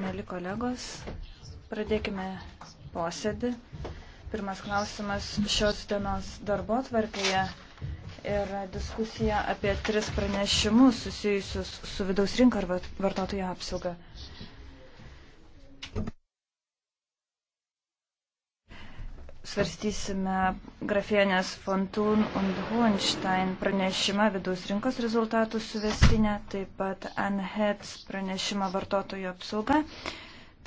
Mėly kolegos, pradėkime posėdį. Pirmas klausimas šios dienos darbo tvarkėje yra diskusija apie tris pranešimus susijusius su vidaus rinka ir vartotojų apsauga. svarstysime grafienės Fontun und Hohenstein pranešimą vidaus rinkos rezultatų suvestinę, taip pat Anhets pranešimą vartotojų apsauga,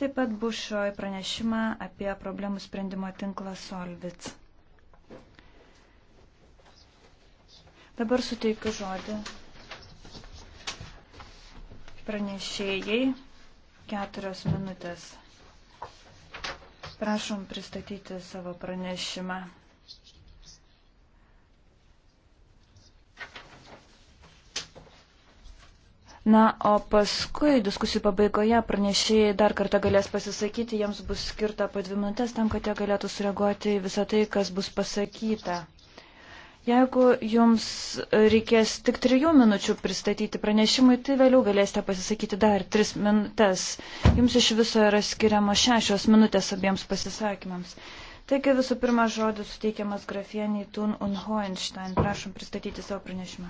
taip pat Bušoj pranešimą apie problemų sprendimo tinklą Solvit. Dabar suteikiu žodį pranešėjai keturios minutės. Prašom pristatyti savo pranešimą. Na, o paskui diskusijų pabaigoje pranešėjai dar kartą galės pasisakyti, jiems bus skirta po dvi minutės tam, kad jie galėtų sureaguoti į visą tai, kas bus pasakyta. Jeigu jums reikės tik trijų minučių pristatyti pranešimui, tai vėliau galėsite pasisakyti dar tris minutės. Jums iš viso yra skiriama šešios minutės abiems pasisakymams. Taigi visų pirma žodis suteikiamas grafieniai Tun und Hohenstein. Prašom pristatyti savo pranešimą.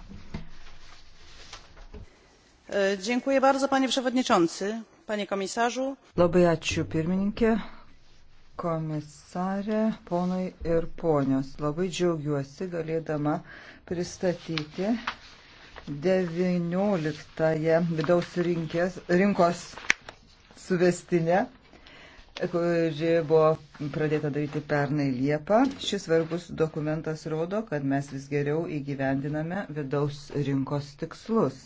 E, dziękuję bardzo, panie przewodniczący, panie komisarzu. Labai ačiū pirmininkė, komisarė, ponai ir ponios. Labai džiaugiuosi galėdama pristatyti 19-ąją vidaus rinkės, rinkos suvestinę, kuri buvo pradėta daryti pernai Liepą. Šis svarbus dokumentas rodo, kad mes vis geriau įgyvendiname vidaus rinkos tikslus.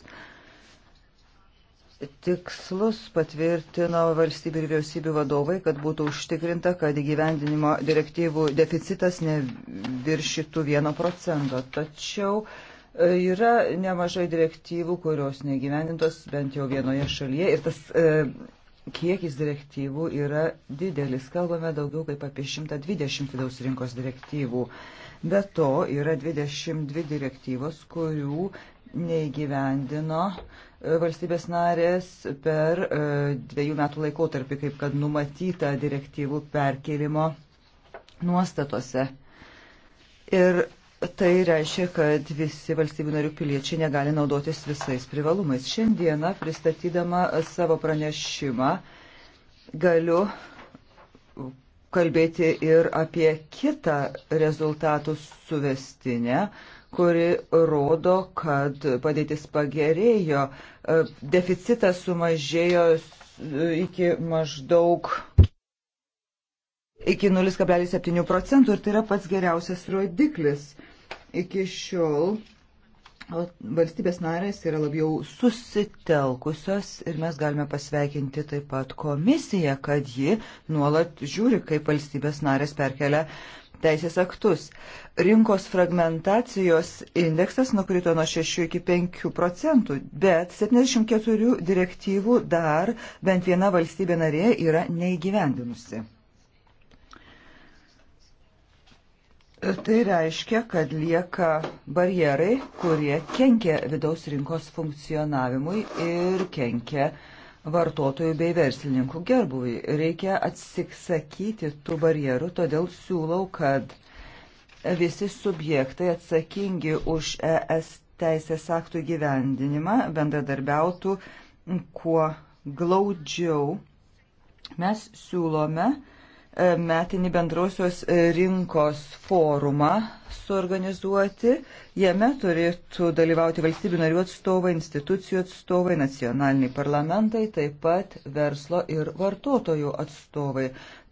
Tikslus patvirtino valstybių ir vyriausybių vadovai, kad būtų užtikrinta, kad įgyvendinimo direktyvų deficitas neviršytų 1 procento. Tačiau e, yra nemažai direktyvų, kurios negyvendintos bent jau vienoje šalyje ir tas e, kiekis direktyvų yra didelis. Kalbame daugiau kaip apie 120 vidaus rinkos direktyvų. Be to yra 22 direktyvos, kurių neįgyvendino valstybės narės per e, dviejų metų laikotarpį, kaip kad numatyta direktyvų perkelimo nuostatose. Ir tai reiškia, kad visi valstybių narių piliečiai negali naudotis visais privalumais. Šiandieną pristatydama savo pranešimą galiu kalbėti ir apie kitą rezultatų suvestinę, kuri rodo, kad padėtis pagerėjo, e, deficitas sumažėjo e, iki maždaug iki 0,7 procentų ir tai yra pats geriausias rodiklis. Iki šiol valstybės narės yra labiau susitelkusios ir mes galime pasveikinti taip pat komisiją, kad ji nuolat žiūri, kaip valstybės narės perkelia teisės aktus. Rinkos fragmentacijos indeksas nukrito nuo 6 iki 5 procentų, bet 74 direktyvų dar bent viena valstybė narė yra neįgyvendinusi. Tai reiškia, kad lieka barjerai, kurie kenkia vidaus rinkos funkcionavimui ir kenkia uh, vartotojų bei verslininkų gerbuvį. Reikia atsisakyti tų barjerų, todėl siūlau, kad visi subjektai atsakingi už ES teisės aktų gyvendinimą bendradarbiautų kuo glaudžiau. Mes siūlome metinį bendrosios rinkos forumą suorganizuoti. Jame turėtų dalyvauti valstybių narių atstovai, institucijų atstovai, nacionaliniai parlamentai, taip pat verslo ir vartotojų atstovai.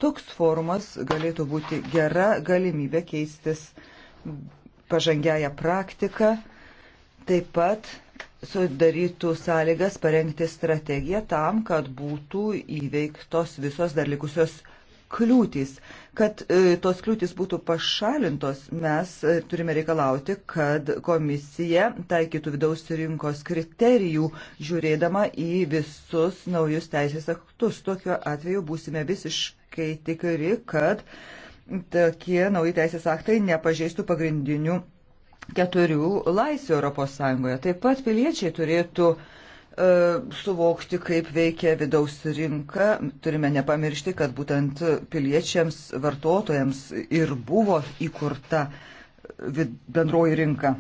Toks forumas galėtų būti gera galimybė keistis pažangiają praktiką, taip pat sudarytų sąlygas parengti strategiją tam, kad būtų įveiktos visos dar likusios kliūtys. Kad e, tos kliūtys būtų pašalintos, mes e, turime reikalauti, kad komisija taikytų vidaus rinkos kriterijų, žiūrėdama į visus naujus teisės aktus. Tokiu atveju būsime visiškai tikri, kad tokie nauji teisės aktai nepažeistų pagrindinių keturių laisvių Europos Sąjungoje. Taip pat piliečiai turėtų uh, E, suvokti, kaip veikia vidaus rinka. Turime nepamiršti, kad būtent piliečiams, vartotojams ir buvo įkurta bendroji rinka.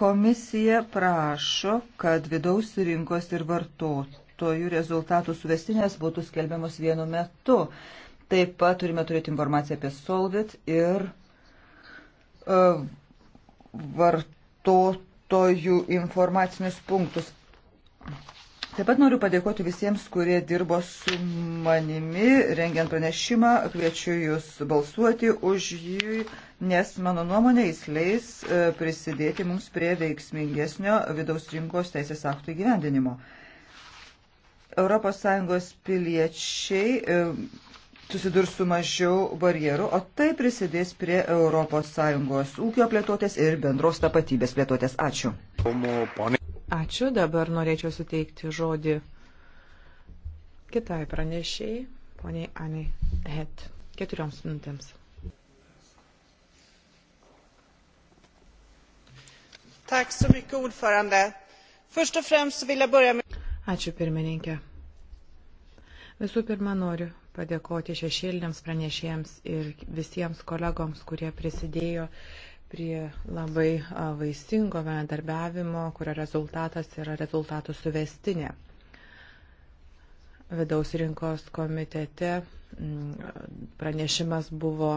Komisija prašo, kad vidaus rinkos ir vartotojų rezultatų suvestinės būtų skelbiamos vienu metu. Taip pat turime turėti informaciją apie Solvit ir uh, e, vartotojų vartotojų informacinius punktus. Taip pat noriu padėkoti visiems, kurie dirbo su manimi, rengiant pranešimą. Kviečiu jūs balsuoti už jį, nes mano nuomonė jis leis e, prisidėti mums prie veiksmingesnio vidaus rinkos teisės aktų įgyvendinimo. ES piliečiai e, susidurs su mažiau barjerų, o tai prisidės prie ES ūkio plėtotės ir bendros tapatybės plėtotės. Ačiū. Ačiū, dabar norėčiau suteikti žodį kitai pranešėjai, poniai Anai Het, keturioms minutėms. Ačiū pirmininkė. Visų pirma, noriu padėkoti šešėliniams pranešėjams ir visiems kolegoms, kurie prisidėjo prie labai vaisingo bendarbiavimo, kurio rezultatas yra rezultatų suvestinė vidaus rinkos komitete mm, pranešimas buvo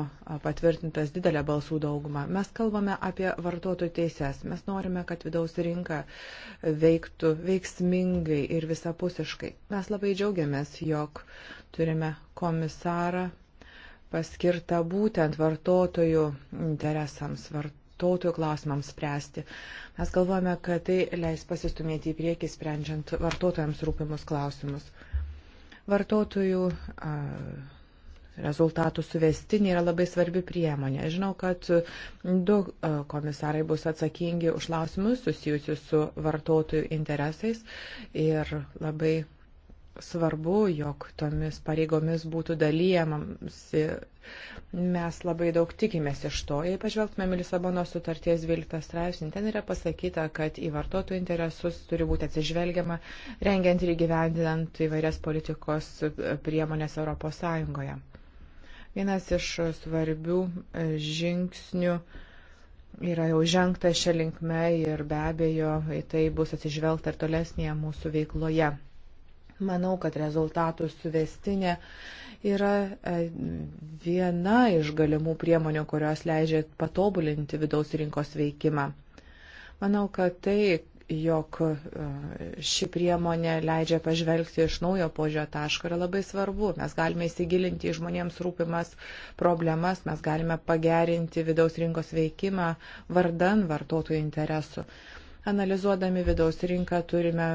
patvirtintas didelę balsų daugumą. Mes kalbame apie vartotojų teises. Mes norime, kad vidaus rinka veiktų veiksmingai ir visapusiškai. Mes labai džiaugiamės, jog turime komisarą paskirtą būtent vartotojų interesams, vartotojų klausimams spręsti. Mes galvojame, kad tai leis pasistumėti į priekį, sprendžiant vartotojams rūpimus klausimus vartotojų rezultatų suvestinė yra labai svarbi priemonė. Žinau, kad du komisarai bus atsakingi už klausimus susijusius su vartotojų interesais ir labai svarbu, jog tomis pareigomis būtų dalyjamasi. Mes labai daug tikimės iš to. Jei pažvelgtumėm į Lisabono sutarties 12 straipsnį, ten yra pasakyta, kad į vartotojų interesus turi būti atsižvelgiama, rengiant ir įgyvendinant įvairias politikos priemonės ES. Vienas iš svarbių e, žingsnių yra jau žengta šią linkmę ir be abejo į tai bus atsižvelgta ir tolesnėje mūsų veikloje. Manau, kad rezultatų suvestinė yra e, viena iš galimų priemonių, kurios leidžia patobulinti vidaus rinkos veikimą. Manau, kad tai, jog e, ši priemonė leidžia pažvelgti iš naujo požio taško yra labai svarbu. Mes galime įsigilinti į žmonėms rūpimas problemas, mes galime pagerinti vidaus rinkos veikimą vardan vartotojų interesų. Analizuodami vidaus rinką turime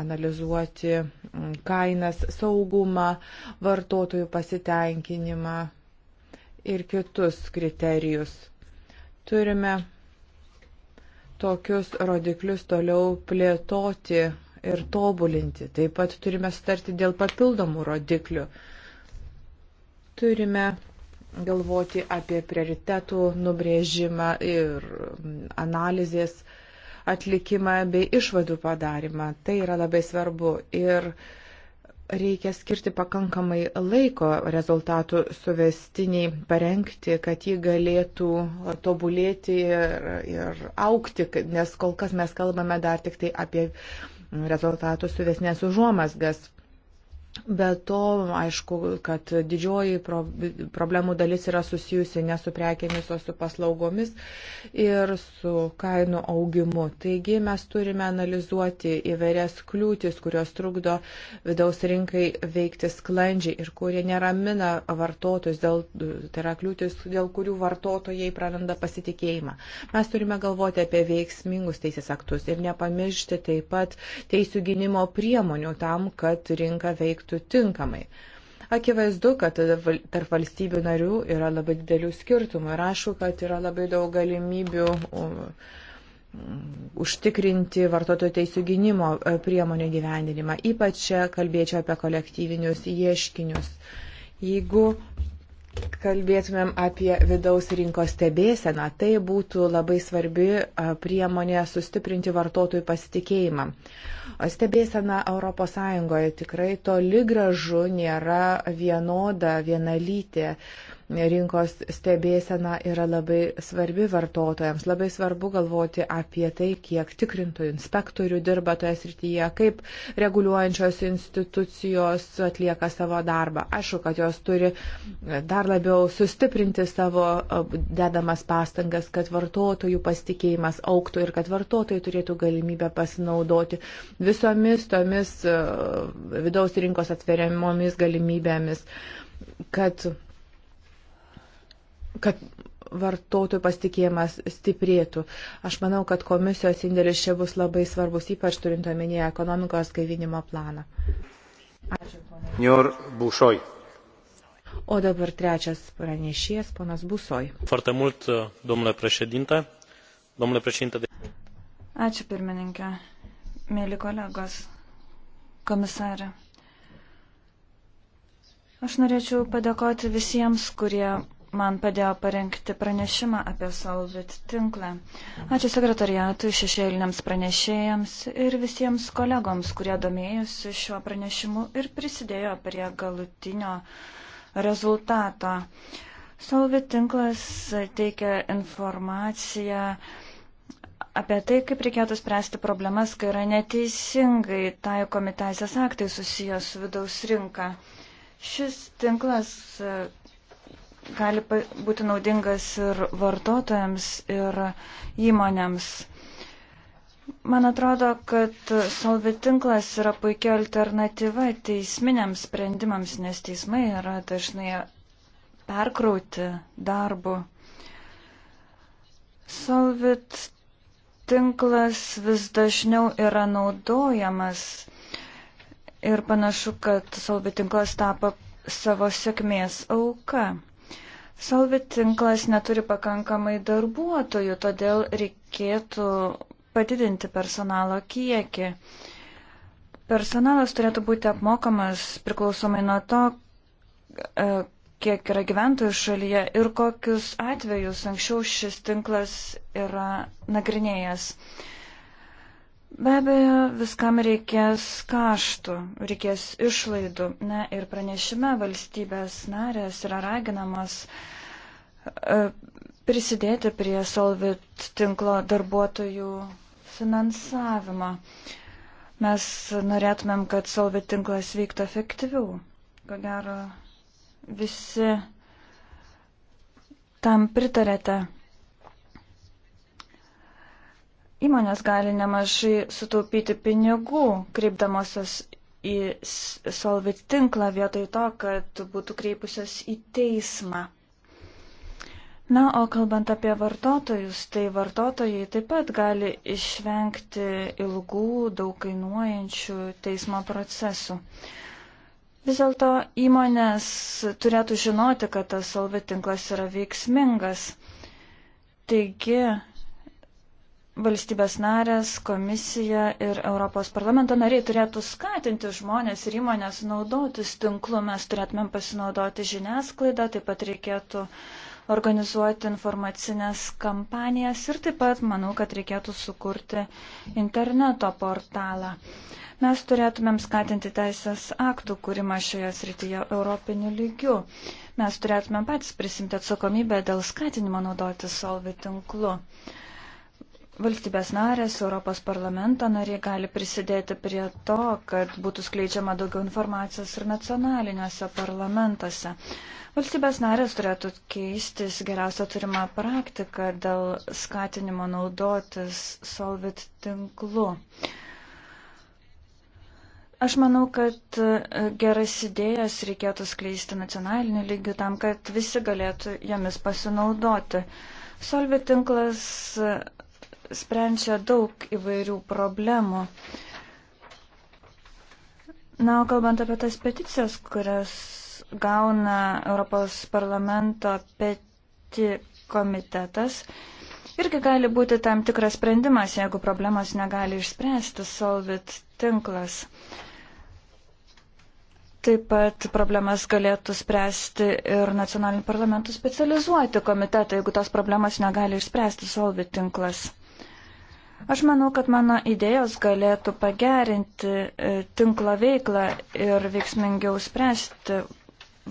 analizuoti kainas, saugumą, vartotojų pasitenkinimą ir kitus kriterijus. Turime tokius rodiklius toliau plėtoti ir tobulinti. Taip pat turime starti dėl papildomų rodiklių. Turime galvoti apie prioritetų nubrėžimą ir analizės uh, atlikimą bei išvadų padarimą. Tai yra labai svarbu ir reikia skirti pakankamai laiko rezultatų suvestiniai parengti, kad jį galėtų tobulėti ir, ir aukti, nes kol kas mes kalbame dar tik tai apie rezultatų suvesnės užuomasgas. Be to, aišku, kad didžioji pro, problemų dalis yra susijusi ne su prekėmis, o su paslaugomis ir su kainų augimu. Taigi mes turime analizuoti įvairias kliūtis, kurios trukdo vidaus rinkai veikti sklandžiai ir kurie neramina vartotojus, dėl, tai yra kliūtis, dėl kurių vartotojai praranda pasitikėjimą. Mes turime galvoti apie veiksmingus teisės aktus ir nepamiršti taip pat teisų gynimo priemonių tam, kad rinka veiktų veiktų tinkamai. Akivaizdu, kad tarp valstybių narių yra labai didelių skirtumų ir aišku, kad yra labai daug galimybių užtikrinti vartotojų teisų gynimo e, priemonių gyvendinimą. Ypač čia kalbėčiau apie kolektyvinius ieškinius. Jeigu kalbėtumėm apie vidaus rinkos stebėseną, tai būtų labai svarbi priemonė sustiprinti vartotojų pasitikėjimą. Stebėsena ES tikrai toli gražu nėra vienoda, vienalytė rinkos stebėsena yra labai svarbi vartotojams. Labai svarbu galvoti apie tai, kiek tikrintojų inspektorių dirba toje srityje, kaip reguliuojančios institucijos atlieka savo darbą. Aišku, kad jos turi dar labiau sustiprinti savo dedamas pastangas, kad vartotojų pasitikėjimas auktų ir kad vartotojai turėtų galimybę pasinaudoti visomis tomis vidaus rinkos atveriamomis galimybėmis kad kad vartotojų pasitikėjimas stiprėtų. Aš manau, kad komisijos indėlis čia bus labai svarbus, ypač turint omenyje ekonomikos gaivinimo planą. Ačiū, ponai. O dabar trečias pranešėjas, ponas Busoj. Foarte mult, domnule președinte. Domnule președinte de... Ačiū, pirmininkė. Mėly kolegos, komisarė. Aš norėčiau padėkoti visiems, kurie man padėjo parengti pranešimą apie Solvit tinklą. Ačiū sekretariatui, šešėliniams pranešėjams ir visiems kolegoms, kurie domėjusi šiuo pranešimu ir prisidėjo prie galutinio rezultato. Solvit tinklas teikia informaciją apie tai, kaip reikėtų spręsti problemas, kai yra neteisingai taikomi teisės aktai susijęs su vidaus rinka. Šis tinklas gali būti naudingas ir vartotojams, ir įmonėms. Man atrodo, kad solvit tinklas yra puikia alternatyva teisminiams sprendimams, nes teismai yra dažnai perkrauti darbu. Solvit tinklas vis dažniau yra naudojamas ir panašu, kad solvit tinklas tapo savo sėkmės auka. Solvit tinklas neturi pakankamai darbuotojų, todėl reikėtų padidinti personalo kiekį. Personalas turėtų būti apmokamas priklausomai nuo to, e, kiek yra gyventojų šalyje ir kokius atvejus anksčiau šis tinklas yra nagrinėjęs. Be abejo, viskam reikės kaštų, reikės išlaidų. Na ir pranešime valstybės narės yra raginamas e, prisidėti prie Solvit tinklo darbuotojų finansavimo. Mes norėtumėm, kad Solvit tinklas veiktų efektyviau. Ko gero, visi tam pritarėte. Įmonės gali nemažai sutaupyti pinigų, kreipdamosios į Solvit tinklą vietoj to, kad būtų kreipusios į teismą. Na, o kalbant apie vartotojus, tai vartotojai taip pat gali išvengti ilgų, daug kainuojančių teismo procesų. Vis dėlto įmonės turėtų žinoti, kad tas solvit tinklas yra veiksmingas. Taigi, valstybės narės, komisija ir Europos parlamento nariai turėtų skatinti žmonės ir įmonės naudotis tinklu. Mes turėtumėm pasinaudoti žiniasklaidą, taip pat reikėtų organizuoti informacinės kampanijas ir taip pat manau, kad reikėtų sukurti interneto portalą. Mes turėtumėm skatinti teisės aktų kūrimą šioje srityje europiniu lygiu. Mes turėtumėm patys prisimti atsakomybę dėl skatinimo naudoti solvi tinklu. Valstybės narės, Europos parlamento nariai gali prisidėti prie to, kad būtų skleidžiama daugiau informacijos ir nacionaliniuose parlamentuose. Valstybės narės turėtų keistis geriausia turima praktika dėl skatinimo naudotis Solvit tinklu. Aš manau, kad geras idėjas reikėtų skleisti nacionaliniu lygiu tam, kad visi galėtų jomis pasinaudoti. Solvit tinklas sprendžia daug įvairių problemų. Na, o kalbant apie tas peticijas, kurias gauna Europos parlamento peti komitetas, irgi gali būti tam tikras sprendimas, jeigu problemos negali išspręsti Solvit tinklas. Taip pat problemas galėtų spręsti ir nacionalinių parlamentų specializuoti komitetai, jeigu tos problemas negali išspręsti solvi tinklas. Aš manau, kad mano idėjos galėtų pagerinti e, tinklo veiklą ir veiksmingiau spręsti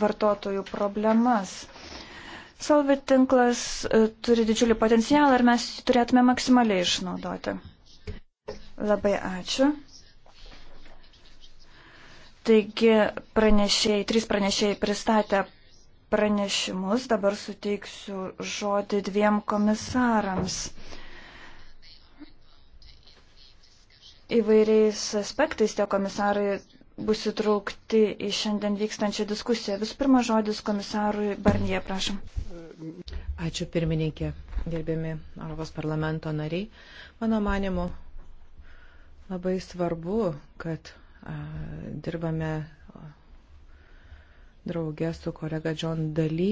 vartotojų problemas. Solvit tinklas e, turi didžiulį potencialą ir mes jį turėtume maksimaliai išnaudoti. Labai ačiū. Taigi pranešėjai, trys pranešėjai pristatė pranešimus, dabar suteiksiu žodį dviem komisarams. įvairiais aspektais tie komisarai bus įtraukti į šiandien vykstančią diskusiją. Visų pirma, žodis komisarui Barnie, prašom. Ačiū pirmininkė, gerbiami Europos parlamento nariai. Mano manimu, labai svarbu, kad a, dirbame draugė su kolega John Daly.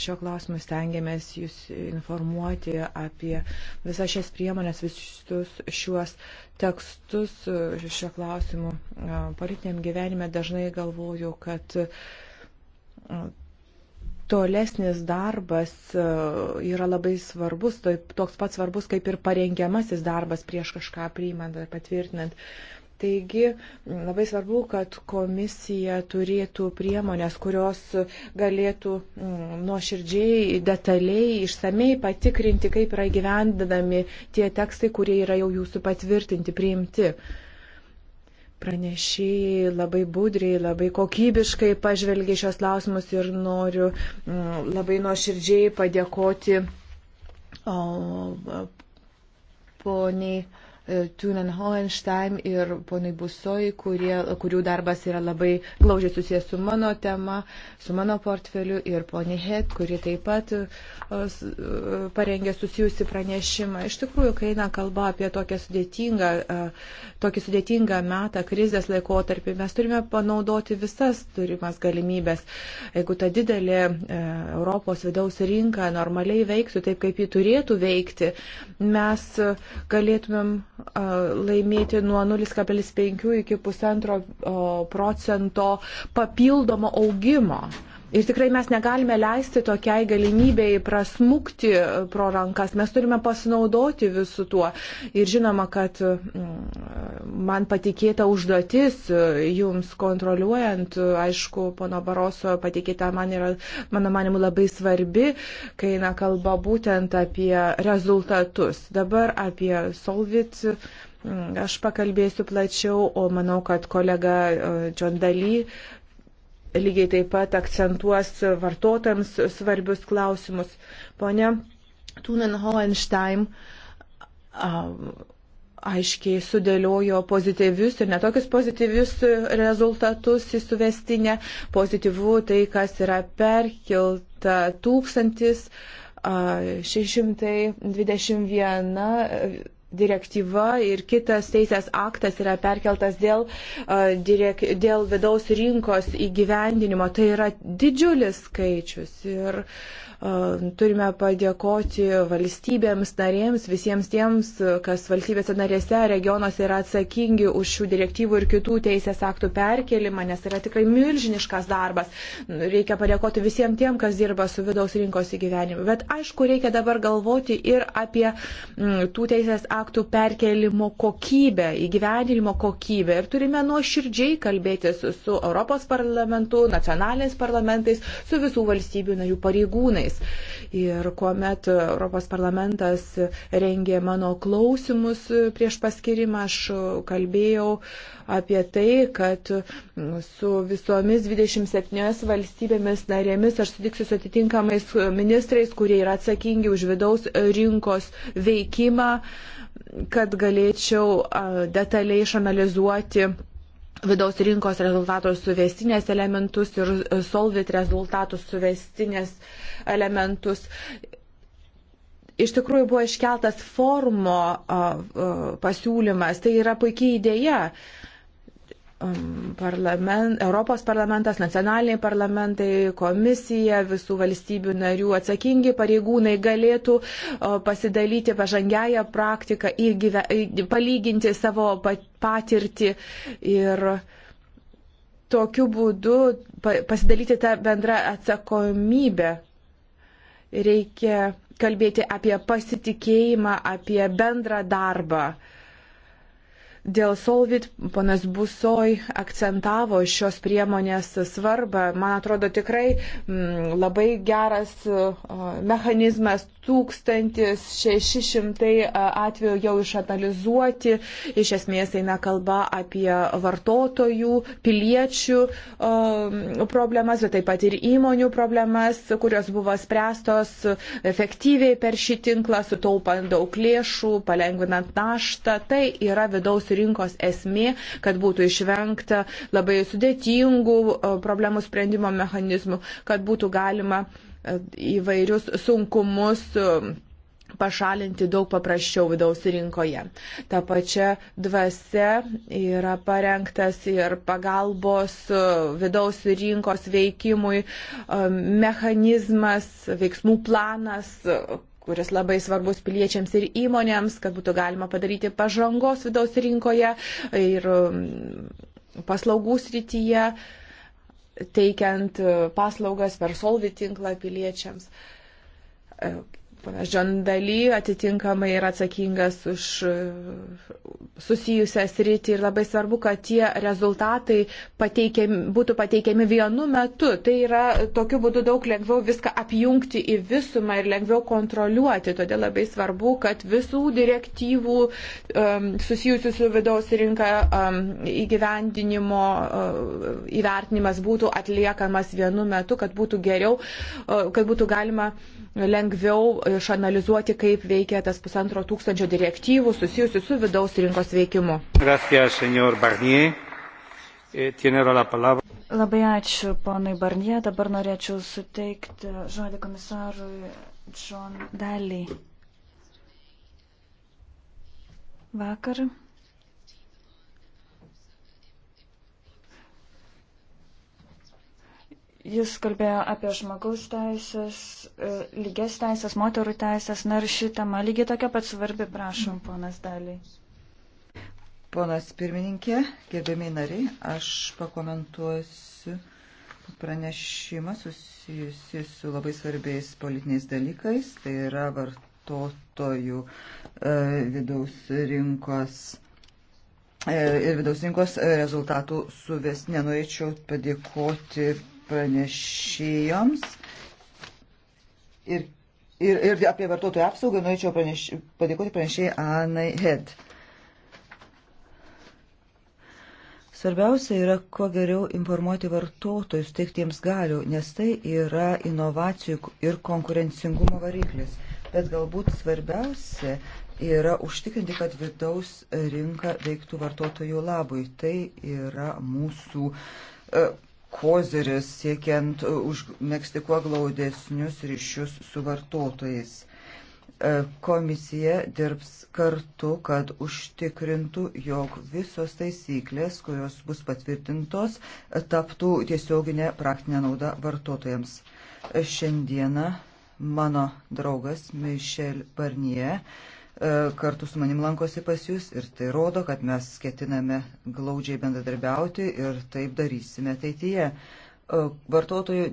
Šio klausimu stengiamės jūs informuoti apie visas šias priemonės, visus šiuos tekstus šio klausimu. Politiniam gyvenime dažnai galvoju, kad tolesnis darbas yra labai svarbus, tai toks pat svarbus kaip ir parengiamasis darbas prieš kažką priimant ar patvirtinant. Taigi labai svarbu, kad komisija turėtų priemonės, kurios galėtų mm, nuoširdžiai, detaliai, išsamei patikrinti, kaip yra gyvendinami tie tekstai, kurie yra jau jūsų patvirtinti, priimti. Pranešėjai labai budriai, labai kokybiškai pažvelgė šios klausimus ir noriu mm, labai nuoširdžiai padėkoti o, poniai. E, Tunen Hohenstein ir ponui Busoj, kurie, kurių darbas yra labai glaužiai susijęs su mano tema, su mano portfeliu ir poniai Het, kuri taip pat e, e, parengė susijusi pranešimą. Iš tikrųjų, kai eina kalba apie tokią sudėtingą, tokį sudėtingą metą, krizės laikotarpį, mes turime panaudoti visas turimas galimybės. Jeigu ta didelė Europos vidaus rinka normaliai veiktų taip, kaip ji turėtų veikti, mes galėtumėm laimėti nuo 0,5 iki 1,5 procento papildomo augimo. Ir tikrai mes negalime leisti tokiai galimybėjai prasmukti pro rankas. Mes turime pasinaudoti visu tuo. Ir žinoma, kad mm, man patikėta užduotis jums kontroliuojant, aišku, pono Baroso patikėta man yra, mano manimu, labai svarbi, kai eina kalba būtent apie rezultatus. Dabar apie Solvit. Mm, aš pakalbėsiu plačiau, o manau, kad kolega e, John Daly lygiai taip pat akcentuos vartotojams svarbius klausimus. Pone Tunen Hohenstein aiškiai sudėliojo pozityvius ir netokius pozityvius rezultatus į suvestinę. Pozityvų tai, kas yra perkilta tūkstantis. 621 direktyva ir kitas teisės aktas yra perkeltas dėl, direk, dėl vidaus rinkos įgyvendinimo. Tai yra didžiulis skaičius ir uh, turime padėkoti valstybėms narėms, visiems tiems, kas valstybėse narėse, regionuose yra atsakingi už šių direktyvų ir kitų teisės aktų perkelimą, nes tai yra tikrai milžiniškas darbas. Reikia padėkoti visiems tiem, kas dirba su vidaus rinkos įgyvendinimu. Bet aišku, reikia dabar galvoti ir apie m, tų teisės aktų aktų perkelimo kokybę, įgyvendinimo kokybę ir turime nuoširdžiai kalbėtis su, su Europos parlamentu, nacionaliniais parlamentais, su visų valstybių narių pareigūnais. Ir kuomet Europos parlamentas rengė mano klausimus prieš paskirimą, aš kalbėjau apie tai, kad su visomis 27 valstybėmis narėmis aš sutiksiu su atitinkamais ministrais, kurie yra atsakingi už vidaus rinkos veikimą kad galėčiau detaliai išanalizuoti vidaus rinkos rezultatų suvestinės elementus ir e, solvit rezultatų suvestinės elementus. Iš tikrųjų buvo iškeltas formo pasiūlymas, tai yra puikiai idėja. Uh, Um, parlament, Europos parlamentas, nacionaliniai parlamentai, komisija, visų valstybių narių atsakingi pareigūnai galėtų uh, pasidalyti pažangiają praktiką ir gyve, palyginti savo patirtį ir tokiu būdu pasidalyti tą bendrą atsakomybę. Reikia kalbėti apie pasitikėjimą, apie bendrą darbą. Dėl Solvit ponas Busoj akcentavo šios priemonės svarbą. Man atrodo tikrai m, mm, labai geras e, mechanizmas. 1600 e, atvejų jau išanalizuoti. Iš esmės eina kalba apie vartotojų, piliečių e, problemas, bet taip pat ir įmonių problemas, kurios buvo spręstos efektyviai per šį tinklą, sutaupant daug lėšų, palengvinant naštą. Tai yra vidaus rinkos esmė, kad būtų išvengta labai sudėtingų e, problemų sprendimo mechanizmų, kad būtų galima e, įvairius sunkumus e, pašalinti daug paprasčiau vidaus rinkoje. Ta pačia dvasia yra parengtas ir pagalbos vidaus rinkos veikimui mechanizmas, veiksmų planas, kuris labai svarbus piliečiams ir įmonėms, kad būtų galima padaryti pažangos vidaus rinkoje ir um, paslaugų srityje, teikiant uh, paslaugas per solvi tinklą piliečiams uh, Žandaly atitinkamai yra atsakingas už uh, susijusią sritį ir labai svarbu, kad tie rezultatai pateikiami, būtų pateikiami vienu metu. Tai yra uh, tokiu būdu daug lengviau viską apjungti į visumą ir lengviau kontroliuoti. Todėl labai svarbu, kad visų direktyvų um, susijusių su vidaus rinka um, įgyvendinimo um, įvertinimas būtų atliekamas vienu metu, kad būtų geriau, um, kad būtų galima lengviau išanalizuoti, kaip veikia tas pusantro tūkstančio direktyvų susijusių su vidaus rinkos veikimu. Gracias, eh, Labai ačiū, ponai Barnie. Dabar norėčiau suteikti žodį komisarui John Daly. Vakar Jis kalbėjo apie žmogaus teisės, e, lygias teisės, moterų teisės, na ir ši tema lygiai tokia pat svarbi, prašom, ponas Daliai. Ponas pirmininkė, gerbėmiai nariai, aš pakomentuosiu pranešimą susijusi su labai svarbiais politiniais dalykais, tai yra vartotojų e, vidaus rinkos e, ir vidaus rinkos e, rezultatų suvest. Nenorėčiau padėkoti pranešėjoms. Ir, ir, ir apie vartotojų apsaugą norėčiau praneš, padėkoti pranešėjai Anai Head. Svarbiausia yra, kuo geriau informuoti vartotojus, teikti jiems galių, nes tai yra inovacijų ir konkurencingumo variklis. Bet galbūt svarbiausia yra užtikrinti, kad vidaus rinka veiktų vartotojų labui. Tai yra mūsų e, kozeris siekiant uh, užmėgsti kuo glaudesnius ryšius su vartotojais. Uh, komisija dirbs kartu, kad užtikrintų, jog visos taisyklės, kurios bus patvirtintos, taptų tiesioginė praktinė nauda vartotojams. Uh, šiandieną mano draugas Mišel Barnie E, kartu su manim lankosi pas jūs ir tai rodo, kad mes ketiname glaudžiai bendradarbiauti ir taip darysime ateityje. E, Vartotojų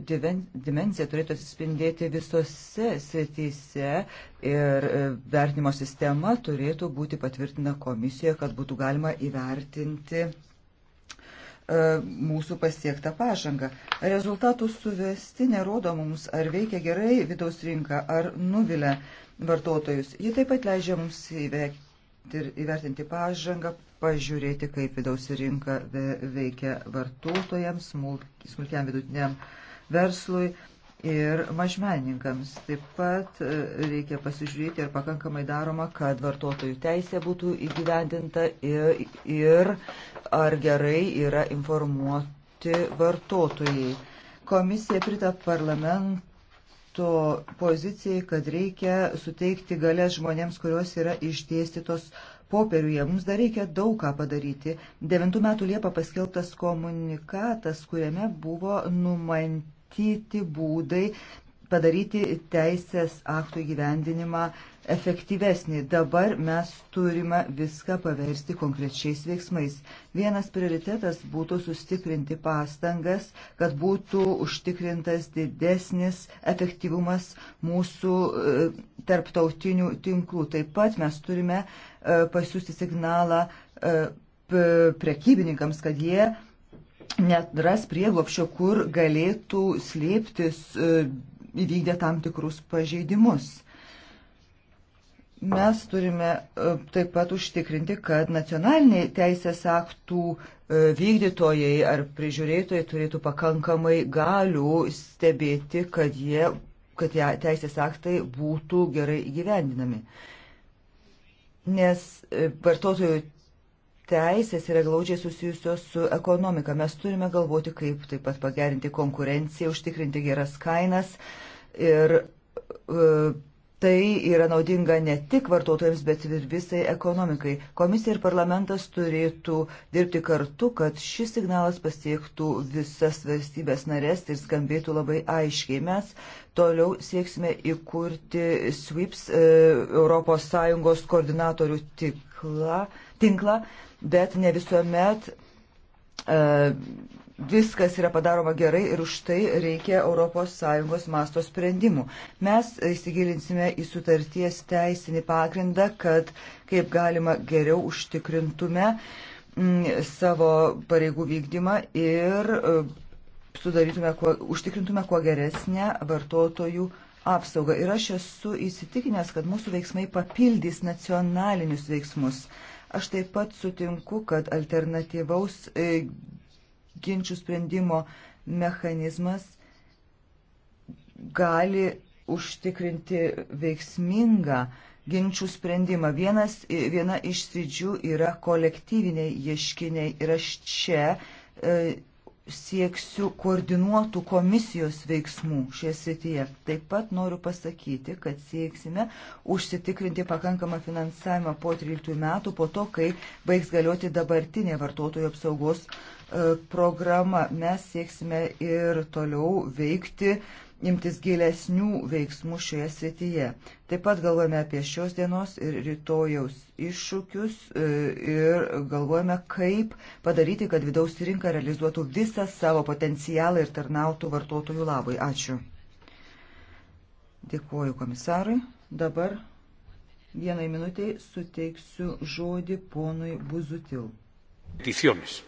dimencija turėtų atsispindėti visose srityse ir e, vertinimo sistema turėtų būti patvirtina komisijoje, kad būtų galima įvertinti mūsų pasiektą pažangą. Rezultatų suvesti nerodo mums, ar veikia gerai vidaus rinka, ar nuvilia vartotojus. Ji taip pat leidžia mums įvertinti pažangą, pažiūrėti, kaip vidaus rinka veikia vartotojams, smulkiam vidutiniam verslui ir mažmenininkams. Taip pat e, reikia pasižiūrėti, ar pakankamai daroma, kad vartotojų teisė būtų įgyvendinta ir, ir ar gerai yra informuoti vartotojai. Komisija prita parlamentą to pozicijai, kad reikia suteikti galę žmonėms, kurios yra išdėstytos popieriuje. Mums dar reikia daug ką padaryti. 9 metų Liepa paskelbtas komunikatas, kuriame buvo numanyti būdai padaryti teisės aktų įgyvendinimą efektyvesnį. Dabar mes turime viską paversti konkrečiais veiksmais. Vienas prioritetas būtų sustiprinti pastangas, kad būtų užtikrintas didesnis efektyvumas mūsų e, tarptautinių tinklų. Taip pat mes turime e, pasiūsti signalą e, prekybininkams, kad jie net ras prieglopšio, kur galėtų slėptis įvykdė tam tikrus pažeidimus. Mes turime e, taip pat užtikrinti, kad nacionaliniai teisės aktų e, vykdytojai ar prižiūrėtojai turėtų pakankamai galių stebėti, kad, jie, kad jie, teisės aktai būtų gerai įgyvendinami. Nes e, vartotojų teisės yra glaudžiai susijusios su ekonomika. Mes turime galvoti, kaip taip pat pagerinti konkurenciją, užtikrinti geras kainas ir e, Tai yra naudinga ne tik vartotojams, bet ir visai ekonomikai. Komisija ir parlamentas turėtų dirbti kartu, kad šis signalas pasiektų visas valstybės narės ir skambėtų labai aiškiai. Mes toliau sieksime įkurti SWIPS ES koordinatorių tiklą, tinklą bet ne visuomet uh, viskas yra padaroma gerai ir už tai reikia ES masto sprendimų. Mes įsigilinsime į sutarties teisinį pagrindą, kad kaip galima geriau užtikrintume mm, savo pareigų vykdymą ir uh, sudarytume, kuo, užtikrintume kuo geresnę vartotojų apsaugą. Ir aš esu įsitikinęs, kad mūsų veiksmai papildys nacionalinius veiksmus. Uh, Aš taip pat sutinku, kad alternatyvaus e, ginčių sprendimo mechanizmas gali užtikrinti veiksmingą ginčių sprendimą. Vienas, e, viena iš sridžių yra kolektyviniai ieškiniai ir aš čia e, sieksiu koordinuotų komisijos veiksmų šioje srityje. Taip pat noriu pasakyti, kad sieksime užsitikrinti pakankamą finansavimą po 13 metų, po to, kai baigs galioti dabartinė vartotojų apsaugos e, programa. Mes sieksime ir toliau veikti imtis gilesnių veiksmų šioje srityje. Taip pat galvojame apie šios dienos ir rytojaus iššūkius e, ir galvojame, kaip padaryti, kad vidaus rinka realizuotų visą savo potencialą ir tarnautų vartotojų labui. Ačiū. Dėkuoju komisarui. Dabar vienai minutiai suteiksiu žodį ponui Buzutil. Peticiones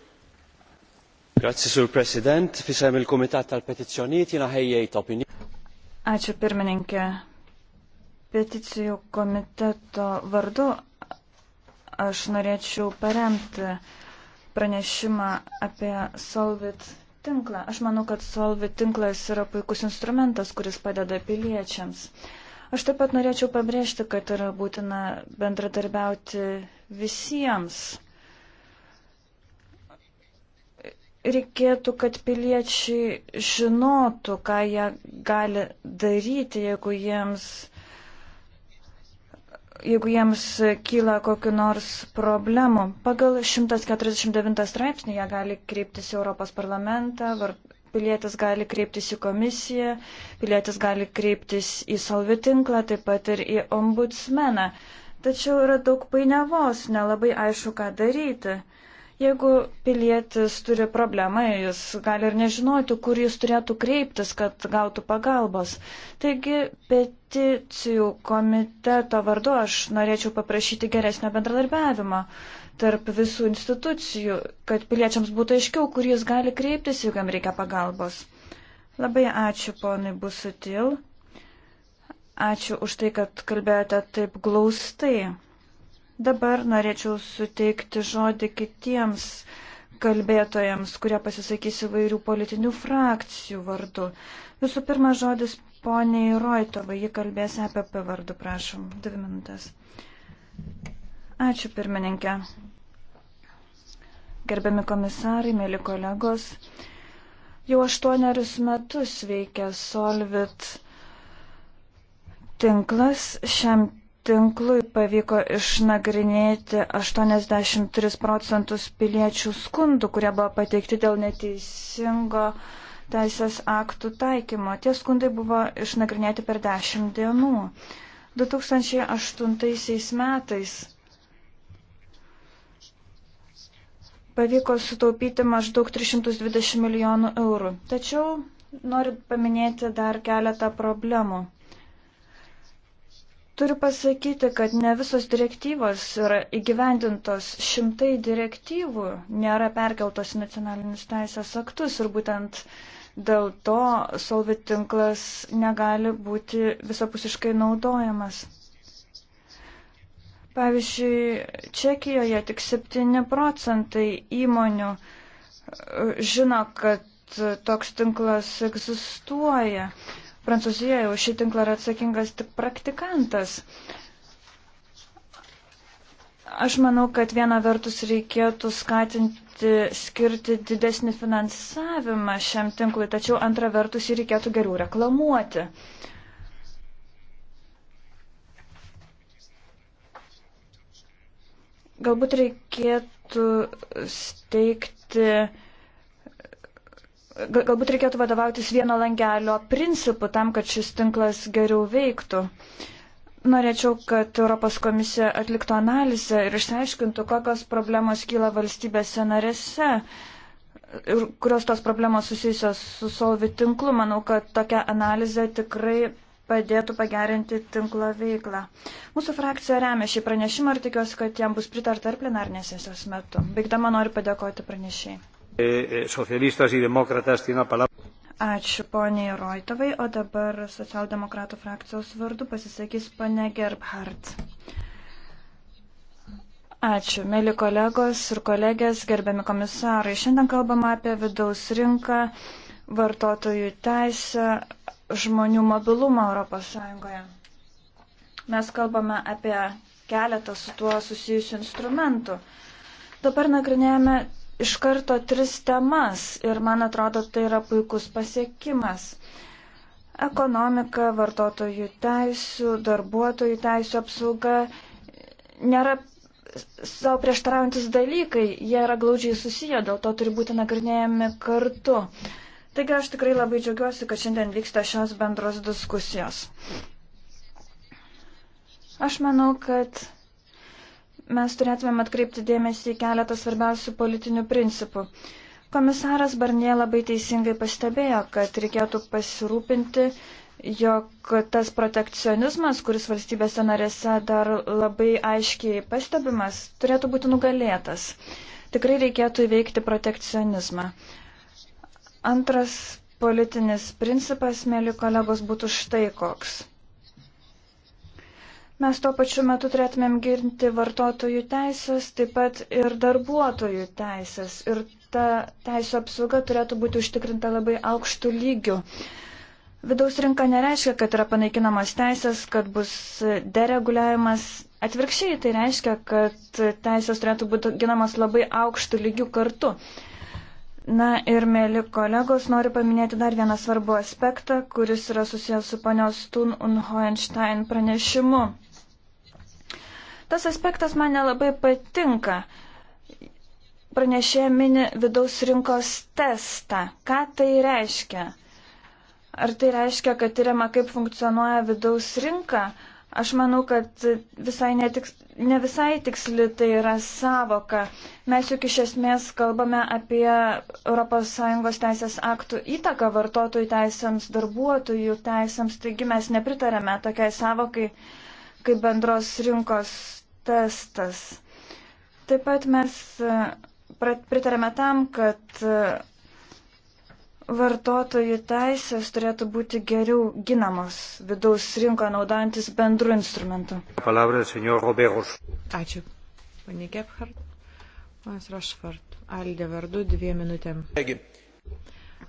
Sur President, visem il-Komitat tal-Petizzjoniet jina ħejjejt opinjoni. Ačiū pirmininkė. Peticijų komiteto vardu aš norėčiau paremti pranešimą apie Solvit tinklą. Aš manau, kad Solvit tinklas yra puikus instrumentas, kuris padeda piliečiams. Aš taip pat norėčiau pabrėžti, kad yra būtina bendradarbiauti visiems reikėtų, kad piliečiai žinotų, ką jie gali daryti, jeigu jiems, jeigu jiems kyla kokiu nors problemu. Pagal 149 straipsnį jie gali kreiptis į Europos parlamentą, var, pilietis gali kreiptis į komisiją, pilietis gali kreiptis į salvi tinklą, taip pat ir į ombudsmeną. Tačiau yra daug painiavos, nelabai aišku, ką daryti. Jeigu pilietis turi problemą, jis gali ir nežinoti, kur jis turėtų kreiptis, kad gautų pagalbos. Taigi, peticijų komiteto vardu aš norėčiau paprašyti geresnio bendradarbiavimo tarp visų institucijų, kad piliečiams būtų aiškiau, kur jis gali kreiptis, jeigu jam reikia pagalbos. Labai ačiū, ponai Busutil. Ačiū už tai, kad kalbėjote taip glaustai. Dabar norėčiau suteikti žodį kitiems kalbėtojams, kurie pasisakys įvairių politinių frakcijų vardu. Visų pirma, žodis poniai Roitovai, ji kalbės apie pavardu, prašom, dvi minutės. Ačiū pirmininkė. Gerbiami komisarai, mėly kolegos, jau aštuonerius metus veikia Solvit tinklas. Šiam tinklui pavyko išnagrinėti 83 procentus piliečių skundų, kurie buvo pateikti dėl neteisingo teisės aktų taikymo. Tie skundai buvo išnagrinėti per 10 dienų. 2008 metais pavyko sutaupyti maždaug 320 milijonų eurų. Tačiau noriu paminėti dar keletą problemų. Turiu pasakyti, kad ne visos direktyvos yra įgyvendintos. Šimtai direktyvų nėra perkeltos į nacionalinius teisės aktus ir būtent dėl to solvit tinklas negali būti visapusiškai naudojamas. Pavyzdžiui, Čekijoje tik 7 procentai įmonių e, žino, kad toks tinklas egzistuoja. Prancūzijoje už šį tinklą yra atsakingas tik praktikantas. Aš manau, kad viena vertus reikėtų skatinti, skirti didesnį finansavimą šiam tinklui, tačiau antra vertus jį reikėtų geriau reklamuoti. Galbūt reikėtų steigti galbūt reikėtų vadovautis vieno langelio principu tam, kad šis tinklas geriau veiktų. Norėčiau, kad Europos komisija atliktų analizę ir išsiaiškintų, kokios problemos kyla valstybėse narėse ir kurios tos problemos susijusios su solvi tinklu. Manau, kad tokia analizė tikrai padėtų pagerinti tinklo veiklą. Mūsų frakcija remia šį pranešimą ir tikiuosi, kad jam bus pritarta ir plenarnės sesijos metu. Baigdama noriu padėkoti pranešiai. E, e, socialistas ir demokratas tina palavra. Ačiū poniai Roitovai, o dabar socialdemokratų frakcijos vardu pasisakys ponė Gerbhardt. Ačiū, mėly kolegos ir kolegės, gerbiami komisarai. Šiandien kalbama apie vidaus rinką, vartotojų teisę, žmonių mobilumą ES. Mes kalbame apie keletą su tuo susijusių instrumentų. Dabar nagrinėjame iš karto tris temas ir man atrodo tai yra puikus pasiekimas. Ekonomika, vartotojų teisų, darbuotojų teisų apsauga nėra savo prieštaraujantis dalykai, jie yra glaudžiai susiję, dėl to turi būti nagrinėjami kartu. Taigi aš tikrai labai džiaugiuosi, kad šiandien vyksta šios bendros diskusijos. Aš manau, kad mes turėtumėm atkreipti dėmesį į keletą svarbiausių politinių principų. Komisaras Barnie labai teisingai pastebėjo, kad reikėtų pasirūpinti, jog tas protekcionizmas, kuris valstybėse narėse dar labai aiškiai pastebimas, turėtų būti nugalėtas. Tikrai reikėtų įveikti protekcionizmą. Antras politinis principas, mėly kolegos, būtų štai koks. Mes tuo pačiu metu turėtumėm ginti vartotojų teisės, taip pat ir darbuotojų teisės. Ir ta teisų apsauga turėtų būti užtikrinta labai aukštų lygių. Vidaus rinka nereiškia, kad yra panaikinamos teisės, kad bus dereguliavimas. Atvirkščiai tai reiškia, kad teisės turėtų būti ginamos labai aukštų lygių kartu. Na ir, mėly kolegos, noriu paminėti dar vieną svarbų aspektą, kuris yra susijęs su panios Thun und Hohenstein pranešimu. Tas aspektas man nelabai patinka. Pranešė mini vidaus rinkos testą. Ką tai reiškia? Ar tai reiškia, kad tyriama, kaip funkcionuoja vidaus rinka? Aš manau, kad visai netiks, ne visai tiksli tai yra savoka. Mes juk iš esmės kalbame apie ES teisės aktų įtaką vartotojų teisėms, darbuotojų teisėms, taigi mes nepritarėme tokiai savokai kaip bendros rinkos testas. Taip pat mes e, pritarėme tam, kad e, vartotojų teisės turėtų būti geriau ginamos vidaus rinko naudojantis bendru instrumentu. Ačiū. Pane Gebhardt, Mas Rašvart, Aldė vardu dviem minutėm. Taigi.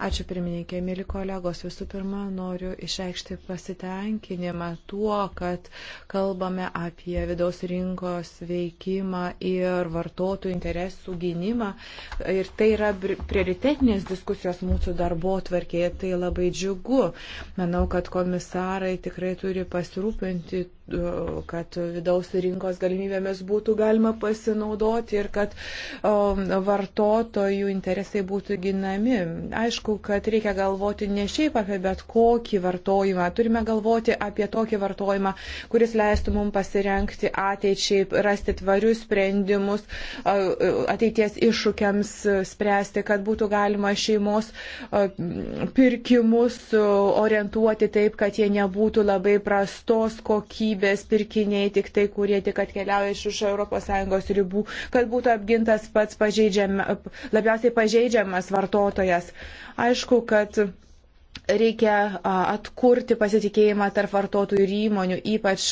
Ačiū pirmininkė, mėly kolegos. Visų pirma, noriu išreikšti pasitenkinimą tuo, kad kalbame apie vidaus rinkos veikimą ir vartotojų interesų gynimą. Ir tai yra prioritetinės diskusijos mūsų darbo tvarkėje. Tai labai džiugu. Manau, kad komisarai tikrai turi pasirūpinti kad vidaus rinkos galimybėmis būtų galima pasinaudoti ir kad um, vartotojų interesai būtų ginami. Aišku, kad reikia galvoti ne šiaip apie bet kokį vartojimą, turime galvoti apie tokį vartojimą, kuris leistų mums pasirenkti ateičiai, rasti tvarius sprendimus ateities iššūkiams spręsti, kad būtų galima šeimos pirkimus orientuoti taip, kad jie nebūtų labai prastos kokybės valstybės pirkiniai, tik tai, kurie tik atkeliauja iš už ES ribų, kad būtų apgintas pats pažeidžiam, labiausiai pažeidžiamas vartotojas. Aišku, kad reikia atkurti pasitikėjimą tarp vartotojų ir įmonių, ypač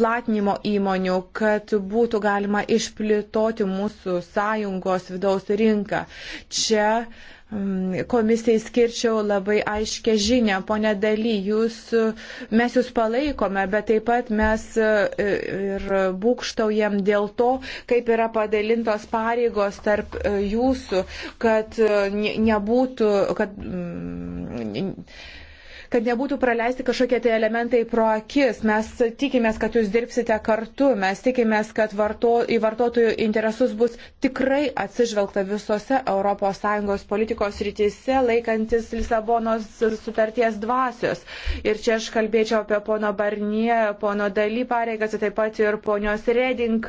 platinimo įmonių, kad būtų galima išplėtoti mūsų sąjungos vidaus rinką. Čia uh, Mm, komisijai skirčiau labai aiškę žinę. Pone Daly, jūs, mes jūs palaikome, bet taip pat mes e, ir būkštaujam dėl to, kaip yra padalintos pareigos tarp e, jūsų, kad e, nebūtų, kad. Mm, kad nebūtų praleisti kažkokie tai elementai pro akis. Mes tikimės, kad jūs dirbsite kartu, mes tikimės, kad varto, į vartotojų interesus bus tikrai atsižvelgta visose ES politikos rytise, laikantis Lisabonos sutarties dvasios. Ir čia aš kalbėčiau apie pono Barnie, pono Daly pareigas, taip pat ir ponios Reding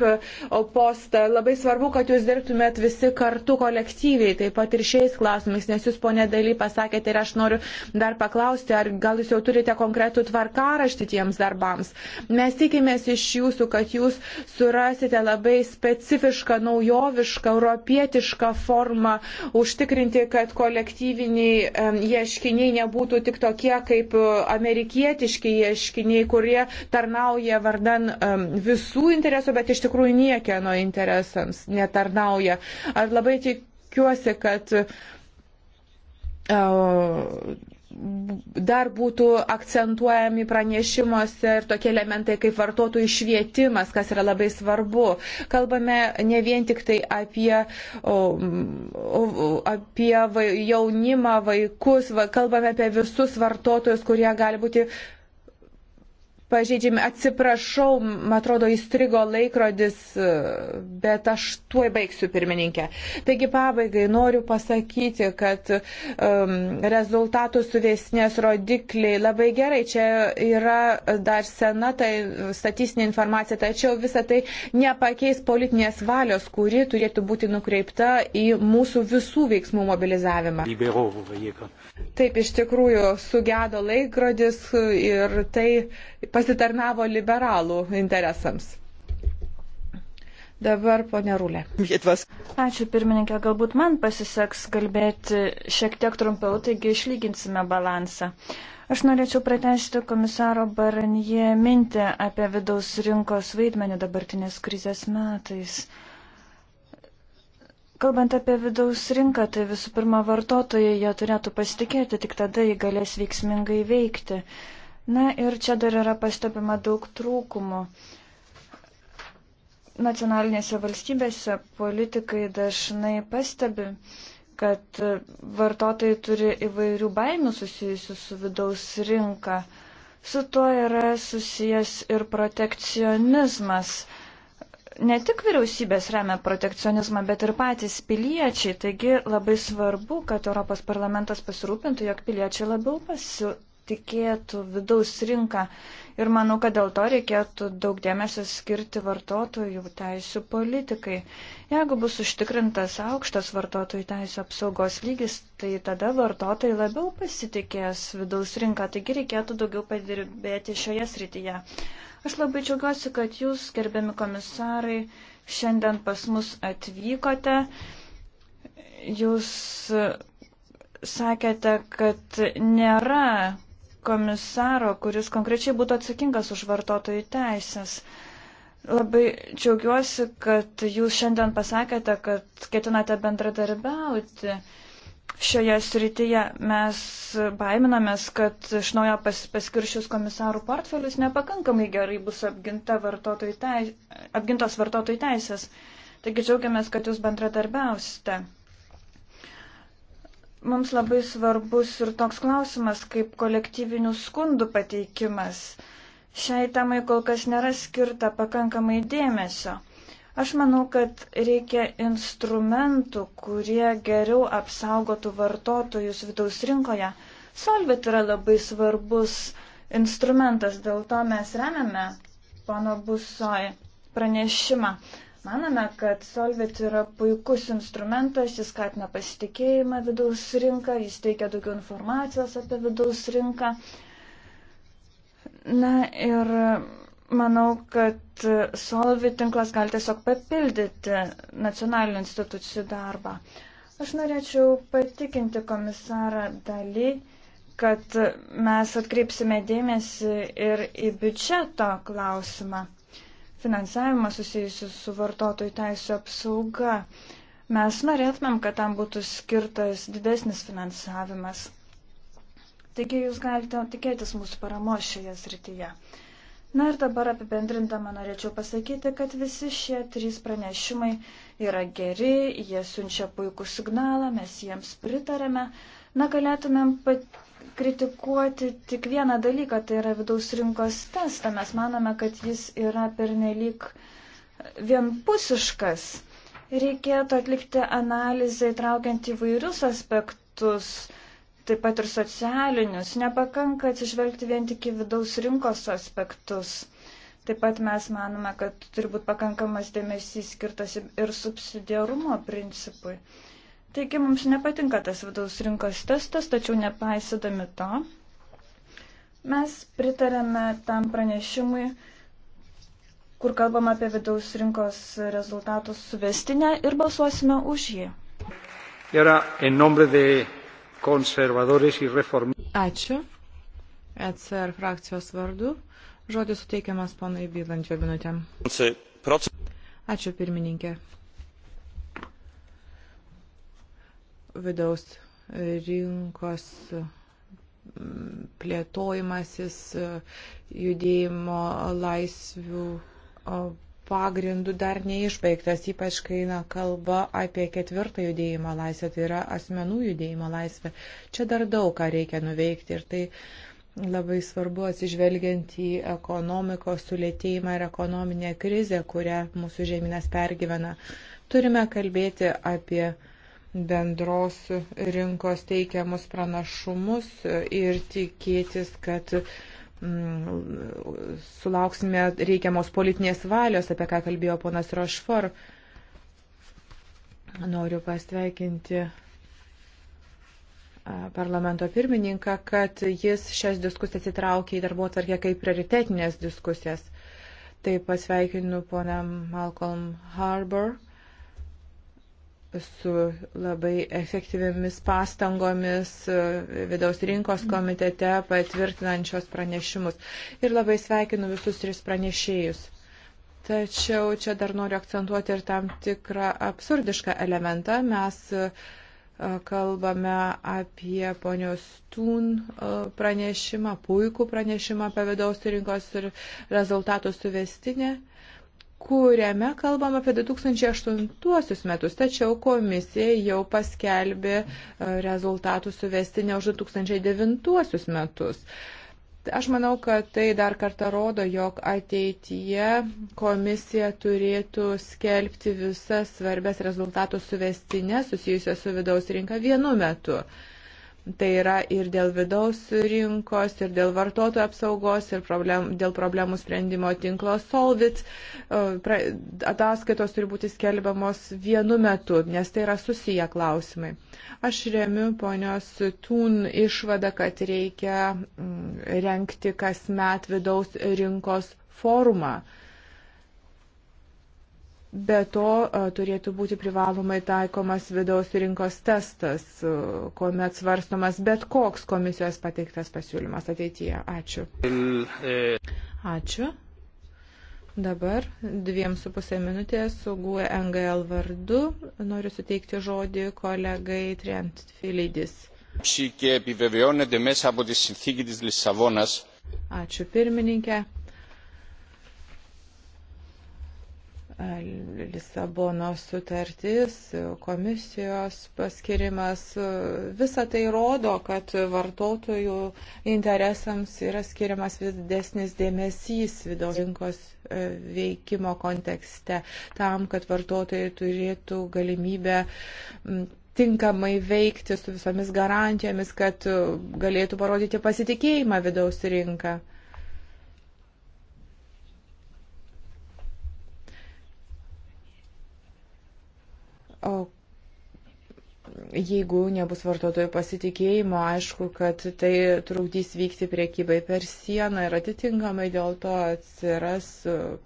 postą. Labai svarbu, kad jūs dirbtumėt visi kartu kolektyviai, taip pat ir šiais klausimais, nes jūs, ponė Daly, pasakėte ir aš noriu dar paklausti, ar ar gal jūs jau turite konkretų tvarkaraštį tiems darbams. Mes tikimės iš jūsų, kad jūs surasite labai specifišką, naujovišką, europietišką formą užtikrinti, kad kolektyviniai ieškiniai nebūtų tik tokie kaip amerikietiški ieškiniai, kurie tarnauja vardan visų interesų, bet iš tikrųjų niekieno interesams netarnauja. Ar labai tikiuosi, kad e, dar būtų akcentuojami pranešimuose ir tokie elementai kaip vartotojų švietimas, kas yra labai svarbu. Kalbame ne vien tik tai apie, o, o, apie vai, jaunimą, vaikus, va, kalbame apie visus vartotojus, kurie gali būti pažeidžiami. Atsiprašau, man atrodo, įstrigo laikrodis, e, bet aš tuoj baigsiu pirmininkę. Taigi pabaigai noriu pasakyti, kad um, rezultatų suvesnės rodikliai labai gerai. Čia yra dar sena tai statistinė informacija, tačiau visa tai nepakeis politinės valios, kuri turėtų būti nukreipta į mūsų visų veiksmų mobilizavimą. Taip, iš tikrųjų, sugedo laikrodis ir tai pasitarnavo liberalų interesams. Dabar ponė Rūlė. Ačiū pirmininkė, galbūt man pasiseks kalbėti šiek tiek trumpiau, taigi išlyginsime balansą. Aš norėčiau pratesti komisaro Baranie mintį apie vidaus rinkos vaidmenį dabartinės krizės metais. Kalbant apie vidaus rinką, tai visų pirma vartotojai jie turėtų pasitikėti, tik tada jį galės veiksmingai veikti. Uh, Na ir čia dar yra pastebima daug trūkumų. Nacionalinėse valstybėse politikai dažnai pastebi, kad vartotojai turi įvairių baimių susijusių su vidaus rinka. Su tuo yra susijęs ir protekcionizmas ne tik vyriausybės remia protekcionizmą, bet ir patys piliečiai. Taigi labai svarbu, kad Europos parlamentas pasirūpintų, jog piliečiai labiau pasi, tikėtų vidaus rinką. Ir manau, kad dėl to reikėtų daug dėmesio skirti vartotojų teisų politikai. Jeigu bus užtikrintas aukštas vartotojų teisų apsaugos lygis, tai tada vartotojai labiau pasitikės vidaus rinką, taigi reikėtų daugiau padirbėti šioje srityje. Aš labai džiaugiuosi, kad jūs, gerbiami komisarai, šiandien pas mus atvykote. Jūs sakėte, kad nėra komisaro, kuris konkrečiai būtų atsakingas už vartotojų teisės. Labai džiaugiuosi, kad jūs šiandien pasakėte, kad ketinate bendradarbiauti šioje srityje. Mes baiminamės, kad iš naujo pas, paskiršius komisarų portfelius nepakankamai gerai bus apginta vartotojų teis, apgintos vartotojų teisės. Taigi džiaugiamės, kad jūs bendradarbiausite. Mums labai svarbus ir toks klausimas kaip kolektyvinių skundų pateikimas. Šiai temai kol kas nėra skirta pakankamai dėmesio. Aš manau, kad reikia instrumentų, kurie geriau apsaugotų vartotojus vidaus rinkoje. Solvit yra labai svarbus instrumentas, dėl to mes remiame pono Busoj pranešimą. Maname, kad Solvit yra puikus instrumentas, jis skatina pasitikėjimą vidaus rinką, jis teikia daugiau informacijos apie vidaus rinką. Na ir manau, kad Solvit tinklas gali tiesiog papildyti nacionalinių institucijų darbą. Aš norėčiau patikinti komisarą daly, kad mes atkreipsime dėmesį ir į biudžeto klausimą finansavimą susijusiu su vartotojų teisų apsauga. Mes norėtumėm, kad tam būtų skirtas didesnis finansavimas. Taigi jūs galite tikėtis mūsų paramos šioje srityje. Na ir dabar apibendrindama norėčiau pasakyti, kad visi šie trys pranešimai yra geri, jie siunčia puikų signalą, mes jiems pritarėme. Na, galėtumėm pat kritikuoti tik vieną dalyką, tai yra vidaus rinkos testą. Mes manome, kad jis yra pernelyg vienpusiškas. Reikėtų atlikti analizę įtraukiant įvairius aspektus, taip pat ir socialinius. Nepakanka atsižvelgti vien tik į vidaus rinkos aspektus. Taip pat mes manome, kad turi būti pakankamas dėmesys skirtas ir subsidiarumo principui. Uh, Taigi mums nepatinka tas vidaus rinkos testas, tačiau nepaisydami to, mes pritarėme tam pranešimui, kur kalbam apie vidaus rinkos rezultatų suvestinę ir balsuosime už jį. Yra, Ačiū. ECR frakcijos vardu. Žodis suteikiamas ponai Bylandžio minutėm. Ačiū pirmininkė. vidaus rinkos mm, plėtojimasis judėjimo laisvių pagrindų dar neišbaigtas, ypač kai eina kalba apie ketvirtą judėjimo laisvę, tai yra asmenų judėjimo laisvę. Čia dar daug ką reikia nuveikti ir tai labai svarbu atsižvelgiant į ekonomikos sulėtėjimą ir ekonominę krizę, kurią mūsų žemynas pergyvena. Turime kalbėti apie uh, bendros rinkos teikiamus pranašumus ir tikėtis, kad mm, sulauksime reikiamos politinės valios, apie ką kalbėjo ponas Rošfor. Noriu pasveikinti parlamento pirmininką, kad jis šias diskusijas įtraukė į darbo tvarkę kaip prioritetinės diskusijas. Taip pasveikinu ponę Malcolm Harbour su labai efektyviamis pastangomis e, vidaus rinkos komitete patvirtinančios pranešimus. Ir labai sveikinu visus tris pranešėjus. Tačiau čia dar noriu akcentuoti ir tam tikrą absurdišką elementą. Mes e, kalbame apie ponios Tūn e, pranešimą, puikų pranešimą apie vidaus rinkos ir rezultatų suvestinę kuriame kalbam apie 2008 metus, tačiau komisija jau paskelbė e, rezultatų suvestinę už 2009 metus. Aš manau, kad tai dar kartą rodo, jog ateityje komisija turėtų skelbti visas svarbės rezultatų suvestinę susijusią su vidaus rinka vienu metu. Uh, Tai yra ir dėl vidaus rinkos, ir dėl vartotojų apsaugos, ir problem, dėl problemų sprendimo tinklo Solvit. E, ataskaitos turi būti skelbiamos vienu metu, nes tai yra susiję klausimai. Aš remiu ponios Tūn išvadą, kad reikia mm, renkti kasmet vidaus rinkos forumą Be to turėtų būti privalomai taikomas vidaus rinkos testas, kuomet svarstomas bet koks komisijos pateiktas pasiūlymas ateityje. Ačiū. Ačiū. Dabar dviem su pusė minutės su GUE NGL vardu noriu suteikti žodį kolegai Trent Filidis. Ačiū pirmininkė. Lisabonos sutartis, komisijos paskirimas, visa tai rodo, kad vartotojų interesams yra skiriamas vis didesnis dėmesys vidaus rinkos e, veikimo kontekste, tam, kad vartotojai turėtų galimybę tinkamai veikti su visomis garantijomis, kad galėtų parodyti pasitikėjimą vidaus rinką. jeigu nebus vartotojų pasitikėjimo, aišku, kad tai trukdys vykti priekybai per sieną ir atitinkamai dėl to atsiras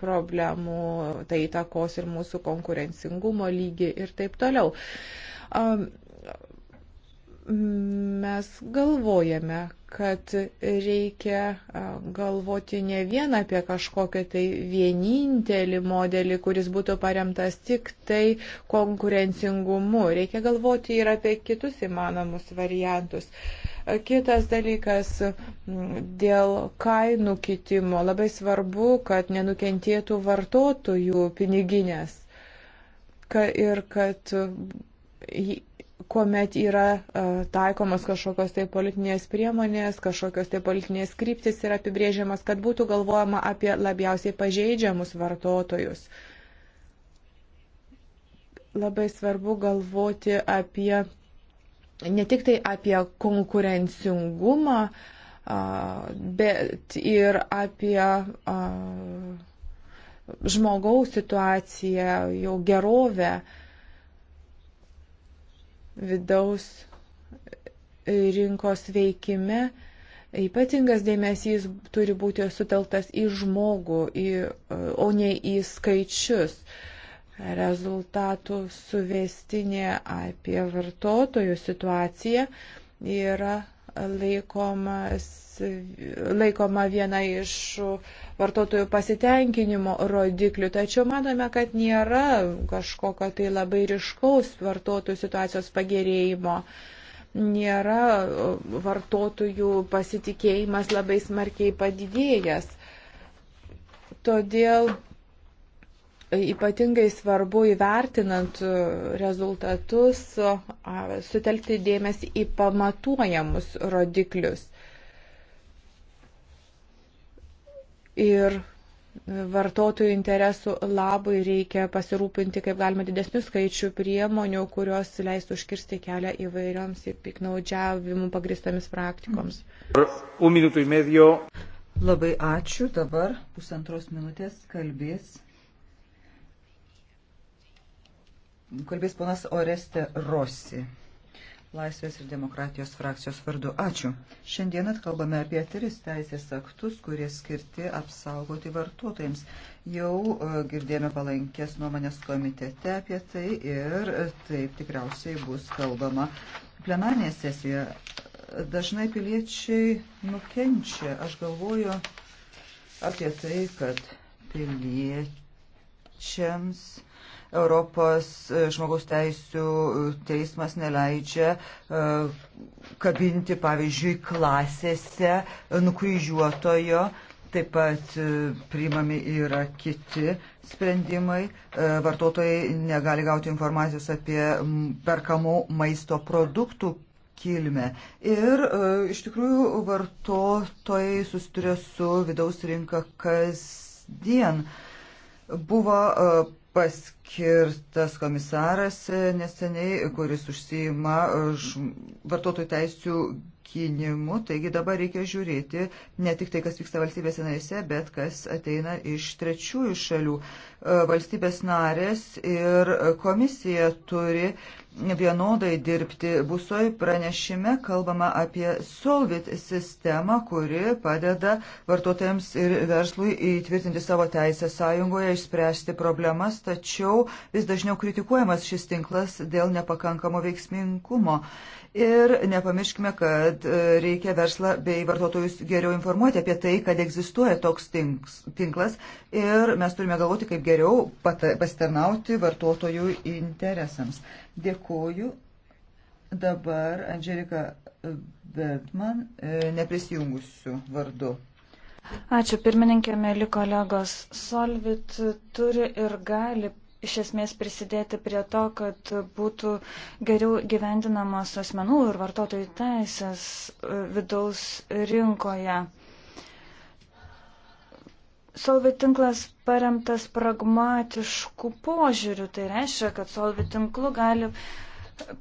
problemų, tai įtakos ir mūsų konkurencingumo lygį ir taip toliau. Um, mes galvojame, kad reikia galvoti ne vien apie kažkokią tai vienintelį modelį, kuris būtų paremtas tik tai konkurencingumu. Reikia galvoti ir apie kitus įmanomus variantus. Kitas dalykas dėl kainų kitimo. Labai svarbu, kad nenukentėtų vartotojų piniginės. Ir kad kuomet yra e, taikomas kažkokios tai politinės priemonės, kažkokios tai politinės kryptis yra apibrėžiamas, kad būtų galvojama apie labiausiai pažeidžiamus vartotojus. Labai svarbu galvoti apie ne tik tai apie konkurencingumą, bet ir apie žmogaus situaciją, jau gerovę vidaus rinkos veikime ypatingas dėmesys turi būti suteltas į žmogų, į, o ne į skaičius. Rezultatų suvestinė apie vartotojų situaciją yra laikomas laikoma viena iš vartotojų pasitenkinimo rodiklių, tačiau manome, kad nėra kažkokio tai labai ryškaus vartotojų situacijos pagerėjimo. Nėra e, vartotojų pasitikėjimas labai smarkiai padidėjęs. Todėl ypatingai svarbu įvertinant e, rezultatus sutelkti dėmesį į pamatuojamus rodiklius. ir vartotojų interesų labai reikia pasirūpinti kaip galima didesnių skaičių priemonių, kurios leistų užkirsti kelią įvairioms piknaudžiavimų pagristomis praktikoms. Un minutų į medio. Labai ačiū. Dabar pusantros minutės kalbės. Kalbės ponas Oreste Rossi. Laisvės ir demokratijos frakcijos vardu. Ačiū. Šiandien atkalbame apie tris teisės aktus, kurie skirti apsaugoti vartotojams. Jau e, girdėjome palankės nuomonės komitete apie tai ir e, taip tikriausiai bus kalbama plenarnėje sesijoje. E, dažnai piliečiai nukenčia. Aš galvoju apie tai, kad piliečiams Europos e, žmogaus teisų e, teismas neleidžia e, kabinti, pavyzdžiui, klasėse nukryžiuotojo. Taip pat priimami yra kiti sprendimai. Vartotojai negali gauti informacijos apie perkamų maisto produktų kilmę. Ir iš tikrųjų vartotojai susiduria su vidaus rinka kasdien. Buvo paskirtas komisaras neseniai, kuris užsijima vartotojų teisų gynimu. Taigi dabar reikia žiūrėti ne tik tai, kas vyksta valstybėse narėse, bet kas ateina iš trečiųjų šalių. Valstybės narės ir komisija turi vienodai dirbti. Busoj pranešime kalbama apie Solvit sistemą, kuri padeda vartotojams ir verslui įtvirtinti savo teisę sąjungoje, išspręsti problemas, tačiau vis dažniau kritikuojamas šis tinklas dėl nepakankamo veiksmingumo. Ir nepamirškime, kad e, reikia verslą bei vartotojus geriau informuoti apie tai, kad egzistuoja toks tinklas ir mes turime galvoti, kaip geriau pasitarnauti vartotojų interesams. Dėkoju. Dabar Andželika Bertman, e, neprisijungusių vardu. Ačiū pirmininkė, mėly kolegos. Solvit turi ir gali iš esmės prisidėti prie to, kad būtų geriau gyvendinamos asmenų ir vartotojų teisės e, vidaus rinkoje. Solvit tinklas paremtas pragmatišku požiūriu. Tai reiškia, kad Solvit tinklu gali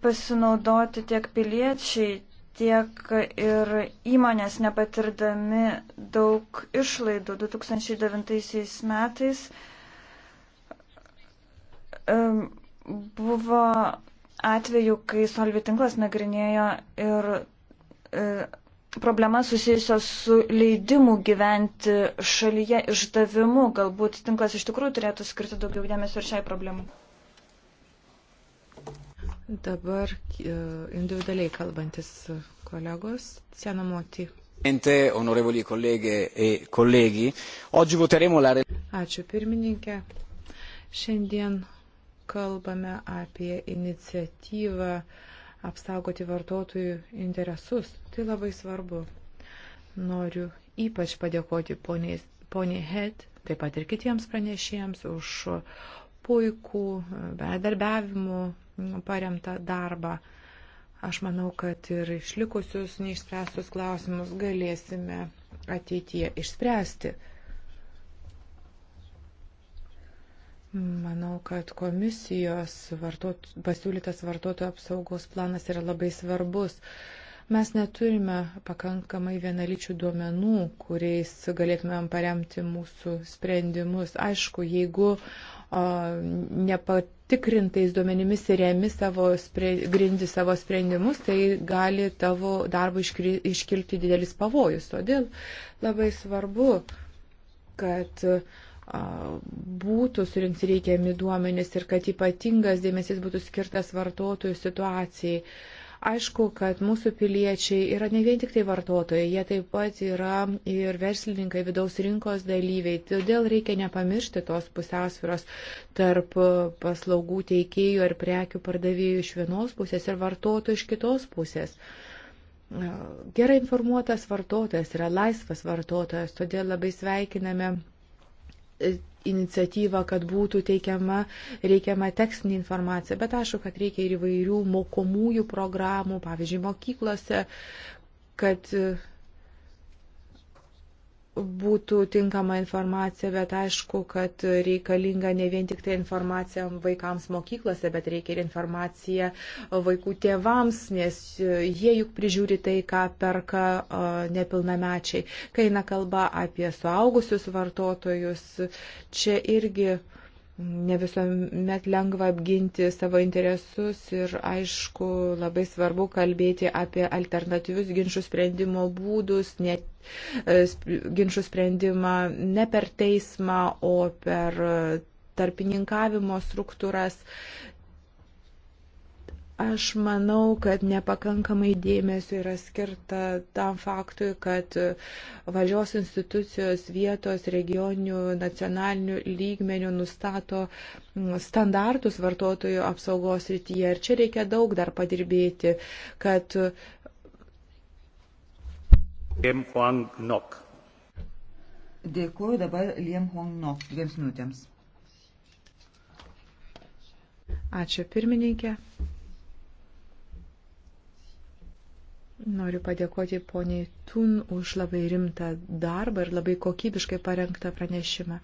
pasinaudoti tiek piliečiai, tiek ir įmonės nepatirdami daug išlaidų. 2009 metais buvo atveju, kai Solvit tinklas nagrinėjo ir e, problemas susijusios su leidimu gyventi šalyje išdavimu. Galbūt tinklas iš tikrųjų turėtų skirti daugiau dėmesio ir šiai problemai. Dabar e, individualiai kalbantis kolegos, Siena Moti. Onorevoli kolegė ir e kolegi, oggi voteremo la... Ačiū pirmininkė. Šiandien kalbame apie iniciatyvą uh, apsaugoti vartotojų interesus. Tai labai svarbu. Noriu ypač padėkoti poniai, poniai Het, taip pat ir kitiems pranešėjams už puikų bendarbiavimų paremtą darbą. Aš manau, kad ir išlikusius neišspręstus klausimus galėsime ateityje išspręsti. Manau, kad komisijos vartot, pasiūlytas vartotojų apsaugos planas yra labai svarbus. Mes neturime pakankamai vienalyčių duomenų, kuriais galėtumėm paremti mūsų sprendimus. Aišku, jeigu o, nepatikrintais duomenimis remi savo spre, grindi savo sprendimus, tai gali tavo darbo iškri, iškilti didelis pavojus. Todėl labai svarbu, kad o, būtų surinks reikiami duomenys ir kad ypatingas dėmesys būtų skirtas vartotojų situacijai. Aišku, kad mūsų piliečiai yra ne vien tik tai vartotojai, jie taip pat yra ir verslininkai, vidaus rinkos dalyviai. Todėl reikia nepamiršti tos pusiausviros tarp paslaugų teikėjų ar prekių pardavėjų iš vienos pusės ir vartotojų iš kitos pusės. Gerai informuotas vartotojas yra laisvas vartotojas, todėl labai sveikiname iniciatyvą, kad būtų teikiama reikiama tekstinė informacija, bet aišku, kad reikia ir įvairių mokomųjų programų, pavyzdžiui, mokyklose, kad būtų tinkama informacija, bet aišku, kad reikalinga ne vien tik tai informacija vaikams mokyklose, bet reikia ir informacija vaikų tėvams, nes jie juk prižiūri tai, ką perka nepilnamečiai. Kai eina kalba apie suaugusius vartotojus, čia irgi uh, ne visuomet lengva apginti savo interesus ir aišku labai svarbu kalbėti apie alternatyvius ginčių sprendimo būdus, net e, ginčių sprendimą ne per teismą, o per tarpininkavimo struktūras. Aš manau, kad nepakankamai dėmesio yra skirta tam faktui, kad valdžios institucijos vietos regioninių, nacionalinių lygmenių nustato standartus vartotojų apsaugos rytyje. Ir čia reikia daug dar padirbėti, kad. Dėkuoju dabar Liem Hong Nok dviems minutėms. Ačiū pirmininkė. Noriu padėkoti poniai Tun už labai rimtą darbą ir labai kokybiškai parengtą pranešimą.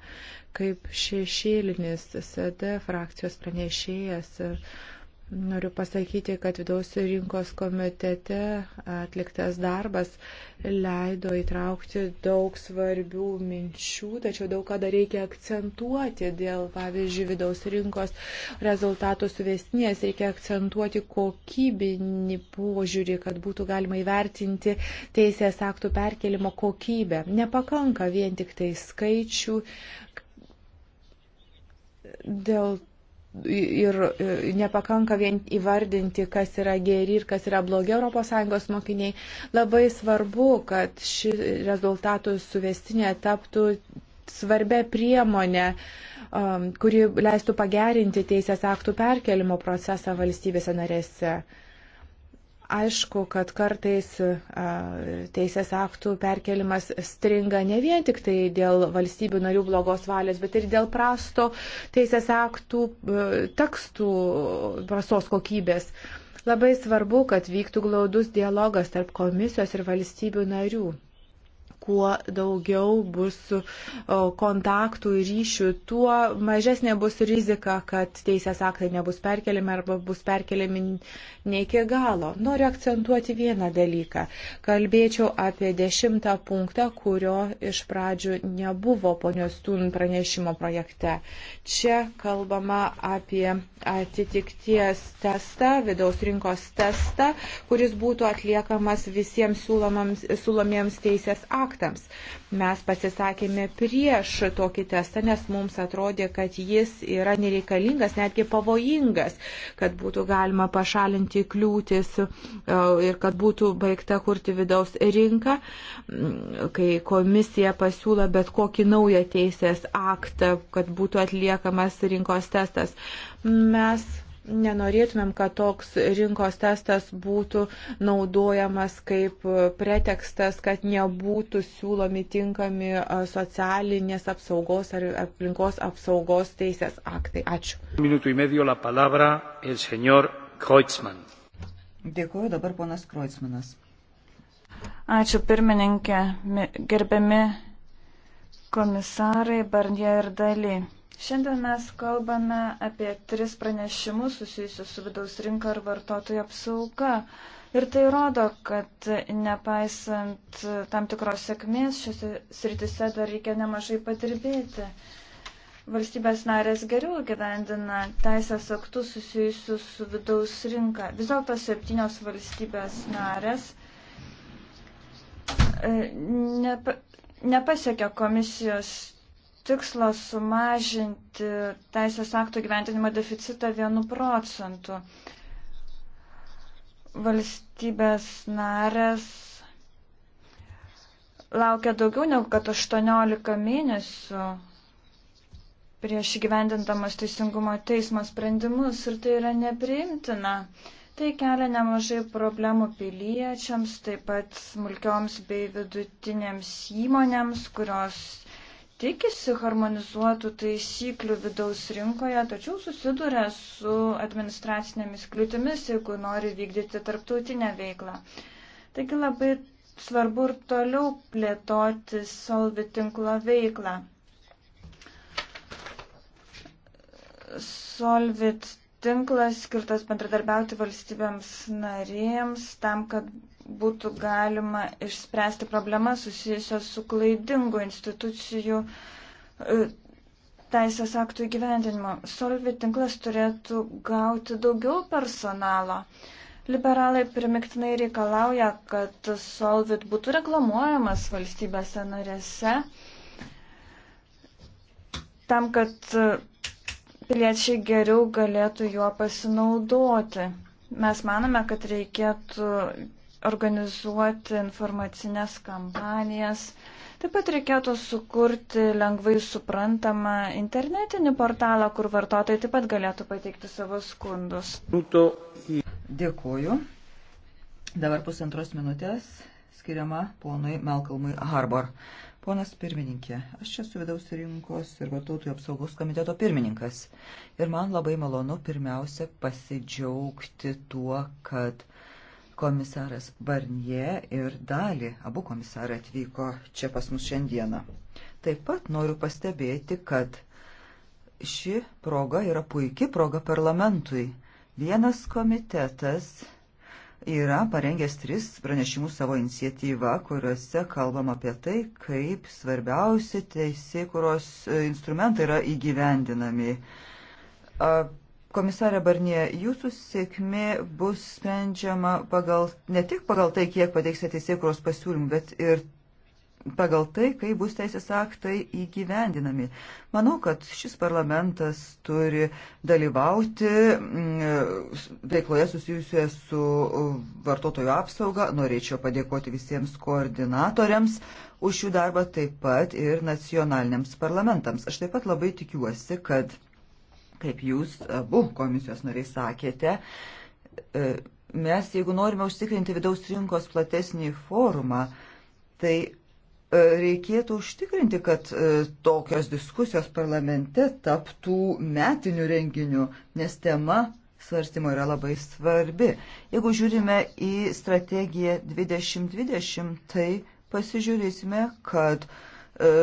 Kaip šešėlinis SD frakcijos pranešėjas ir Noriu pasakyti, kad vidaus rinkos komitete atliktas darbas leido įtraukti daug svarbių minčių, tačiau daug ką dar reikia akcentuoti dėl, pavyzdžiui, vidaus rinkos rezultatų suvestinės. Reikia akcentuoti kokybinį požiūrį, kad būtų galima įvertinti teisės aktų perkelimo kokybę. Nepakanka vien tik tai skaičių. Dėl ir nepakanka vien įvardinti, kas yra geri ir kas yra blogi ES mokiniai. Labai svarbu, kad ši rezultatų suvestinė taptų svarbia priemonė, um, kuri leistų pagerinti teisės aktų perkelimo procesą valstybėse narėse. Aišku, kad kartais e, teisės aktų perkelimas stringa ne vien tik tai dėl valstybių narių blogos valios, bet ir dėl prasto teisės aktų e, tekstų prastos kokybės. Labai svarbu, kad vyktų glaudus dialogas tarp komisijos ir valstybių narių kuo daugiau bus kontaktų ir ryšių, tuo mažesnė bus rizika, kad teisės aktai nebus perkeliami arba bus perkeliami ne iki galo. Noriu akcentuoti vieną dalyką. Kalbėčiau apie dešimtą punktą, kurio iš pradžių nebuvo ponios Tun pranešimo projekte. Čia kalbama apie atitikties testą, vidaus rinkos testą, kuris būtų atliekamas visiems siūlomiems teisės aktams aktams. Mes pasisakėme prieš tokį testą, nes mums atrodė, kad jis yra nereikalingas, netgi pavojingas, kad būtų galima pašalinti kliūtis e, ir kad būtų baigta kurti vidaus rinką, mm, kai komisija pasiūla bet kokį naują teisės aktą, kad būtų atliekamas rinkos testas. Mes nenorėtumėm, kad toks rinkos testas būtų naudojamas kaip pretekstas, kad nebūtų siūlomi tinkami socialinės apsaugos ar aplinkos apsaugos teisės aktai. Ačiū. Dėkuoju dabar ponas Kreutzmanas. Ačiū pirmininkė, gerbiami komisarai Barnier ir Dali. Šiandien mes kalbame apie tris pranešimus susijusius su vidaus rinka ir vartotojų apsauga. Ir tai rodo, kad nepaisant tam tikros sėkmės, šiose sritise dar reikia nemažai padirbėti. Valstybės narės geriau gyvendina teisės aktus susijusius su vidaus rinka. Vis dėlto septynios valstybės narės e, nepa, nepasiekia komisijos tikslas sumažinti teisės aktų gyventinimo deficitą vienu procentu. Valstybės narės laukia daugiau negu kad 18 mėnesių prieš įgyvendintamas teisingumo teismo sprendimus ir tai yra nepriimtina. Tai kelia nemažai problemų piliečiams, taip pat smulkioms bei vidutinėms įmonėms, kurios tikisi harmonizuotų taisyklių vidaus rinkoje, tačiau susiduria su administracinėmis kliūtimis, jeigu nori vykdyti tarptautinę veiklą. Taigi labai svarbu ir toliau plėtoti solvi tinklo veiklą. Solvit tinklas skirtas bendradarbiauti valstybėms narėms tam, kad būtų galima išspręsti problemas susijusios su klaidingu institucijų e, teisės aktų įgyvendinimu. Solvit tinklas turėtų gauti daugiau personalo. Liberalai primiktinai reikalauja, kad Solvit būtų reklamuojamas valstybėse narėse, tam, kad e, piliečiai geriau galėtų juo pasinaudoti. Mes manome, kad reikėtų organizuoti informacinės kampanijas. Taip pat reikėtų sukurti lengvai suprantamą internetinį portalą, kur vartotojai taip pat galėtų pateikti savo skundus. Dėkuoju. Dabar pusantros minutės skiriama ponui Malcolmui Harbor. Ponas pirmininkė, aš čia su vidaus rinkos ir vartotojų apsaugos komiteto pirmininkas. Ir man labai malonu pirmiausia pasidžiaugti tuo, kad Komisaras Barnie ir Dali, abu komisarai atvyko čia pas mus šiandieną. Taip pat noriu pastebėti, kad ši proga yra puikia proga parlamentui. Vienas komitetas yra parengęs tris pranešimus savo iniciatyvą, kuriuose kalbam apie tai, kaip svarbiausi teisėkuros e, instrumentai yra įgyvendinami. Komisarė Barnie, jūsų sėkmė bus sprendžiama pagal, ne tik pagal tai, kiek pateiksite teisėkros pasiūlymų, bet ir pagal tai, kaip bus teisės aktai įgyvendinami. Manau, kad šis parlamentas turi dalyvauti mm, veikloje susijusioje su vartotojų apsauga. Norėčiau padėkoti visiems koordinatoriams už jų darbą, taip pat ir nacionaliniams parlamentams. Aš taip pat labai tikiuosi, kad kaip jūs abu komisijos nariai sakėte, e, mes, jeigu norime užtikrinti vidaus rinkos platesnį forumą, tai e, reikėtų užtikrinti, kad e, tokios diskusijos parlamente taptų metiniu renginiu, nes tema svarstymo yra labai svarbi. Jeigu žiūrime į strategiją 2020, tai pasižiūrėsime, kad uh,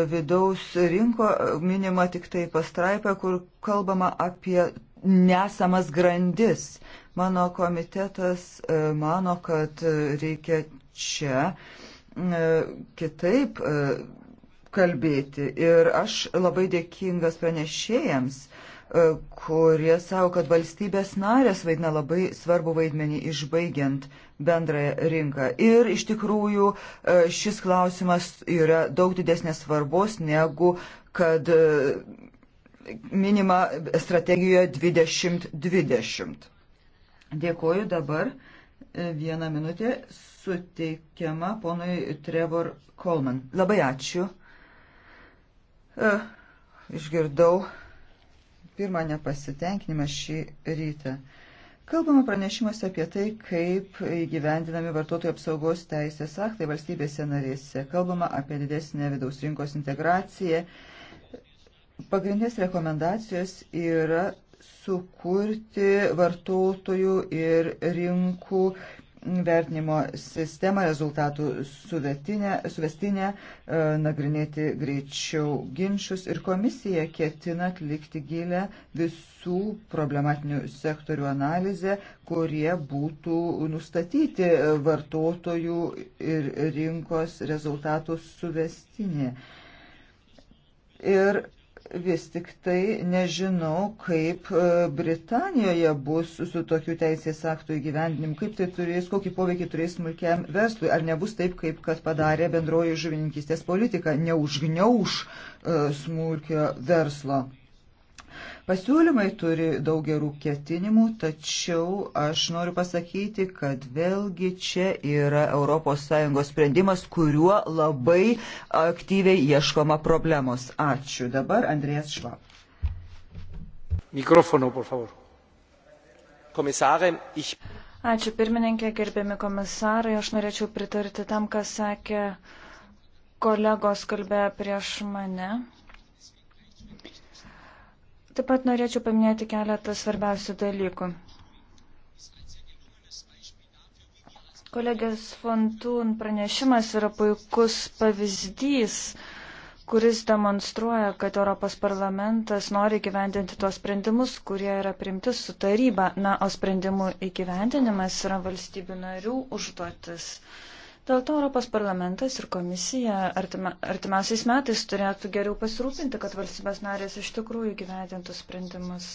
vidaus rinko minima tik tai pastraipa, kur kalbama apie nesamas grandis. Mano komitetas e, mano, kad reikia čia e, kitaip e, kalbėti. Ir aš labai dėkingas pranešėjams, E, kurie savo, kad valstybės narės vaidina labai svarbu vaidmenį išbaigiant bendrąją rinką. Ir iš tikrųjų e, šis klausimas yra daug didesnės svarbos negu kad e, minima strategijoje 2020. Dėkuoju dabar. Vieną minutę suteikiama ponui Trevor Coleman. Labai ačiū. Išgirdau pirmą nepasitenkinimą šį rytą. Kalbama pranešimuose apie tai, kaip įgyvendinami vartotojų apsaugos teisės aktai valstybėse narėse. Kalbama apie didesnę vidaus rinkos integraciją. Pagrindinės rekomendacijos yra sukurti vartotojų ir rinkų vertinimo sistemą, rezultatų suvestinę, e, nagrinėti greičiau ginčius ir komisija ketina atlikti gilę visų problematinių sektorių analizę, kurie būtų nustatyti vartotojų ir rinkos rezultatų suvestinė. Ir vis tik tai nežinau, kaip e, Britanijoje bus su tokiu teisės aktų įgyvendinimu, kaip tai turės, kokį poveikį turės smulkiam verslui, ar nebus taip, kaip kad padarė bendroji žuvininkystės politika, neužgniauž e, smulkio verslo. Pasiūlymai turi daug gerų ketinimų, tačiau aš noriu pasakyti, kad vėlgi čia yra ES sprendimas, kuriuo labai aktyviai ieškoma problemos. Ačiū. Dabar Andrėjas Švab. Mikrofono, por favor. Komisarė, ich. Ačiū pirmininkė, gerbiami komisarai, aš norėčiau pritarti tam, kas sakė kolegos kalbėjo prieš mane. Taip pat norėčiau paminėti keletą svarbiausių dalykų. Kolegės Fontūn pranešimas yra puikus pavyzdys, kuris demonstruoja, kad Europos parlamentas nori gyvendinti tuos sprendimus, kurie yra primti su taryba. Na, o sprendimų įgyvendinimas yra valstybių narių užduotis. Uh, Dėl to Europos parlamentas ir komisija artima, artimiausiais metais turėtų geriau pasirūpinti, kad valstybės narės iš tikrųjų gyvendintų sprendimus.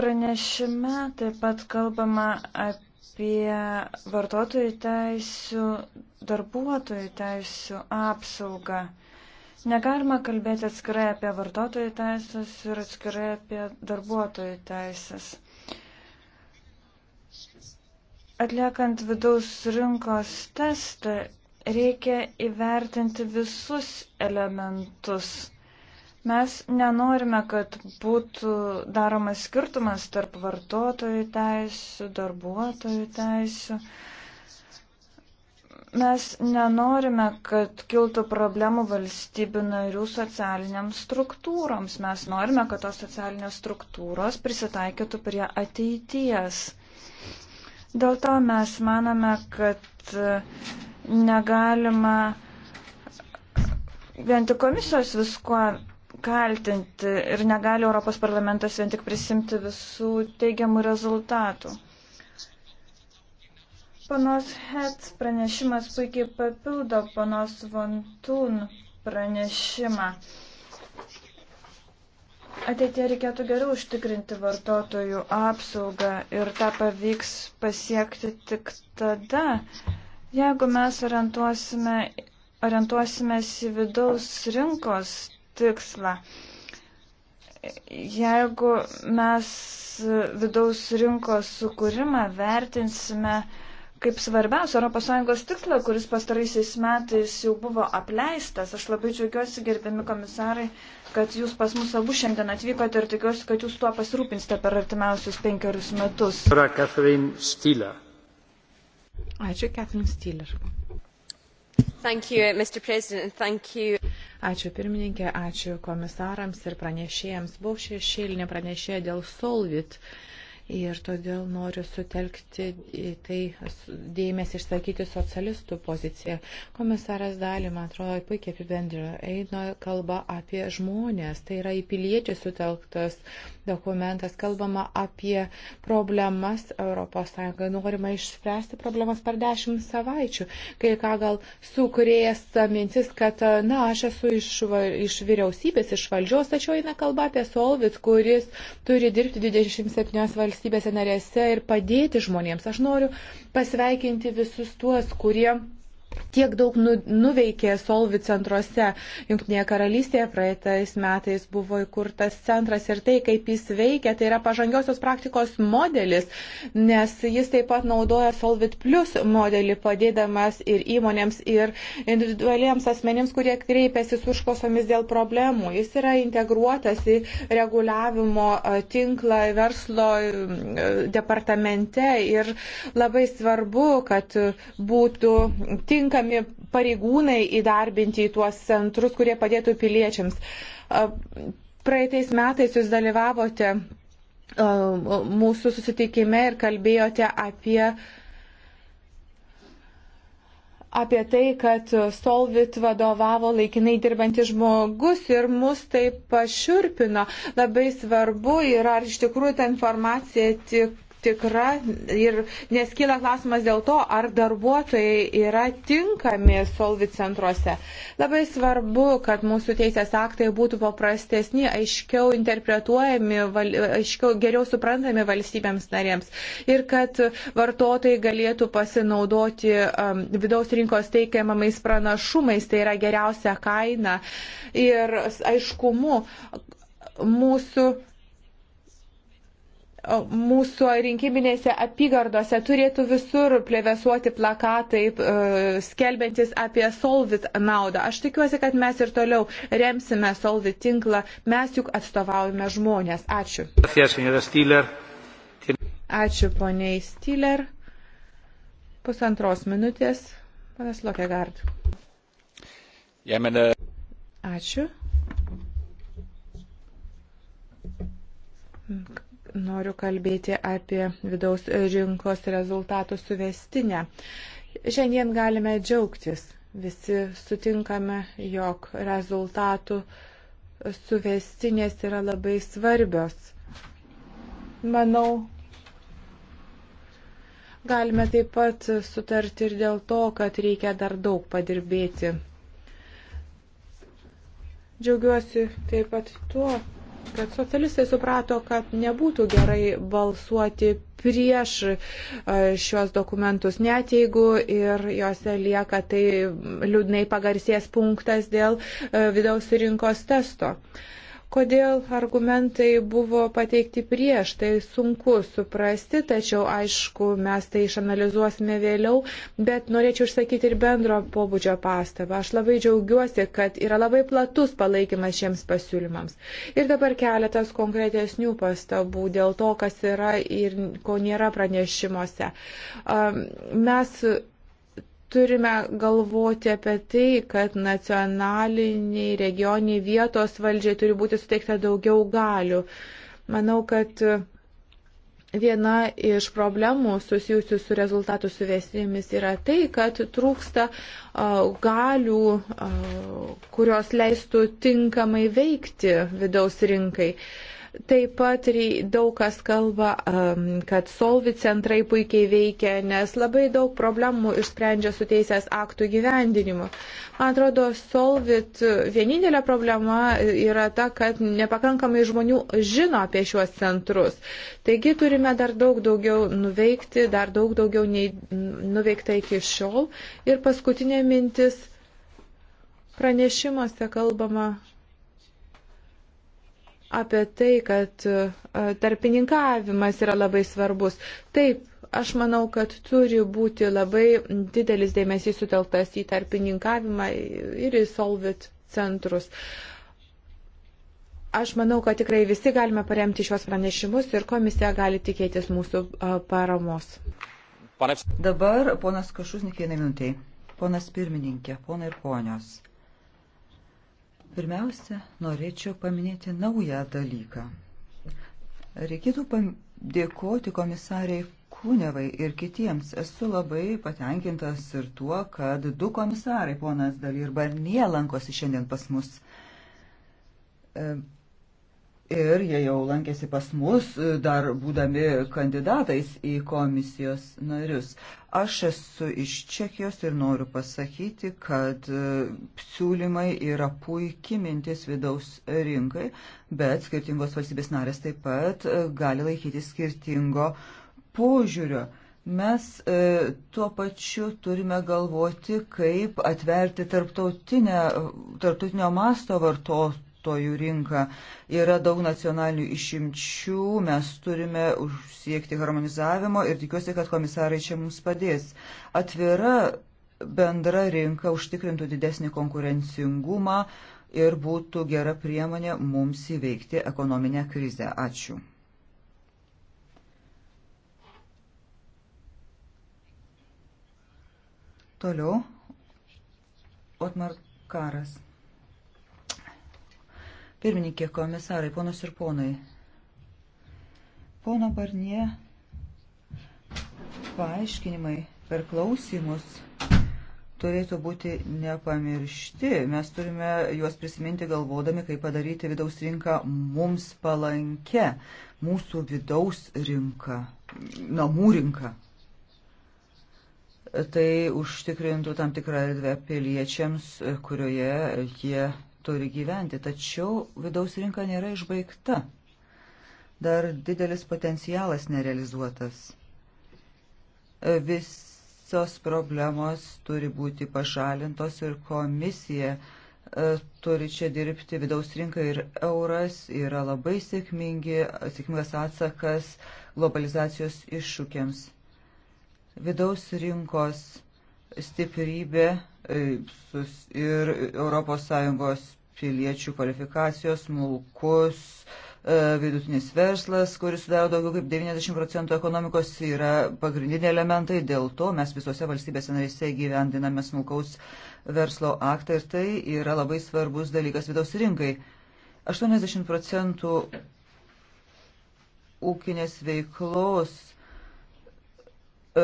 Pranešime taip pat kalbama apie vartotojų teisių, darbuotojų teisių apsaugą. Negalima kalbėti atskirai apie vartotojų teisės ir atskirai apie darbuotojų teisės. Atliekant vidaus rinkos testą, reikia įvertinti visus elementus. Mes nenorime, kad būtų daromas skirtumas tarp vartotojų teisų, darbuotojų teisų. Mes nenorime, kad kiltų problemų valstybių narių socialiniams struktūroms. Mes norime, kad tos socialinės struktūros prisitaikytų prie ateities. Dėl to mes manome, kad e, negalima vien tik komisijos viskuo kaltinti ir negali Europos parlamentas vien tik prisimti visų teigiamų rezultatų. Panos Het pranešimas puikiai papildo panos Vontun pranešimą. Ateitie reikėtų geriau užtikrinti vartotojų apsaugą ir tą pavyks pasiekti tik tada, jeigu mes orientuosime, orientuosimės į vidaus rinkos tikslą. Jeigu mes vidaus rinkos sukūrimą vertinsime kaip svarbiausią ES tikslą, kuris pastaraisiais metais jau buvo apleistas, aš labai džiaugiuosi, gerbiami komisarai, kad jūs pas mus abu šiandien atvykote ir tikiuosi, kad jūs tuo pasirūpinsite per artimiausius penkerius metus. Ačiū, Catherine Steeler. Thank you, Mr. President, thank you. Ačiū pirmininkė, ačiū komisarams ir pranešėjams. Buvau šešėlinė pranešėja dėl Solvit. Uh, Ir todėl noriu sutelkti į tai dėmesį išsakyti socialistų poziciją. Komisaras Dali, man atrodo, puikiai apibendrino, eina kalba apie žmonės, tai yra į piliečius sutelktas dokumentas. Kalbama apie problemas ES. Norima išspręsti problemas per dešimt savaičių. Kai ką gal sukrės mintis, kad, na, aš esu iš, iš vyriausybės, iš valdžios, tačiau eina kalba apie Solvit, kuris turi dirbti 27 valstybėse narėse ir padėti žmonėms. Aš noriu pasveikinti visus tuos, kurie tiek daug nu, nuveikė Solvi centruose. Junktinėje karalystėje praeitais metais buvo įkurtas centras ir tai, kaip jis veikia, tai yra pažangiosios praktikos modelis, nes jis taip pat naudoja Solvit Plus modelį, padėdamas ir įmonėms, ir individualiems asmenims, kurie kreipiasi su užkosomis dėl problemų. Jis yra integruotas į reguliavimo tinklą verslo departamente ir labai svarbu, kad būtų tinkamas tinkami pareigūnai įdarbinti į tuos centrus, kurie padėtų piliečiams. Praeitais metais jūs dalyvavote mūsų susitikime ir kalbėjote apie apie tai, kad Solvit vadovavo laikinai dirbantis žmogus ir mus tai pašiurpino. Labai svarbu yra, ar iš tikrųjų ta informacija tik tikra ir neskyla klausimas dėl to, ar darbuotojai yra tinkami solvit centruose. Labai svarbu, kad mūsų teisės aktai būtų paprastesni, aiškiau interpretuojami, val, aiškiau, geriau suprantami valstybėms narėms ir kad vartotojai galėtų pasinaudoti um, vidaus rinkos teikiamamais pranašumais, tai yra geriausia kaina ir aiškumu mūsų mūsų rinkiminėse apygardose turėtų visur plevesuoti plakatai e, skelbiantis apie Solvit naudą. Aš tikiuosi, kad mes ir toliau remsime Solvit tinklą. Mes juk atstovaujame žmonės. Ačiū. Ačiū, poniai Stiller. Pusantros minutės. Panas Lokegard. Ačiū noriu kalbėti apie vidaus rinkos rezultatų suvestinę. Šiandien galime džiaugtis. Visi sutinkame, jog rezultatų suvestinės yra labai svarbios. Manau, galime taip pat sutarti ir dėl to, kad reikia dar daug padirbėti. Džiaugiuosi taip pat tuo, kad socialistai suprato, kad nebūtų gerai balsuoti prieš e, šios dokumentus, net jeigu ir juose lieka tai liūdnai pagarsės punktas dėl e, vidaus rinkos testo. Uh, kodėl argumentai buvo pateikti prieš, tai sunku suprasti, tačiau aišku, mes tai išanalizuosime vėliau, bet norėčiau išsakyti ir bendro pobūdžio pastabą. Aš labai džiaugiuosi, kad yra labai platus palaikymas šiems pasiūlymams. Ir dabar keletas konkretesnių pastabų dėl to, kas yra ir ko nėra pranešimuose. Mes turime galvoti apie tai, kad nacionaliniai, regioniai, vietos valdžiai turi būti suteikta daugiau galių. Manau, kad viena iš problemų susijusių su rezultatų suvesnėmis yra tai, kad trūksta galių, kurios leistų tinkamai veikti vidaus rinkai. Uh, Taip pat daug kas kalba, um, kad solvi centrai puikiai veikia, nes labai daug problemų išsprendžia su teisės aktų gyvendinimu. Man atrodo, solvit vienintelė problema yra ta, kad nepakankamai žmonių žino apie šiuos centrus. Taigi turime dar daug daugiau nuveikti, dar daug daugiau nei nuveikta iki šiol. Ir paskutinė mintis pranešimuose kalbama apie tai, kad e, tarpininkavimas yra labai svarbus. Taip, aš manau, kad turi būti labai didelis dėmesys sutelktas į tarpininkavimą ir į solvit centrus. Aš manau, kad tikrai visi galime paremti šios pranešimus ir komisija gali tikėtis mūsų e, paramos. Dabar ponas Kašusnikė, ne minutė. Ponas pirmininkė, ponai ir ponios. Pirmiausia, norėčiau paminėti naują dalyką. Reikėtų dėkoti komisariai Kūnevai ir kitiems. Esu labai patenkintas ir tuo, kad du komisarai, ponas Dali ir Barnie, lankosi šiandien pas mus. E, ir jie jau lankėsi pas mus, e, dar būdami kandidatais į komisijos narius. Aš esu iš Čekijos ir noriu pasakyti, kad e, siūlymai yra puikiai mintis vidaus rinkai, bet skirtingos valstybės narės taip pat e, gali laikyti skirtingo požiūrio mes e, tuo pačiu turime galvoti, kaip atverti tarptautinio masto vartotojų vartotojų rinką. Yra daug nacionalinių išimčių, mes turime siekti harmonizavimo ir tikiuosi, kad komisarai čia mums padės. Atvira bendra rinka užtikrintų didesnį konkurencingumą ir būtų gera priemonė mums įveikti ekonominę krizę. Ačiū. Toliau Otmar Karas. Pirmininkė, komisarai, ponos ir ponai. Pono Barnie paaiškinimai per klausimus turėtų būti nepamiršti. Mes turime juos prisiminti galvodami, kaip padaryti vidaus rinką mums palankę, mūsų vidaus rinką, namų rinką. Tai užtikrintų tam tikrą erdvę piliečiams, kurioje jie turi gyventi, tačiau vidaus rinka nėra išbaigta. Dar didelis potencialas nerealizuotas. E, visos problemos turi būti pašalintos ir komisija e, turi čia dirbti vidaus rinka ir euras yra labai sėkmingi, sėkmingas atsakas globalizacijos iššūkiams. Vidaus rinkos stiprybė e, ir ES piliečių kvalifikacijos, smulkus e, vidutinis verslas, kuris sudaro daugiau kaip 90 procentų ekonomikos, yra pagrindiniai elementai. Dėl to mes visose valstybėse narėse gyvendiname smulkaus verslo aktą ir tai yra labai svarbus dalykas vidaus rinkai. 80 procentų ūkinės veiklos E,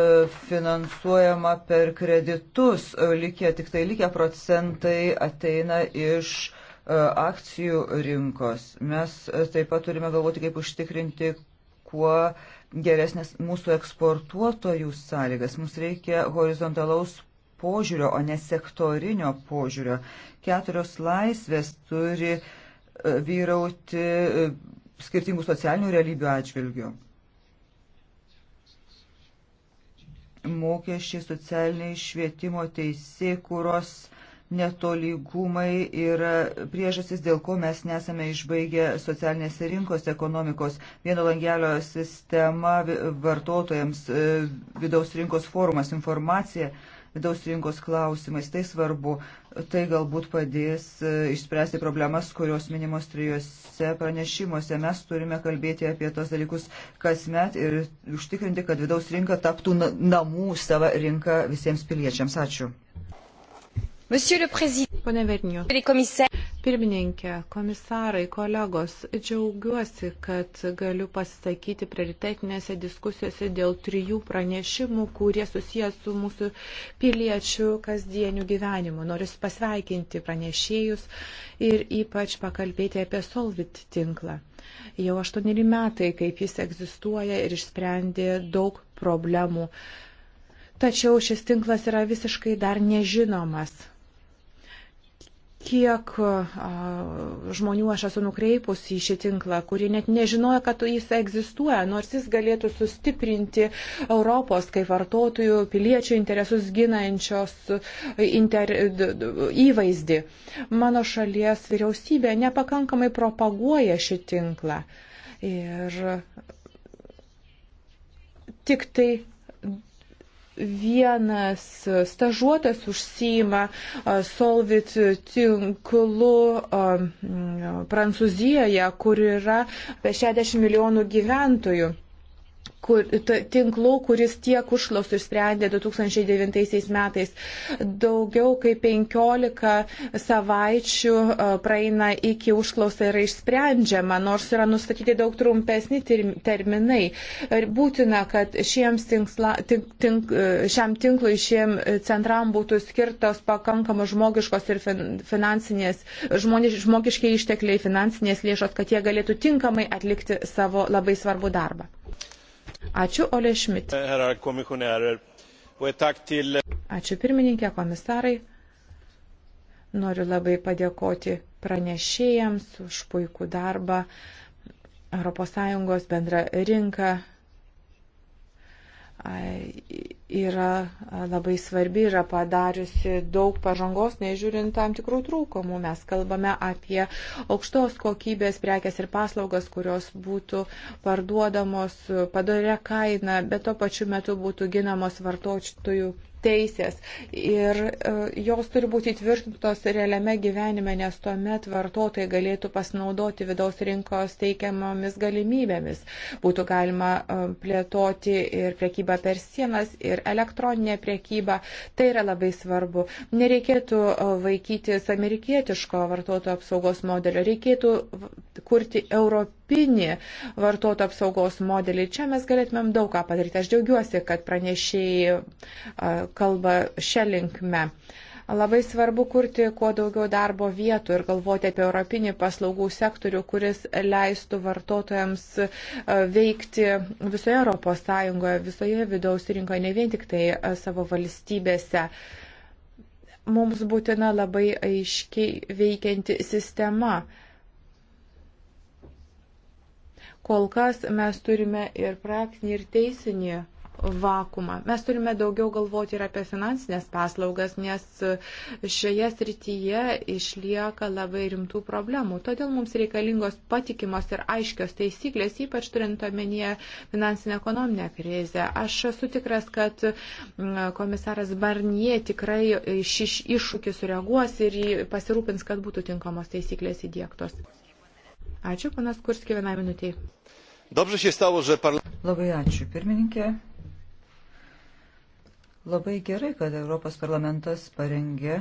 finansuojama per kreditus, e, likę tik tai likę procentai ateina iš e, akcijų rinkos. Mes taip pat turime galvoti, kaip užtikrinti kuo geresnės mūsų eksportuotojų sąlygas. Mums reikia horizontalaus požiūrio, o ne sektorinio požiūrio. Keturios laisvės turi vyrauti skirtingų socialinių realybių atžvilgių. mokesčiai, socialiniai švietimo teisė, kuros netolygumai yra priežastis, dėl ko mes nesame išbaigę socialinės rinkos ekonomikos. Vieno langelio sistema vartotojams, e, vidaus rinkos forumas, informacija vidaus rinkos klausimais. Tai svarbu. Tai galbūt padės e, išspręsti problemas, kurios minimos trijose pranešimuose. Mes turime kalbėti apie tos dalykus kasmet ir užtikrinti, kad vidaus rinka taptų namų sava rinka visiems piliečiams. Ačiū. Monsieur le Président, Madame la Commissaire, Pirmininkė, komisarai, kolegos, džiaugiuosi, kad galiu pasisakyti prioritetinėse diskusijose dėl trijų pranešimų, kurie susijęs su mūsų piliečių kasdieniu gyvenimu. Noriu pasveikinti pranešėjus ir ypač pakalbėti apie Solvit tinklą. Jau aštuoneri metai, kaip jis egzistuoja ir išsprendė daug problemų. Tačiau šis tinklas yra visiškai dar nežinomas kiek žmonių aš esu nukreipusi į šį tinklą, kurie net nežinoja, kad jis egzistuoja, nors jis galėtų sustiprinti Europos kaip vartotojų, piliečių interesus ginančios e, inter... įvaizdį. Mano šalies vyriausybė nepakankamai propaguoja šį tinklą. Ir tik tai vienas stažuotas užsima Solvit tinklu Prancūzijoje, kur yra apie 60 milijonų gyventojų kur, tinklų, kuris tiek užklausų išsprendė 2009 metais. Daugiau kaip 15 savaičių e, praeina iki užklausą yra išsprendžiama, nors yra nustatyti daug trumpesni terminai. Ir būtina, kad šiems tinksla, tink, tink, e, šiam tinklui, šiem centram būtų skirtos pakankamos žmogiškos ir finansinės, žmoniš, žmogiškiai ištekliai, finansinės lėšos, kad jie galėtų tinkamai atlikti savo labai svarbų darbą. Ačiū, Ole Šmit. Eh, eh, Ačiū pirmininkė, komisarai. Noriu labai padėkoti pranešėjams už puikų darbą. ES bendra rinka yra labai svarbi, yra padariusi daug pažangos, nežiūrint tam tikrų trūkumų. Mes kalbame apie aukštos kokybės prekes ir paslaugas, kurios būtų parduodamos padarę kainą, bet tuo pačiu metu būtų ginamos vartotojų teisės ir e, jos turi būti įtvirtintos realiame gyvenime, nes tuomet vartotojai galėtų pasinaudoti vidaus rinkos teikiamomis galimybėmis. Būtų galima e, plėtoti ir priekybą per sienas, ir elektroninę priekybą. Tai yra labai svarbu. Nereikėtų e, vaikytis amerikietiško vartotojų apsaugos modelio, reikėtų kurti europinį europinį vartotojų apsaugos modelį. Čia mes galėtumėm daug ką padaryti. Aš džiaugiuosi, kad pranešėjai kalba šią linkmę. Labai svarbu kurti kuo daugiau darbo vietų ir galvoti apie europinį paslaugų sektorių, kuris leistų vartotojams veikti visoje Europos Sąjungoje, visoje vidaus rinkoje, ne vien tik tai savo valstybėse. Mums būtina labai aiškiai veikianti sistema. Kol kas mes turime ir praktinį, ir teisinį vakumą. Mes turime daugiau galvoti ir apie finansinės paslaugas, nes šioje srityje išlieka labai rimtų problemų. Todėl mums reikalingos patikimos ir aiškios taisyklės, ypač turint omenyje finansinę ekonominę krizę. Aš esu tikras, kad komisaras Barnie tikrai šį iššūkį sureaguos ir pasirūpins, kad būtų tinkamos taisyklės įdėktos. Ačiū, panas Kurski, vienai minutiai. Dobrze się stało, że parlament. Labai ačiū, pirmininkė. Labai gerai, kad Europos parlamentas parengė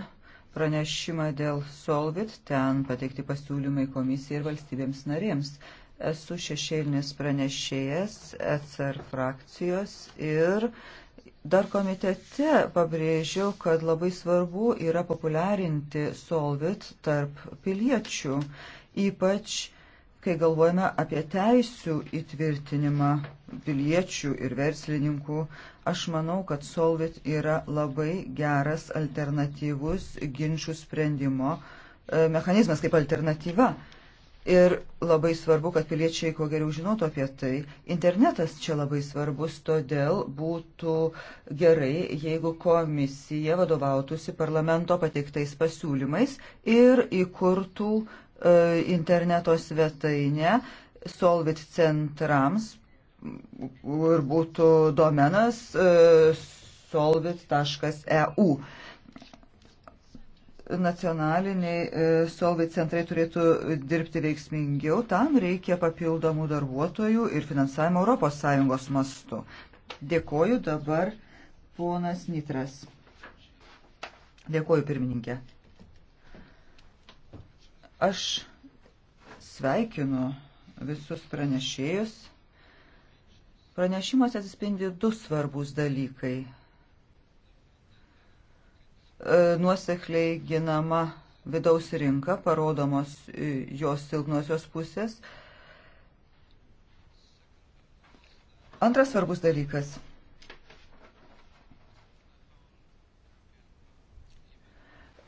pranešimą dėl Solvit, ten pateikti pasiūlymai komisijai ir valstybėms narėms. Esu šešėlinis pranešėjas ECR frakcijos ir dar komitete pabrėžiau, kad labai svarbu yra populiarinti Solvit tarp piliečių, ypač kai galvojame apie teisių įtvirtinimą piliečių ir verslininkų, aš manau, kad Solvit yra labai geras alternatyvus ginčių sprendimo e, mechanizmas kaip alternatyva. Ir labai svarbu, kad piliečiai kuo geriau žinotų apie tai. Internetas čia labai svarbus, todėl būtų gerai, jeigu komisija vadovautųsi parlamento pateiktais pasiūlymais ir įkurtų E, interneto svetainę Solvit centrams ir būtų domenas e, solvit.eu. Nacionaliniai e, solvit centrai turėtų dirbti veiksmingiau, tam reikia papildomų darbuotojų ir finansavimo ES mastu. Dėkoju dabar ponas Nitras. Dėkoju pirmininkė. Aš sveikinu visus pranešėjus. Pranešimas atsispindi du svarbus dalykai. E, nuosekliai ginama vidaus rinka, parodomos e, jos silpnosios pusės. Antras svarbus dalykas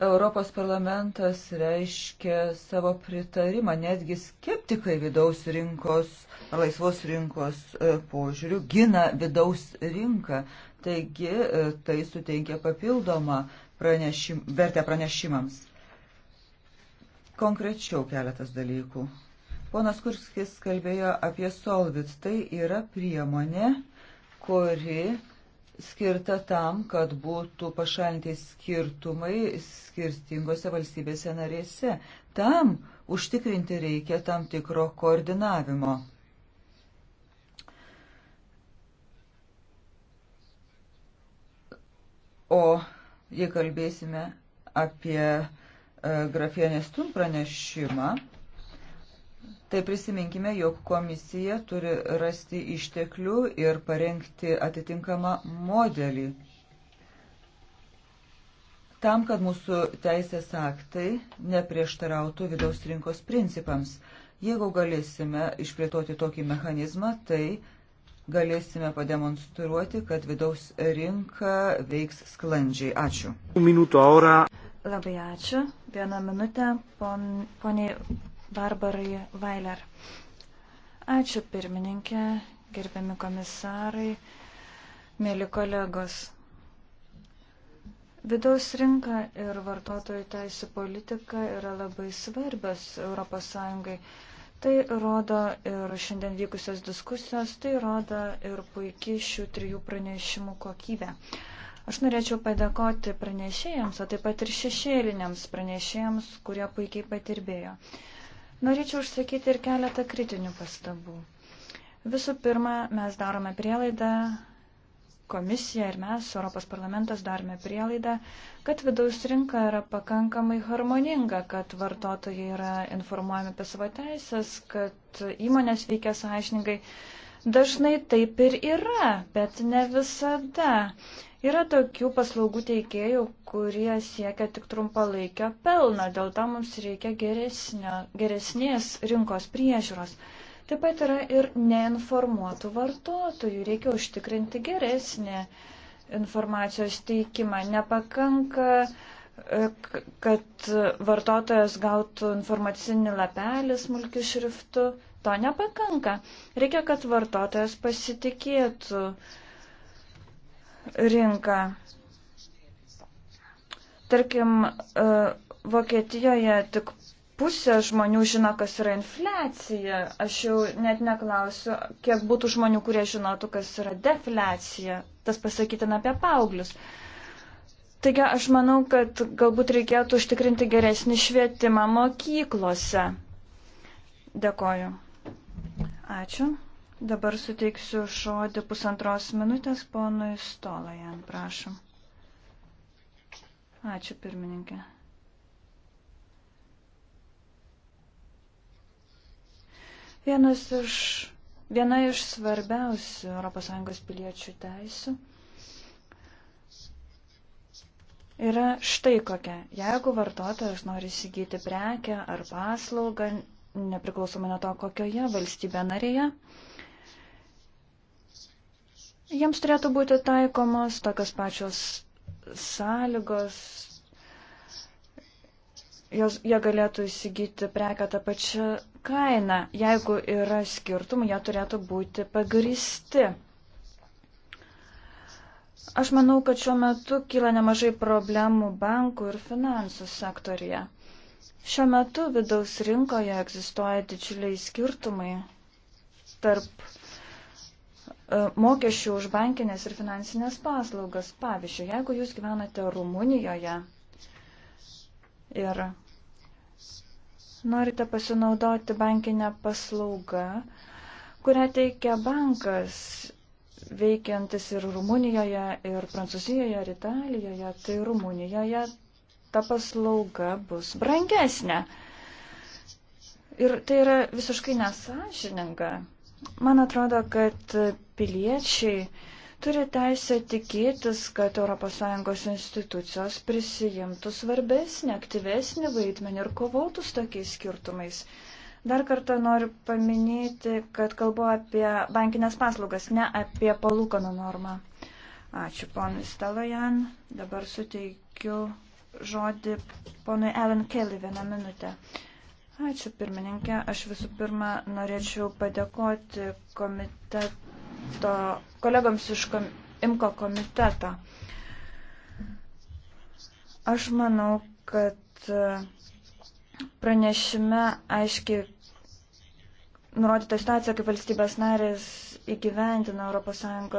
Europos parlamentas reiškia savo pritarimą, netgi skeptikai vidaus rinkos ar laisvos rinkos e, požiūrių gina vidaus rinką, taigi e, tai suteikia papildomą pranešim, vertę pranešimams. Konkrečiau keletas dalykų. Ponas Kurskis kalbėjo apie Solvit, tai yra priemonė, kuri skirta tam, kad būtų pašalinti skirtumai skirtingose valstybėse narėse. Tam užtikrinti reikia tam tikro koordinavimo. O jei kalbėsime apie e, grafienės tun pranešimą, Tai prisiminkime, jog komisija turi rasti išteklių ir parengti atitinkamą modelį. Tam, kad mūsų teisės aktai neprieštarautų vidaus rinkos principams. Jeigu galėsime išplėtoti tokį mechanizmą, tai galėsime pademonstruoti, kad vidaus rinka veiks sklandžiai. Ačiū. Labai ačiū. Vieną minutę, pon, poniai Barbarai Vailer. Ačiū pirmininkė, gerbiami komisarai, mėly kolegos. Vidaus rinka ir vartotojų teisų politika yra labai svarbios ES. Tai rodo ir šiandien vykusios diskusijos, tai rodo ir puikiai šių trijų pranešimų kokybė. Aš norėčiau padėkoti pranešėjams, o taip pat ir šešėliniams pranešėjams, kurie puikiai patirbėjo. Norėčiau užsakyti ir keletą kritinių pastabų. Visų pirma, mes darome prielaidą, komisija ir mes, Europos parlamentas, darome prielaidą, kad vidaus rinka yra pakankamai harmoninga, kad vartotojai yra informuojami apie savo teisės, kad įmonės veikia sąžiningai. Dažnai taip ir yra, bet ne visada. Yra tokių paslaugų teikėjų, kurie siekia tik trumpalaikio pelno, dėl to mums reikia geresnio, geresnės rinkos priežiūros. Taip pat yra ir neinformuotų vartotojų, reikia užtikrinti geresnį informacijos teikimą. Nepakanka, e, kad vartotojas gautų informacinį lapelį smulkiu šriftu, to nepakanka. Reikia, kad vartotojas pasitikėtų rinką. Tarkim, e, Vokietijoje tik pusė žmonių žino, kas yra infliacija. Aš jau net neklausiu, kiek būtų žmonių, kurie žinotų, kas yra defliacija. Tas pasakytina apie paauglius. Taigi aš manau, kad galbūt reikėtų užtikrinti geresnį švietimą mokyklose. Dėkoju. Ačiū. Dabar suteiksiu žodį pusantros minutės ponui Stolajan, prašom. Ačiū pirmininkė. Vienas iš, viena iš svarbiausių ES piliečių teisių yra štai kokia. Jeigu vartotojas nori įsigyti prekę ar paslaugą, nepriklausomai nuo to, kokioje valstybė narėje. Jiems turėtų būti taikomos tokios pačios sąlygos. Jos, jie galėtų įsigyti prekę tą pačią kainą. Jeigu yra skirtumų, jie turėtų būti pagristi. Aš manau, kad šiuo metu kyla nemažai problemų bankų ir finansų sektorija. Šiuo metu vidaus rinkoje egzistuoja didžiuliai skirtumai tarp e, mokesčių už bankinės ir finansinės paslaugas. Pavyzdžiui, jeigu jūs gyvenate Rumunijoje ir norite pasinaudoti bankinę paslaugą, kurią teikia bankas veikiantis ir Rumunijoje, ir Prancūzijoje, ir Italijoje, tai Rumunijoje ta paslauga bus brangesnė. Ir tai yra visiškai nesažininga. Man atrodo, kad piliečiai turi teisę tikėtis, kad ES institucijos prisijimtų svarbesnį, aktyvesnį vaidmenį ir kovotų su tokiais skirtumais. Dar kartą noriu paminėti, kad kalbu apie bankinės paslaugas, ne apie palūkanų normą. Ačiū ponui Stalojan. Dabar suteikiu žodį ponui Alan Kelly vieną minutę. Ačiū pirmininkė. Aš visų pirma norėčiau padėkoti komiteto, kolegoms iš kom, IMKO komiteto. Aš manau, kad e, pranešime aiškiai nurodyta situacija, kaip valstybės narės įgyvendina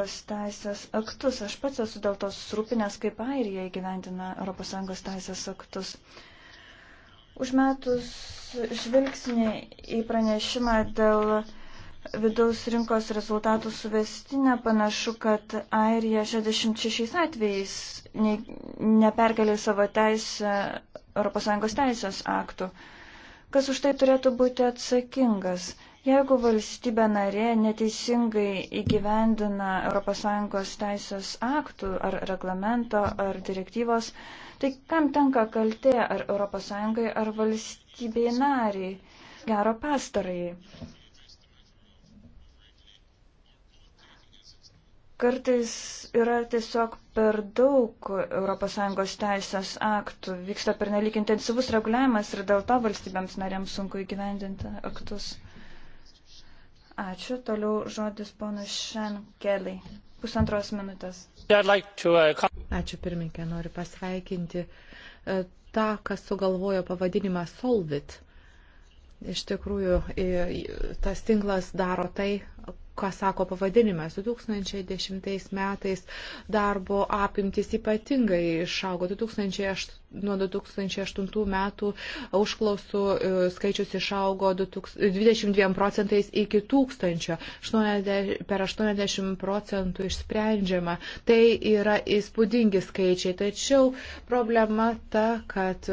ES teisės aktus. Aš pats esu dėl to susirūpinęs, kaip Airija įgyvendina ES teisės aktus. Užmetus žvilgsnį į pranešimą dėl vidaus rinkos rezultatų suvestinę, panašu, kad Airija 66 atvejais ne, neperkelė savo teisę ES teisės aktų. Kas už tai turėtų būti atsakingas? Jeigu valstybė narė neteisingai įgyvendina ES teisės aktų ar reglamento ar direktyvos, tai kam tenka kaltė ar ES ar valstybei nariai? Gero pastarai. Kartais yra tiesiog per daug ES teisės aktų, vyksta pernelik intensyvus reguliavimas ir dėl to valstybėms narėms sunku įgyvendinti aktus. Ačiū. Toliau žodis ponas Šenkeliai. Pusantros minutės. Uh, Ačiū pirmininkė, noriu pasveikinti uh, tą, kas sugalvojo pavadinimą Solvit. Iš tikrųjų, tas tinklas daro tai, ką sako pavadinimas. 2010 metais darbo apimtis ypatingai išaugo. 2008, nuo 2008 metų užklausų skaičius išaugo 22 procentais iki 1000. 80, per 80 procentų išsprendžiama. Tai yra įspūdingi skaičiai. Tačiau problema ta, kad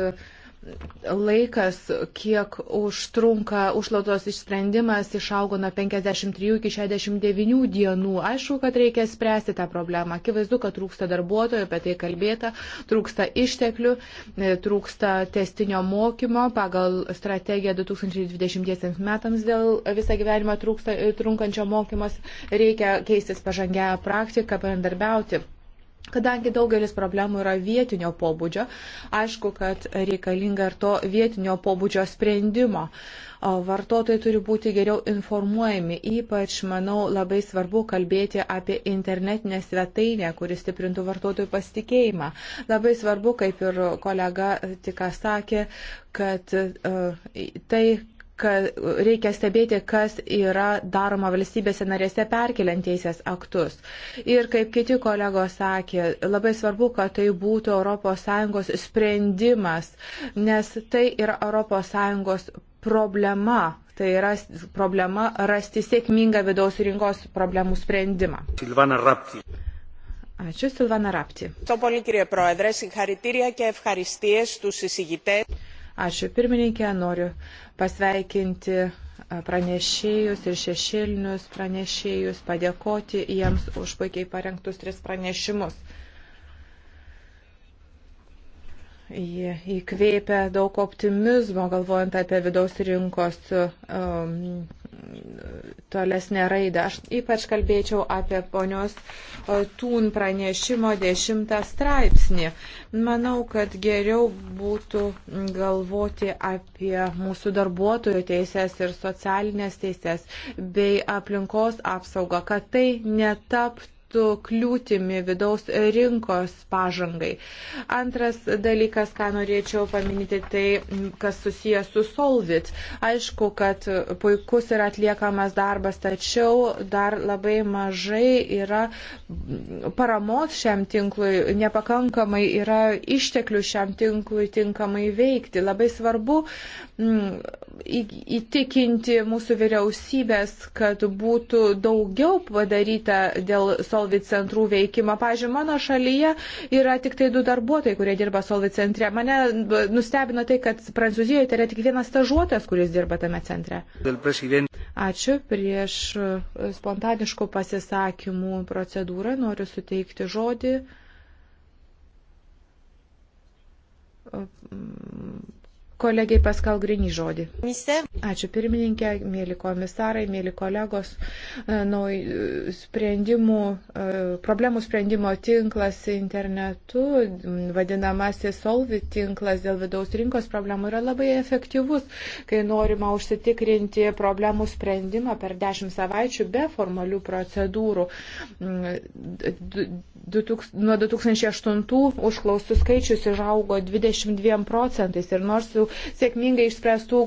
laikas, kiek užtrunka užlaudos išsprendimas, išaugo nuo 53 iki 69 dienų. Aišku, kad reikia spręsti tą problemą. Akivaizdu, kad trūksta darbuotojų, apie tai kalbėta, trūksta išteklių, e, trūksta testinio mokymo pagal strategiją 2020 metams dėl visą gyvenimą trūksta, e, trunkančio mokymos. Reikia keistis pažangę praktiką, bendarbiauti. Kadangi daugelis problemų yra vietinio pobūdžio, aišku, kad reikalinga ir to vietinio pobūdžio sprendimo. Vartotojai turi būti geriau informuojami, ypač, manau, labai svarbu kalbėti apie internetinę svetainę, kuris stiprintų vartotojų pasitikėjimą. Labai svarbu, kaip ir kolega tik sakė, kad e, tai, kad reikia stebėti, kas yra daroma valstybėse narėse perkeliant teisės aktus. Ir kaip kiti kolegos sakė, labai svarbu, kad tai būtų ES sprendimas, nes tai yra ES problema. Tai yra problema rasti sėkmingą vidaus rinkos problemų sprendimą. Silvana Rapti. Ačiū, Silvana Rapti. To πολύ, κύριε Πρόεδρε, συγχαρητήρια και ευχαριστίες στους συζητητές. Ačiū pirmininkė, noriu pasveikinti pranešėjus ir šešėlinius pranešėjus, padėkoti jiems už puikiai parengtus tris pranešimus. Jie įkvėpia daug optimizmo, galvojant apie vidaus rinkos um, tolesnę raidą. Aš ypač kalbėčiau apie ponios Tūn pranešimo dešimtą straipsnį. Manau, kad geriau būtų galvoti apie mūsų darbuotojų teisės ir socialinės teisės bei aplinkos apsaugą, kad tai netaptų taptų kliūtimi vidaus rinkos pažangai. Antras dalykas, ką norėčiau paminyti, tai kas susijęs su Solvit. Aišku, kad puikus yra atliekamas darbas, tačiau dar labai mažai yra paramos šiam tinklui, nepakankamai yra išteklių šiam tinklui tinkamai veikti. Labai svarbu įtikinti mūsų vyriausybės, kad būtų daugiau padaryta dėl solvit centrų veikimo. Pavyzdžiui, mano šalyje yra tik tai du darbuotojai, kurie dirba solvit centre. Mane nustebino tai, kad Prancūzijoje tai yra tik vienas stažuotas, kuris dirba tame centre. Ačiū. Prieš spontaniškų pasisakymų procedūrą noriu suteikti žodį kolegiai Paskal Grinį žodį. Ačiū pirmininkė, mėly komisarai, mėly kolegos. E, Nau, e, sprendimų, e, problemų sprendimo tinklas internetu, vadinamasis Solvit tinklas dėl vidaus rinkos problemų yra labai efektyvus, kai norima užsitikrinti problemų sprendimą per dešimt savaičių be formalių procedūrų. Nuo 2008 užklausų skaičius išaugo 22 procentais ir nors jau sėkmingai išspręstų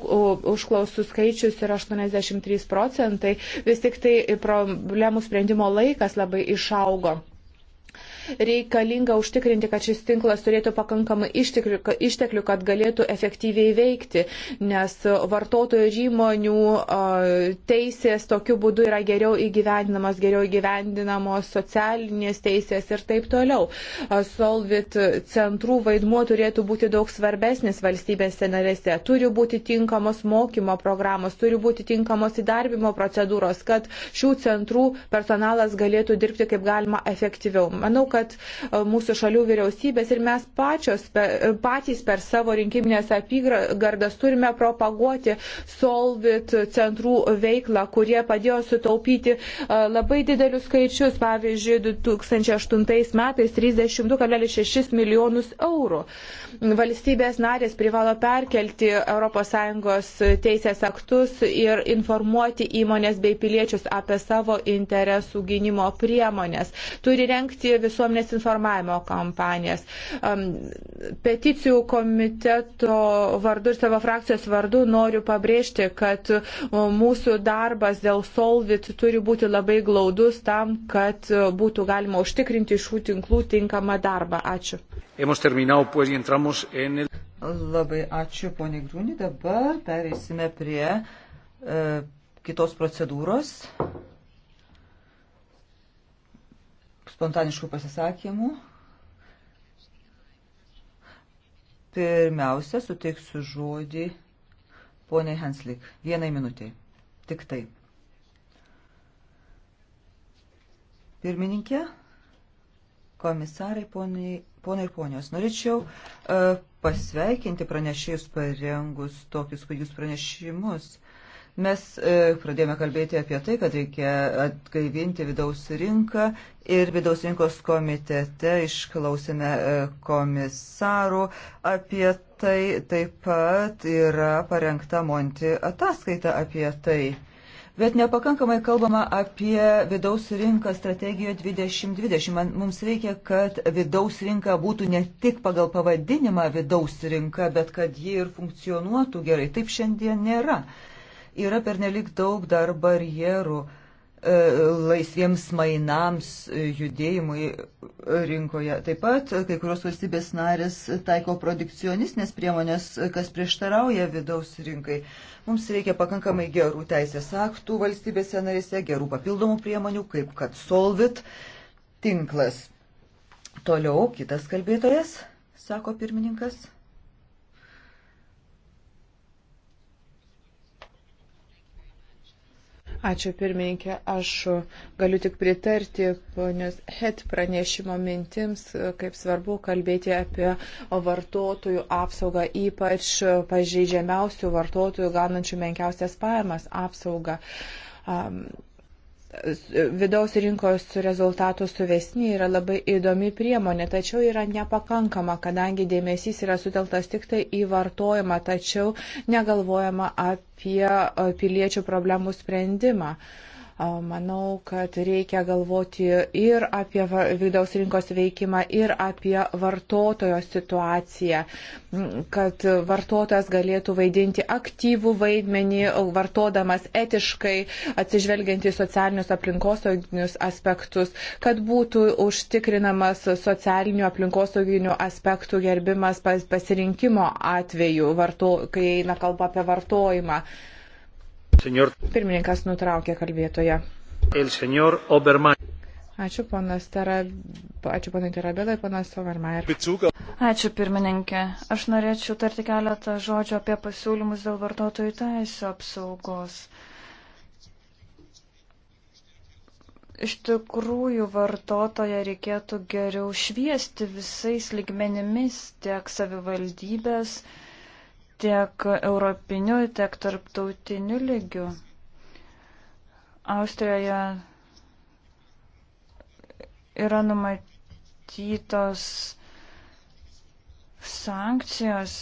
užklausų skaičius yra 83 procentai, vis tik tai problemų sprendimo laikas labai išaugo reikalinga užtikrinti, kad šis tinklas turėtų pakankamai išteklių, kad galėtų efektyviai veikti, nes vartotojų ir įmonių teisės tokiu būdu yra geriau įgyvendinamas, geriau įgyvendinamos socialinės teisės ir taip toliau. Solvit centrų vaidmuo turėtų būti daug svarbesnis valstybėse narėse. Turi būti tinkamos mokymo programos, turi būti tinkamos įdarbimo procedūros, kad šių centrų personalas galėtų dirbti kaip galima efektyviau. Manau, kad e, mūsų šalių vyriausybės ir mes pačios, e, patys per savo rinkiminės apygardas turime propaguoti Solvit centrų veiklą, kurie padėjo sutaupyti e, labai didelius skaičius, pavyzdžiui, 2008 metais 32,6 milijonus eurų. Valstybės narės privalo perkelti ES teisės aktus ir informuoti įmonės bei piliečius apie savo interesų gynimo priemonės. Turi renkti visuomenės visuomenės informavimo kampanijas. Peticijų komiteto vardu ir savo frakcijos vardu noriu pabrėžti, kad mūsų darbas dėl Solvit turi būti labai glaudus tam, kad būtų galima užtikrinti šių tinklų tinkamą darbą. Ačiū. Labai ačiū, ponė Grūni. Dabar pereisime prie e, kitos procedūros spontaniškų pasisakymų. Pirmiausia, suteiksiu žodį poniai Henslik. Vienai minutiai. Tik tai. Pirmininkė, komisarai, poniai ponai ir ponios, norėčiau uh, pasveikinti pranešėjus parengus tokius puikius pranešimus. Mes e, pradėjome kalbėti apie tai, kad reikia atgaivinti vidaus rinką ir vidaus rinkos komitete išklausėme e, komisarų apie tai. Taip pat yra parengta Monti ataskaita apie tai. Bet nepakankamai kalbama apie vidaus rinką strategijoje 2020. Man, mums reikia, kad vidaus rinka būtų ne tik pagal pavadinimą vidaus rinka, bet kad ji ir funkcionuotų gerai. Taip šiandien nėra. Yra pernelik daug dar barjerų e, laisviems mainams e, judėjimui e, rinkoje. Taip pat kai kurios valstybės narės taiko produkcionistinės priemonės, kas prieštarauja vidaus rinkai. Mums reikia pakankamai gerų teisės aktų valstybėse narėse, gerų papildomų priemonių, kaip kad Solvit tinklas. Toliau kitas kalbėtojas, sako pirmininkas. Ačiū pirmininkė, aš galiu tik pritarti ponios Het pranešimo mintims, kaip svarbu kalbėti apie vartotojų apsaugą, ypač pažeidžiamiausių vartotojų ganančių menkiausias pajamas apsaugą. Um, vidaus rinkos rezultatų suvesni yra labai įdomi priemonė, tačiau yra nepakankama, kadangi dėmesys yra suteltas tik tai į vartojimą, tačiau negalvojama apie piliečių problemų sprendimą. Uh, Manau, kad reikia galvoti ir apie vidaus rinkos veikimą, ir apie vartotojo situaciją, kad vartotojas galėtų vaidinti aktyvų vaidmenį, vartodamas etiškai, atsižvelgiant į socialinius aplinkosauginius aspektus, kad būtų užtikrinamas socialinių aplinkosauginių aspektų gerbimas pasirinkimo atveju, varto, kai eina kalba apie vartojimą. Senior... Pirmininkas nutraukė kalbėtoje. Ačiū, ponas Tarab... Ačiū, ponai Tarabėlai, ponas Overmaier. Ačiū, pirmininkė. Aš norėčiau tarti keletą žodžių apie pasiūlymus dėl vartotojų teisų apsaugos. Iš tikrųjų, vartotoje reikėtų geriau šviesti visais ligmenimis tiek savivaldybės, uh, tiek europiniu, tiek tarptautiniu lygiu. Austrijoje yra numatytos sankcijos,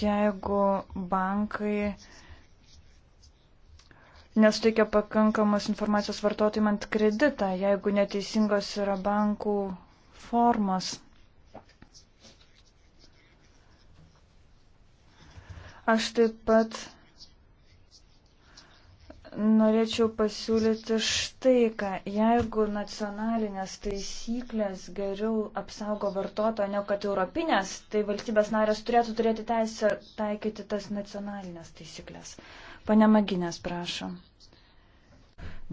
jeigu bankai nesuteikia pakankamos informacijos vartotojimant kreditą, jeigu neteisingos yra bankų formos. Aš taip pat norėčiau pasiūlyti štai ką. Jeigu nacionalinės taisyklės geriau apsaugo vartotoją negu kad europinės, tai valstybės narės turėtų turėti teisę taikyti tas nacionalinės taisyklės. Pane Maginės, prašom.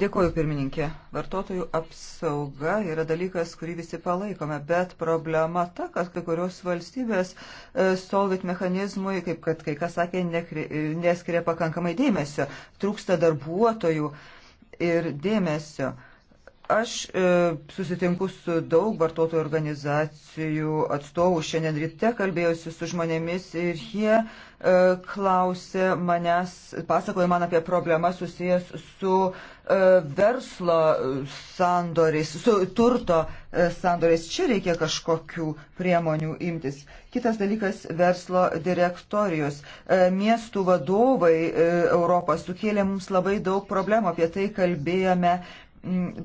Dėkuoju, pirmininkė. Vartotojų apsauga yra dalykas, kurį visi palaikome, bet problema ta, kad kai kurios valstybės e, solvit mechanizmui, kaip kad kai kas sakė, neskiria pakankamai dėmesio, trūksta darbuotojų ir dėmesio. Aš e, susitinku su daug vartotojų organizacijų atstovų. Šiandien ryte kalbėjausi su žmonėmis ir jie e, klausė manęs, pasakoja man apie problemą susijęs su e, E, verslo sandoriais, su turto e, sandoriais. Čia reikia kažkokių priemonių imtis. Kitas dalykas - verslo direktorijos. E, miestų vadovai Europos sukėlė mums labai daug problemų, apie tai kalbėjome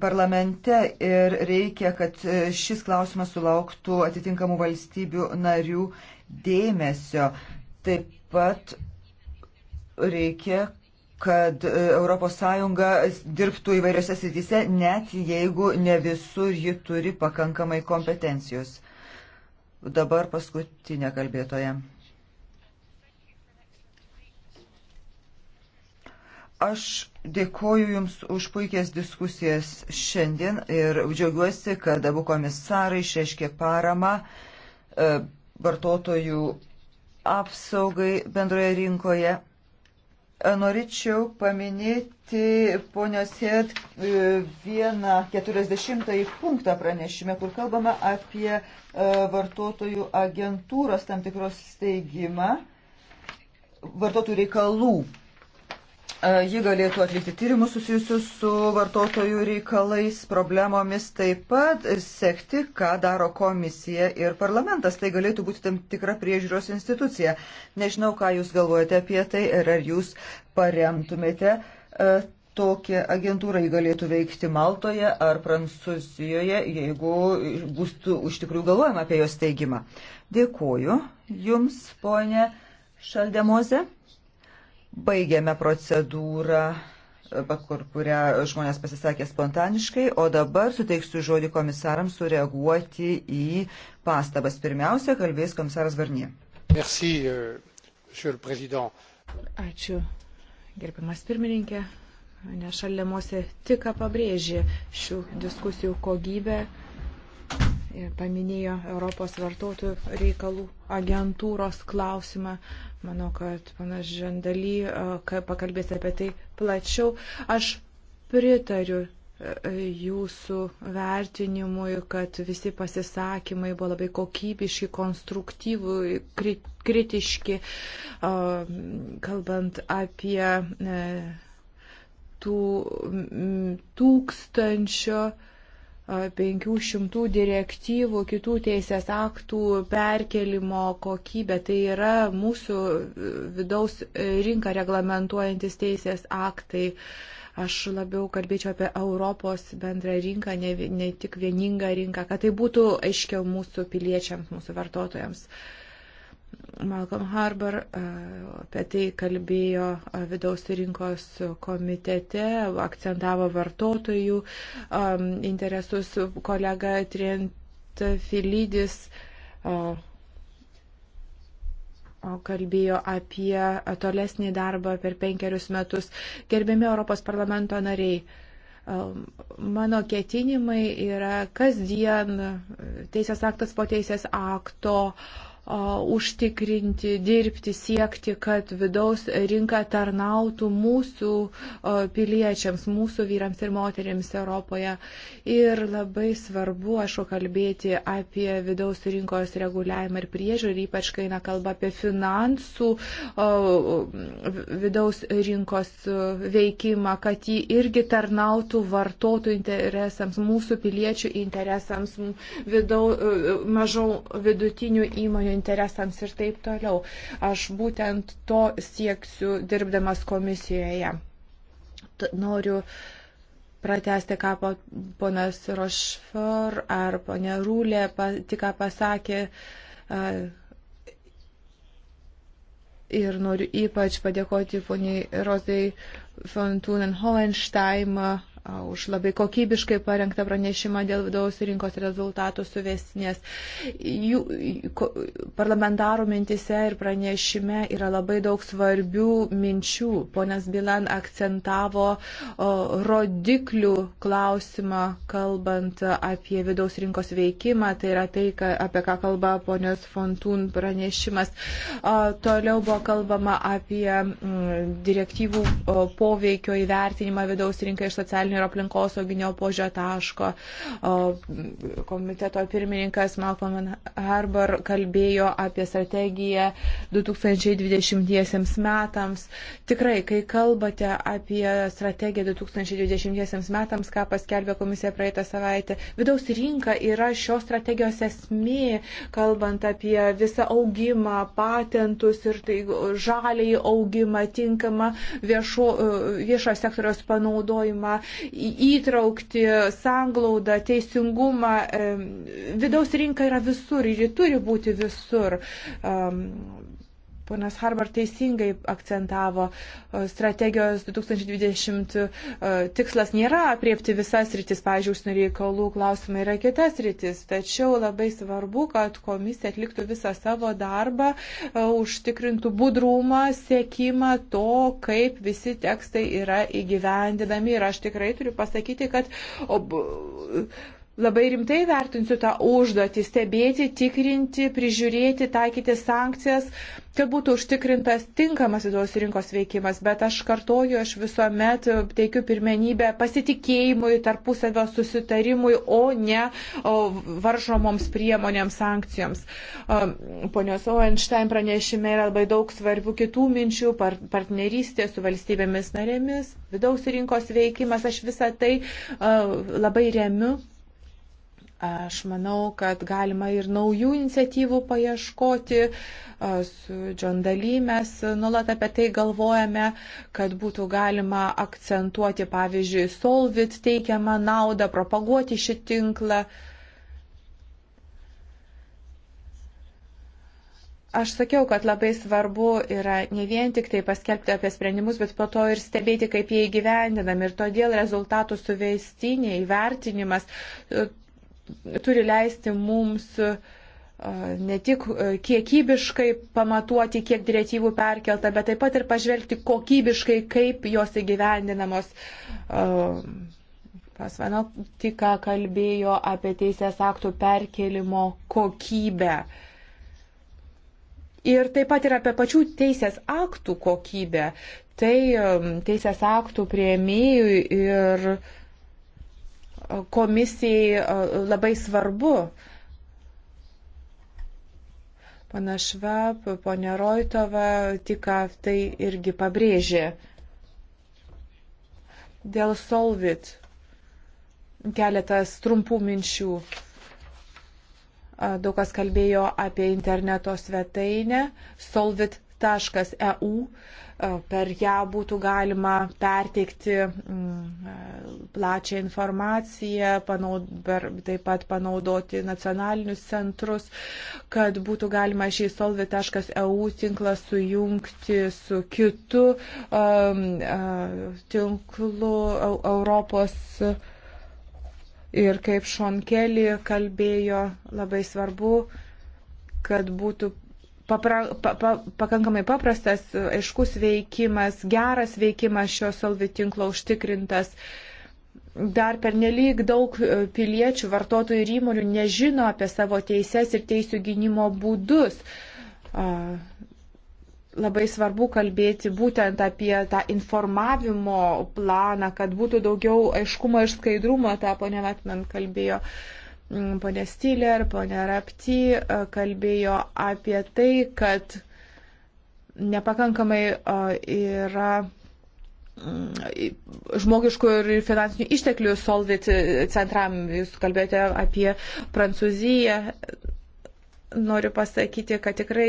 parlamente ir reikia, kad šis klausimas sulauktų atitinkamų valstybių narių dėmesio. Taip pat reikia, kad ES dirbtų įvairiose srityse, net jeigu ne visur ji turi pakankamai kompetencijos. Dabar paskutinė kalbėtoja. Aš dėkoju Jums už puikias diskusijas šiandien ir džiaugiuosi, kad abu komisarai išreiškė paramą e, vartotojų apsaugai bendroje rinkoje. E, norėčiau paminėti ponios Hed e, vieną 40 punktą pranešime, kur kalbama apie e, vartotojų agentūros tam tikros steigimą, vartotojų reikalų E, ji galėtų atlikti tyrimus susijusius su vartotojų reikalais, problemomis, taip pat sekti, ką daro komisija ir parlamentas. Tai galėtų būti tam tikra priežiūros institucija. Nežinau, ką Jūs galvojate apie tai ir ar Jūs paremtumėte e, tokią agentūrą. Ji galėtų veikti Maltoje ar Prancūzijoje, jeigu būtų iš tikrųjų galvojama apie jos teigimą. Dėkuoju Jums, ponė Šaldemoze. Baigėme procedūrą, kur kurią žmonės pasisakė spontaniškai, o dabar suteiksiu žodį komisarams sureaguoti į pastabas. Pirmiausia, kalbės komisaras Varnie. Merci, uh, Ačiū, gerbiamas pirmininkė. Nešalimuose tik pabrėžė šių diskusijų kogybę paminėjo Europos vartotojų reikalų agentūros klausimą. Manau, kad panas Žandaly pakalbės apie tai plačiau. Aš pritariu e, e, jūsų vertinimui, kad visi pasisakymai buvo labai kokybiški, konstruktyvų, kritiški, kalbant apie e, tų tūkstančio 500 direktyvų, kitų teisės aktų perkelimo kokybė. Tai yra mūsų vidaus rinką reglamentuojantis teisės aktai. Aš labiau kalbėčiau apie Europos bendrą rinką, ne, ne tik vieningą rinką, kad tai būtų aiškiau mūsų piliečiams, mūsų vartotojams. Uh, Malcolm Harbour e, apie tai kalbėjo e, vidaus rinkos komitete, akcentavo vartotojų e, interesus kolega Trent Filidis kalbėjo apie tolesnį darbą per penkerius metus. Gerbiami Europos parlamento nariai, mano ketinimai yra kasdien teisės aktas po teisės akto uh, užtikrinti, dirbti, siekti, kad vidaus rinka tarnautų mūsų piliečiams, mūsų vyrams ir moteriams Europoje. Ir labai svarbu, aišku, kalbėti apie vidaus rinkos reguliavimą ir priežiūrį, ypač kai eina kalba apie finansų vidaus rinkos veikimą, kad ji irgi tarnautų vartotojų interesams, mūsų piliečių interesams, vidau, e, mažau vidutinių įmonių interesams ir taip toliau. Aš būtent to sieksiu dirbdamas komisijoje. T noriu pratesti, ką po, ponas Rošfor ar ponė Rūlė pa, tik ką pasakė. Uh, ir noriu ypač padėkoti poniai Rozai von Tunen Hohenstein už labai kokybiškai parengtą pranešimą dėl vidaus rinkos rezultatų suvestinės. Jų parlamentarų mintise ir pranešime yra labai daug svarbių minčių. Ponas Bilan akcentavo o, rodiklių klausimą, kalbant apie vidaus rinkos veikimą. Tai yra tai, ką, apie ką kalba ponios Fontūn pranešimas. O, toliau buvo kalbama apie m, direktyvų o, poveikio įvertinimą vidaus rinkai ir socialinio socialinio ir aplinkosauginio požio taško. Komiteto pirmininkas Malcolm Harbour kalbėjo apie strategiją 2020 metams. Tikrai, kai kalbate apie strategiją 2020 metams, ką paskelbė komisija praeitą savaitę, vidaus rinka yra šios strategijos esmė, kalbant apie visą augimą, patentus ir tai žaliai augimą, tinkamą viešo, viešo sektoriaus panaudojimą įtraukti, sanglaudą, teisingumą. Vidaus rinka yra visur ir ji turi būti visur. Ponas Harbar teisingai akcentavo, e, strategijos 2020 e, tikslas nėra apriepti visas rytis, pavyzdžiui, užsienio reikalų klausimai yra kitas rytis, tačiau labai svarbu, kad komisija atliktų visą savo darbą, e, užtikrintų budrumą, sėkimą to, kaip visi tekstai yra įgyvendinami. Ir aš tikrai turiu pasakyti, kad ob, labai rimtai vertinsiu tą užduotį - stebėti, tikrinti, prižiūrėti, taikyti sankcijas, kad būtų užtikrintas tinkamas vidaus rinkos veikimas. Bet aš kartoju, aš visuomet teikiu pirmenybę pasitikėjimui, tarpusavio susitarimui, o ne o, varžomoms priemonėms sankcijoms. Ponios Oenstein pranešime yra labai daug svarbių kitų minčių par, - partnerystė su valstybėmis narėmis, vidaus rinkos veikimas. Aš visą tai o, labai remiu. Aš manau, kad galima ir naujų iniciatyvų paieškoti. Su John Daly mes nulat apie tai galvojame, kad būtų galima akcentuoti, pavyzdžiui, Solvit teikiamą naudą, propaguoti šį tinklą. Aš sakiau, kad labai svarbu yra ne vien tik tai paskelbti apie sprendimus, bet po to ir stebėti, kaip jie įgyvendinami. Ir todėl rezultatų suvestinė, įvertinimas turi leisti mums e, ne tik e, kiekybiškai pamatuoti, kiek direktyvų perkelta, bet taip pat ir pažvelgti kokybiškai, kaip jos įgyvendinamos. E, Pasvano tik ką kalbėjo apie teisės aktų perkelimo kokybę. Ir taip pat ir apie pačių teisės aktų kokybę. Tai teisės aktų prieimėjų ir uh, komisijai labai svarbu. Pana Švab, ponia Roitova tik tai irgi pabrėžė. Dėl Solvit keletas trumpų minčių. Daug kas kalbėjo apie interneto svetainę solvit.eu. E, per ją būtų galima perteikti mm, e, plačią informaciją, panaud, per, taip pat panaudoti nacionalinius centrus, kad būtų galima šį solvi.eu tinklą sujungti su kitu um, tinklu Europos. Ir kaip Šonkelį kalbėjo, labai svarbu, kad būtų papra, pa, pa, pakankamai paprastas, aiškus veikimas, geras veikimas šio solvi tinklo užtikrintas. Dar per nelik daug e, piliečių, vartotojų ir įmonių nežino apie savo teises ir teisų gynimo būdus. Labai svarbu kalbėti būtent apie tą informavimo planą, kad būtų daugiau aiškumo ir skaidrumo, tą ponė Vatman kalbėjo. Uh, Mm, pone Stiller, pone Rapti e, kalbėjo apie tai, kad nepakankamai e, yra mm, žmogiškų ir finansinių išteklių Solvit centram. Jūs kalbėjote apie Prancūziją. Noriu pasakyti, kad tikrai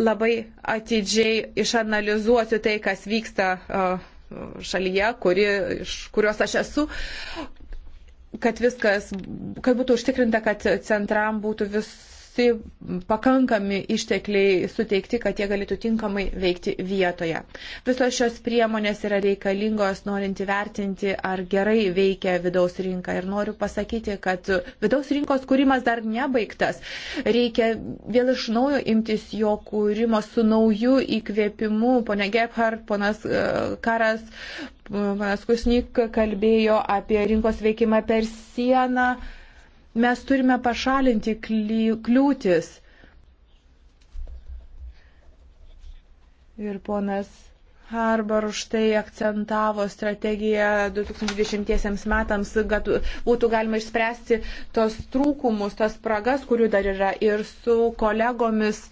labai atidžiai išanalizuosiu tai, kas vyksta e, šalyje, kuri, iš kurios aš esu, kad viskas, kad būtų užtikrinta, kad centram būtų visi pakankami ištekliai suteikti, kad jie galėtų tinkamai veikti vietoje. Visos šios priemonės yra reikalingos norint įvertinti, ar gerai veikia vidaus rinka. Ir noriu pasakyti, kad vidaus rinkos kūrimas dar nebaigtas. Reikia vėl iš naujo imtis jo kūrimo su nauju įkvėpimu. Pone Gebhardt, ponas e, Karas, Vaskusnik kalbėjo apie rinkos veikimą per sieną. Mes turime pašalinti kliūtis. Ir ponas Harbar už tai akcentavo strategiją 2020 metams, kad būtų galima išspręsti tos trūkumus, tos spragas, kurių dar yra. Ir su kolegomis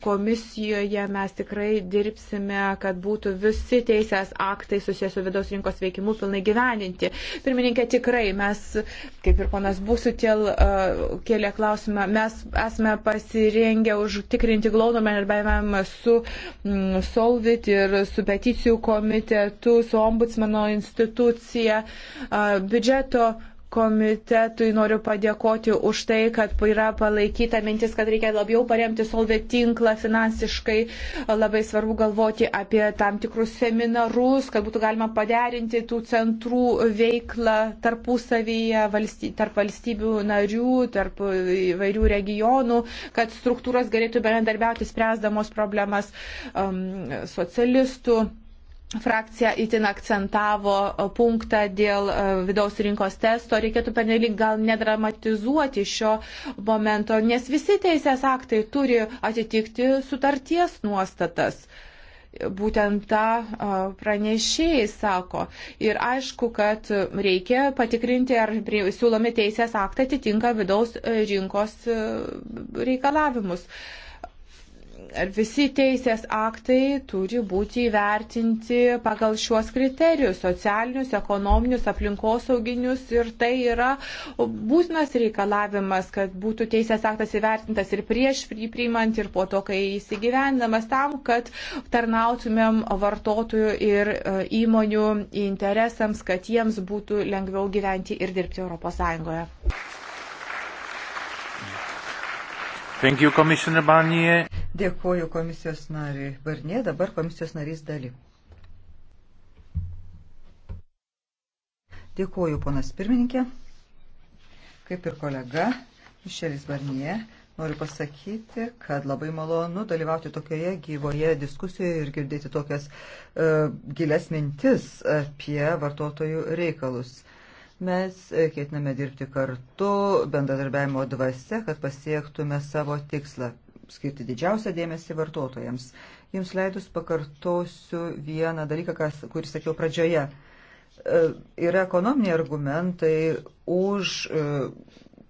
Komisijoje mes tikrai dirbsime, kad būtų visi teisės aktai susijęs su vidaus rinkos veikimu pilnai gyveninti. Pirmininkė, tikrai mes, kaip ir ponas Būsutil, e, kėlė klausimą, mes esame pasirengę užtikrinti glaudų bendradarbiavimą su mm, Solvit ir su peticijų komitetu, su ombudsmeno institucija, e, biudžeto komitetui noriu padėkoti už tai, kad yra palaikyta mintis, kad reikia labiau paremti Solvit tinklą finansiškai. Labai svarbu galvoti apie tam tikrus seminarus, kad būtų galima paderinti tų centrų veiklą tarpusavyje, valsty, tarp valstybių narių, tarp įvairių regionų, kad struktūros galėtų bendradarbiauti spręsdamos problemas um, socialistų frakcija itin akcentavo e, punktą dėl e, vidaus rinkos testo, reikėtų pernelyg gal nedramatizuoti šio momento, nes visi teisės aktai turi atitikti sutarties nuostatas būtent tą e, pranešėjai sako. Ir aišku, kad reikia patikrinti, ar siūlomi teisės aktai atitinka vidaus rinkos reikalavimus visi teisės aktai turi būti įvertinti pagal šiuos kriterijus - socialinius, ekonominius, aplinkosauginius ir tai yra būtinas reikalavimas, kad būtų teisės aktas įvertintas ir prieš priimant ir po to, kai įsigyvendamas tam, kad tarnautumėm vartotojų ir e, įmonių interesams, kad jiems būtų lengviau gyventi ir dirbti ES. Thank you, Commissioner Barnier. Dėkuoju komisijos nariui Barnier, dabar komisijos narys daly. Dėkuoju, ponas pirmininkė. Kaip ir kolega Mišelis Barnier, noriu pasakyti, kad labai malonu dalyvauti tokioje gyvoje diskusijoje ir girdėti tokias uh, e, giles mintis apie vartotojų reikalus. Uh, Mes e, ketiname dirbti kartu bendradarbiavimo dvasia, kad pasiektume savo tikslą skirti didžiausią dėmesį vartotojams. Jums leidus pakartosiu vieną dalyką, kas, kurį sakiau pradžioje. E, yra ekonominiai argumentai už e,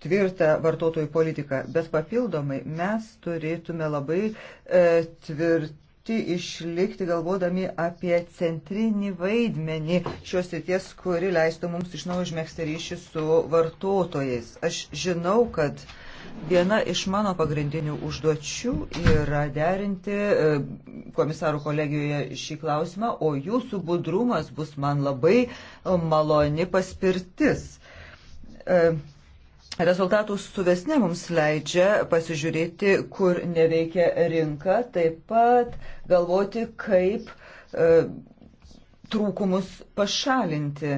tvirtą vartotojų politiką, bet papildomai mes turėtume labai e, tvirtą siekti išlikti galvodami apie centrinį vaidmenį šios srities, kuri leistų mums iš naujo užmėgsti ryšį su vartotojais. Aš žinau, kad viena iš mano pagrindinių užduočių yra derinti e, komisarų kolegijoje šį klausimą, o jūsų budrumas bus man labai maloni paspirtis e, Rezultatų suvesnė mums leidžia pasižiūrėti, kur neveikia rinka, taip pat galvoti, kaip e, trūkumus pašalinti.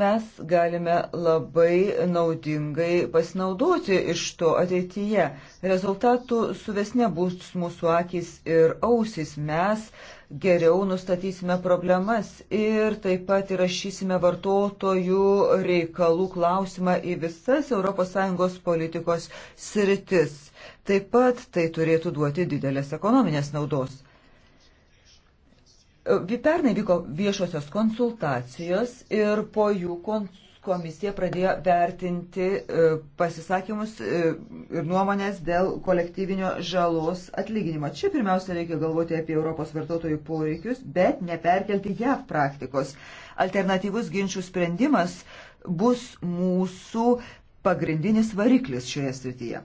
Mes galime labai naudingai pasinaudoti iš to ateityje. Rezultatų suvesnė bus mūsų akis ir ausis. Mes geriau nustatysime problemas ir taip pat įrašysime vartotojų reikalų klausimą į visas ES politikos sritis. Taip pat tai turėtų duoti didelės ekonominės naudos. Pernai vyko viešosios konsultacijos ir po jų konsultacijos komisija pradėjo vertinti e, pasisakymus e, ir nuomonės dėl kolektyvinio žalos atlyginimo. Čia pirmiausia reikia galvoti apie Europos vartotojų poreikius, bet neperkelti JAV praktikos. Alternatyvus ginčių sprendimas bus mūsų pagrindinis variklis šioje srityje.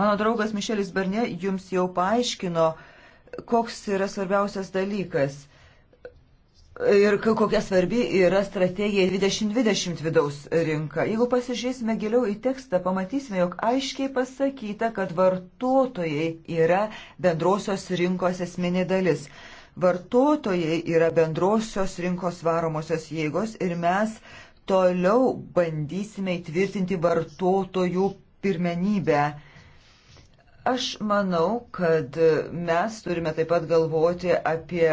Mano draugas Mišelis Barne jums jau paaiškino, koks yra svarbiausias dalykas – ir kokia svarbi yra strategija 2020 vidaus rinka. Jeigu pasižiūrėsime giliau į tekstą, pamatysime, jog aiškiai pasakyta, kad vartotojai yra bendrosios rinkos esminė dalis. Vartotojai yra bendrosios rinkos varomosios jėgos ir mes toliau bandysime įtvirtinti vartotojų pirmenybę. Aš manau, kad mes turime taip pat galvoti apie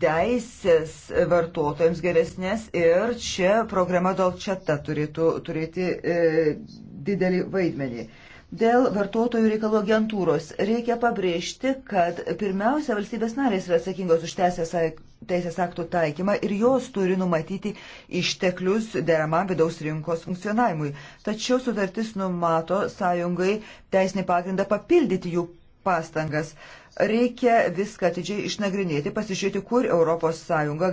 teisės vartotojams geresnės ir čia programa Dolčeta turėtų turėti e, didelį vaidmenį. Dėl vartotojų reikalų agentūros reikia pabrėžti, kad pirmiausia valstybės narės yra atsakingos už teisės aktų taikymą ir jos turi numatyti išteklius deramam vidaus rinkos funkcionavimui. Tačiau sutartis numato sąjungai teisinį pagrindą papildyti jų pastangas. E, Reikia viską atidžiai išnagrinėti, pasižiūrėti, kur ES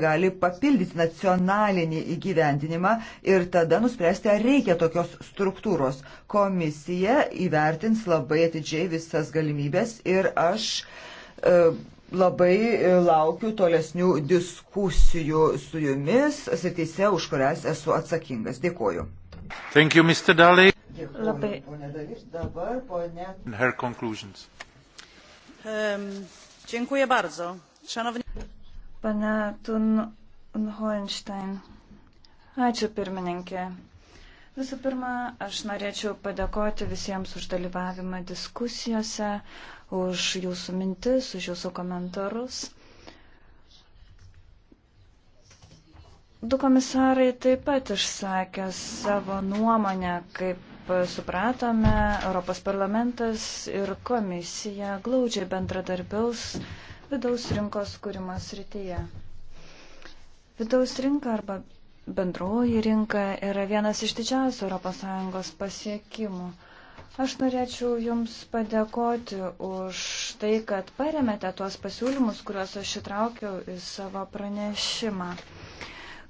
gali papildyti nacionalinį įgyvendinimą ir tada nuspręsti, ar reikia tokios struktūros. Komisija įvertins labai atidžiai visas galimybės ir aš e, labai laukiu tolesnių diskusijų su jumis, srityse, už kurias esu atsakingas. Dėkoju. Thank you, Mr. Daly. Labai. Dabar, ponė... Her conclusions. Dziękuję bardzo. Szanowni... Pana Tun Hohenstein. Ačiū pirmininkė. Visų pirma, aš norėčiau padėkoti visiems už dalyvavimą diskusijose, už jūsų mintis, už jūsų komentarus. Du komisarai taip pat išsakė savo nuomonę, kaip Kaip supratome, Europos parlamentas ir komisija glaudžiai bendradarbiaus vidaus rinkos kūrimas rytyje. Vidaus rinka arba bendroji rinka yra vienas iš didžiausių ES pasiekimų. Aš norėčiau Jums padėkoti už tai, kad paremėte tuos pasiūlymus, kuriuos aš įtraukiau į savo pranešimą.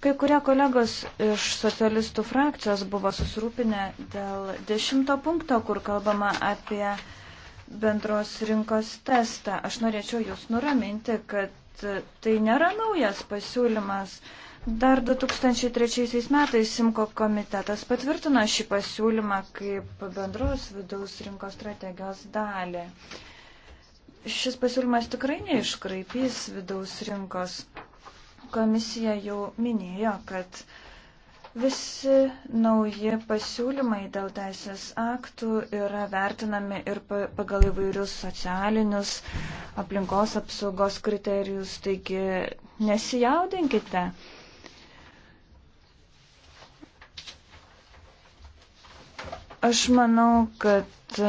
Kai kurie kolegos iš socialistų frakcijos buvo susirūpinę dėl dešimto punkto, kur kalbama apie bendros rinkos testą. Aš norėčiau jūs nuraminti, kad tai nėra naujas pasiūlymas. Dar 2003 metais Simko komitetas patvirtino šį pasiūlymą kaip bendros vidaus rinkos strategijos dalį. Šis pasiūlymas tikrai neiškraipys vidaus rinkos. Komisija jau minėjo, kad visi nauji pasiūlymai dėl teisės aktų yra vertinami ir pagal įvairius socialinius aplinkos apsaugos kriterijus, taigi nesijaudinkite. Aš manau, kad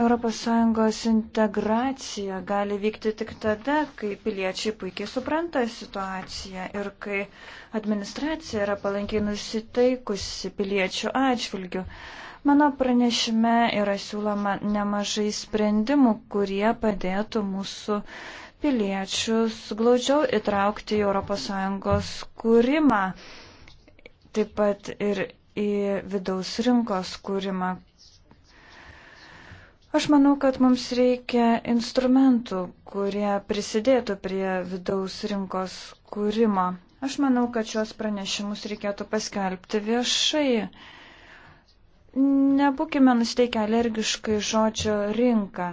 ES integracija gali vykti tik tada, kai piliečiai puikiai supranta situaciją ir kai administracija yra palankiai nusiteikusi piliečių atžvilgių. Mano pranešime yra siūloma nemažai sprendimų, kurie padėtų mūsų piliečius glaudžiau įtraukti į ES kūrimą, taip pat ir į vidaus rinkos kūrimą, Aš manau, kad mums reikia instrumentų, kurie prisidėtų prie vidaus rinkos kūrimo. Aš manau, kad šios pranešimus reikėtų paskelbti viešai. Nebūkime nusteikę alergiškai žodžio rinką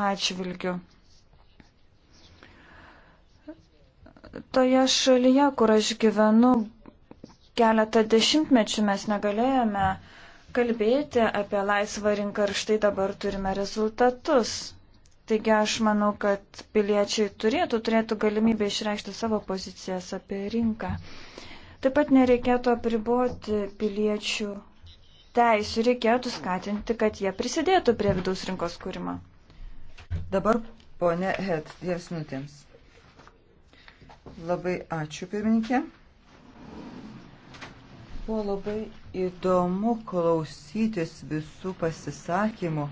atžvilgiu. Toje šalyje, kur aš gyvenu, keletą dešimtmečių mes negalėjome uh, kalbėti apie laisvą rinką ir štai dabar turime rezultatus. Taigi aš manau, kad piliečiai turėtų, turėtų galimybę išreikšti savo pozicijas apie rinką. Taip pat nereikėtų apriboti piliečių teisų, reikėtų skatinti, kad jie prisidėtų prie vidaus rinkos kūrimo. Dabar, ponė Het, dviems minutėms. Labai ačiū, pirmininkė. Buvo labai įdomu klausytis visų pasisakymų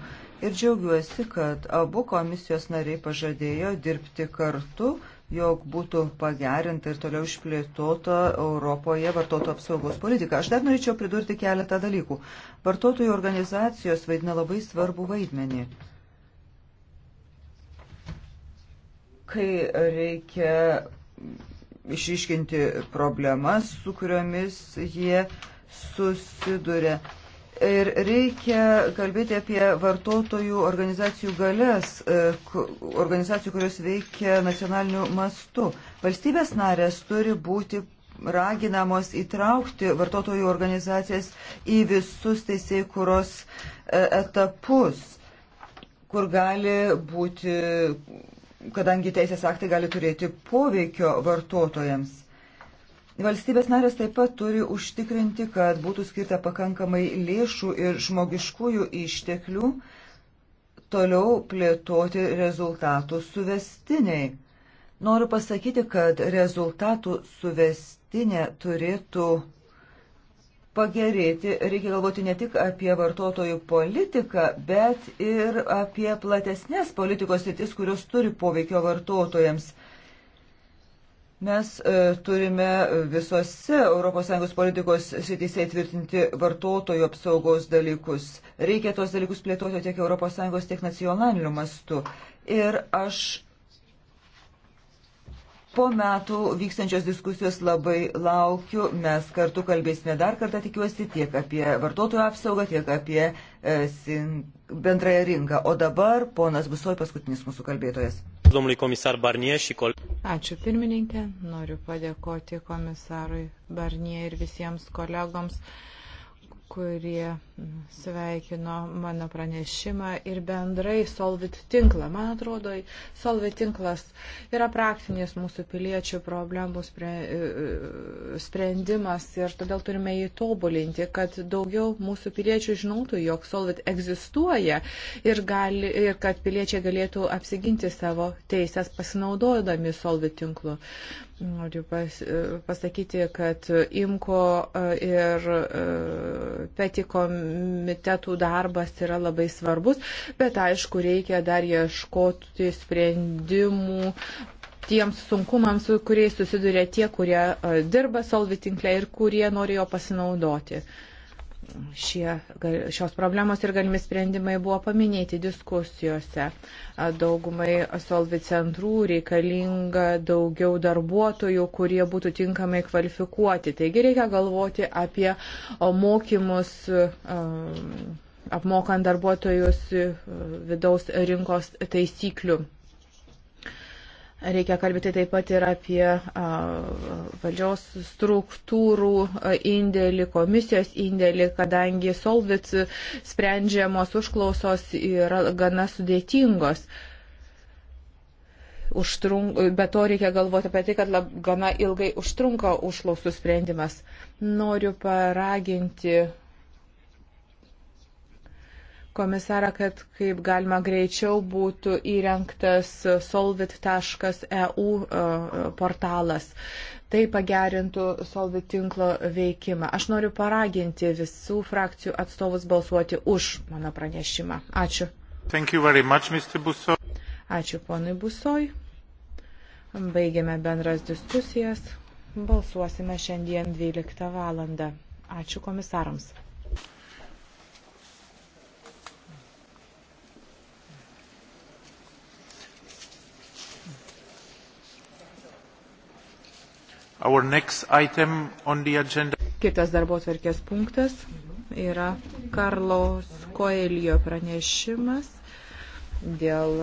ir džiaugiuosi, kad abu komisijos nariai pažadėjo dirbti kartu, jog būtų pagerinta ir toliau išplėtota Europoje vartotojų apsaugos politika. Aš dar norėčiau pridurti keletą dalykų. Vartotojų organizacijos vaidina labai svarbu vaidmenį. Kai reikia išiškinti problemas, su kuriomis jie susiduria. Ir reikia kalbėti apie vartotojų organizacijų galės, e, organizacijų, kurios veikia nacionaliniu mastu. Valstybės narės turi būti raginamos įtraukti vartotojų organizacijas į visus teisėjų kuros e, etapus, kur gali būti kadangi teisės aktai gali turėti poveikio vartotojams. Valstybės narės taip pat turi užtikrinti, kad būtų skirta pakankamai lėšų ir žmogiškųjų išteklių toliau plėtoti rezultatų suvestiniai. Noriu pasakyti, kad rezultatų suvestinė turėtų pagerėti, reikia galvoti ne tik apie vartotojų politiką, bet ir apie platesnės politikos rytis, kurios turi poveikio vartotojams. Mes e, turime visose ES politikos srityse įtvirtinti vartotojų apsaugos dalykus. Reikia tos dalykus plėtoti tiek ES, tiek nacionaliniu mastu. Ir aš Po metų vykstančios diskusijos labai laukiu. Mes kartu kalbėsime dar kartą, tikiuosi, tiek apie vartotojų apsaugą, tiek apie e, sin, bendrąją rinką. O dabar ponas Busoj, paskutinis mūsų kalbėtojas. Ačiū pirmininkė, noriu padėkoti komisarui Barnie ir visiems kolegoms, kurie sveikino mano pranešimą ir bendrai Solvit tinklą. Man atrodo, Solvit tinklas yra praktinis mūsų piliečių problemų e, sprendimas ir todėl turime jį tobulinti, kad daugiau mūsų piliečių žinotų, jog Solvit egzistuoja ir, gali, ir kad piliečiai galėtų apsiginti savo teisės pasinaudodami Solvit tinklu. Noriu pas, e, pasakyti, kad IMKO e, ir PETIKOM komitetų darbas yra labai svarbus, bet aišku, reikia dar ieškoti sprendimų tiems sunkumams, su kuriais susiduria tie, kurie e, dirba solvitinklė ir kurie norėjo pasinaudoti. Uh, šie, šios problemos ir galimi sprendimai buvo paminėti diskusijose. Daugumai solvi centrų reikalinga daugiau darbuotojų, kurie būtų tinkamai kvalifikuoti. Taigi reikia galvoti apie mokymus apmokant darbuotojus vidaus rinkos taisyklių Reikia kalbėti taip pat ir apie valdžios struktūrų indėlį, komisijos indėlį, kadangi Solvit sprendžiamos užklausos yra gana sudėtingos. Užtrunk, be to reikia galvoti apie tai, kad lab, gana ilgai užtrunka užklausų sprendimas. Noriu paraginti komisarą, kad kaip galima greičiau būtų įrengtas solvit.eu e, portalas. Tai pagerintų solvit tinklo veikimą. Aš noriu paraginti visų frakcijų atstovus balsuoti už mano pranešimą. Ačiū. Much, Ačiū ponui Busoj. Baigiame bendras diskusijas. Balsuosime šiandien 12 val. Ačiū komisarams. Kitas darbo tvarkės punktas yra Karlos Koelio pranešimas dėl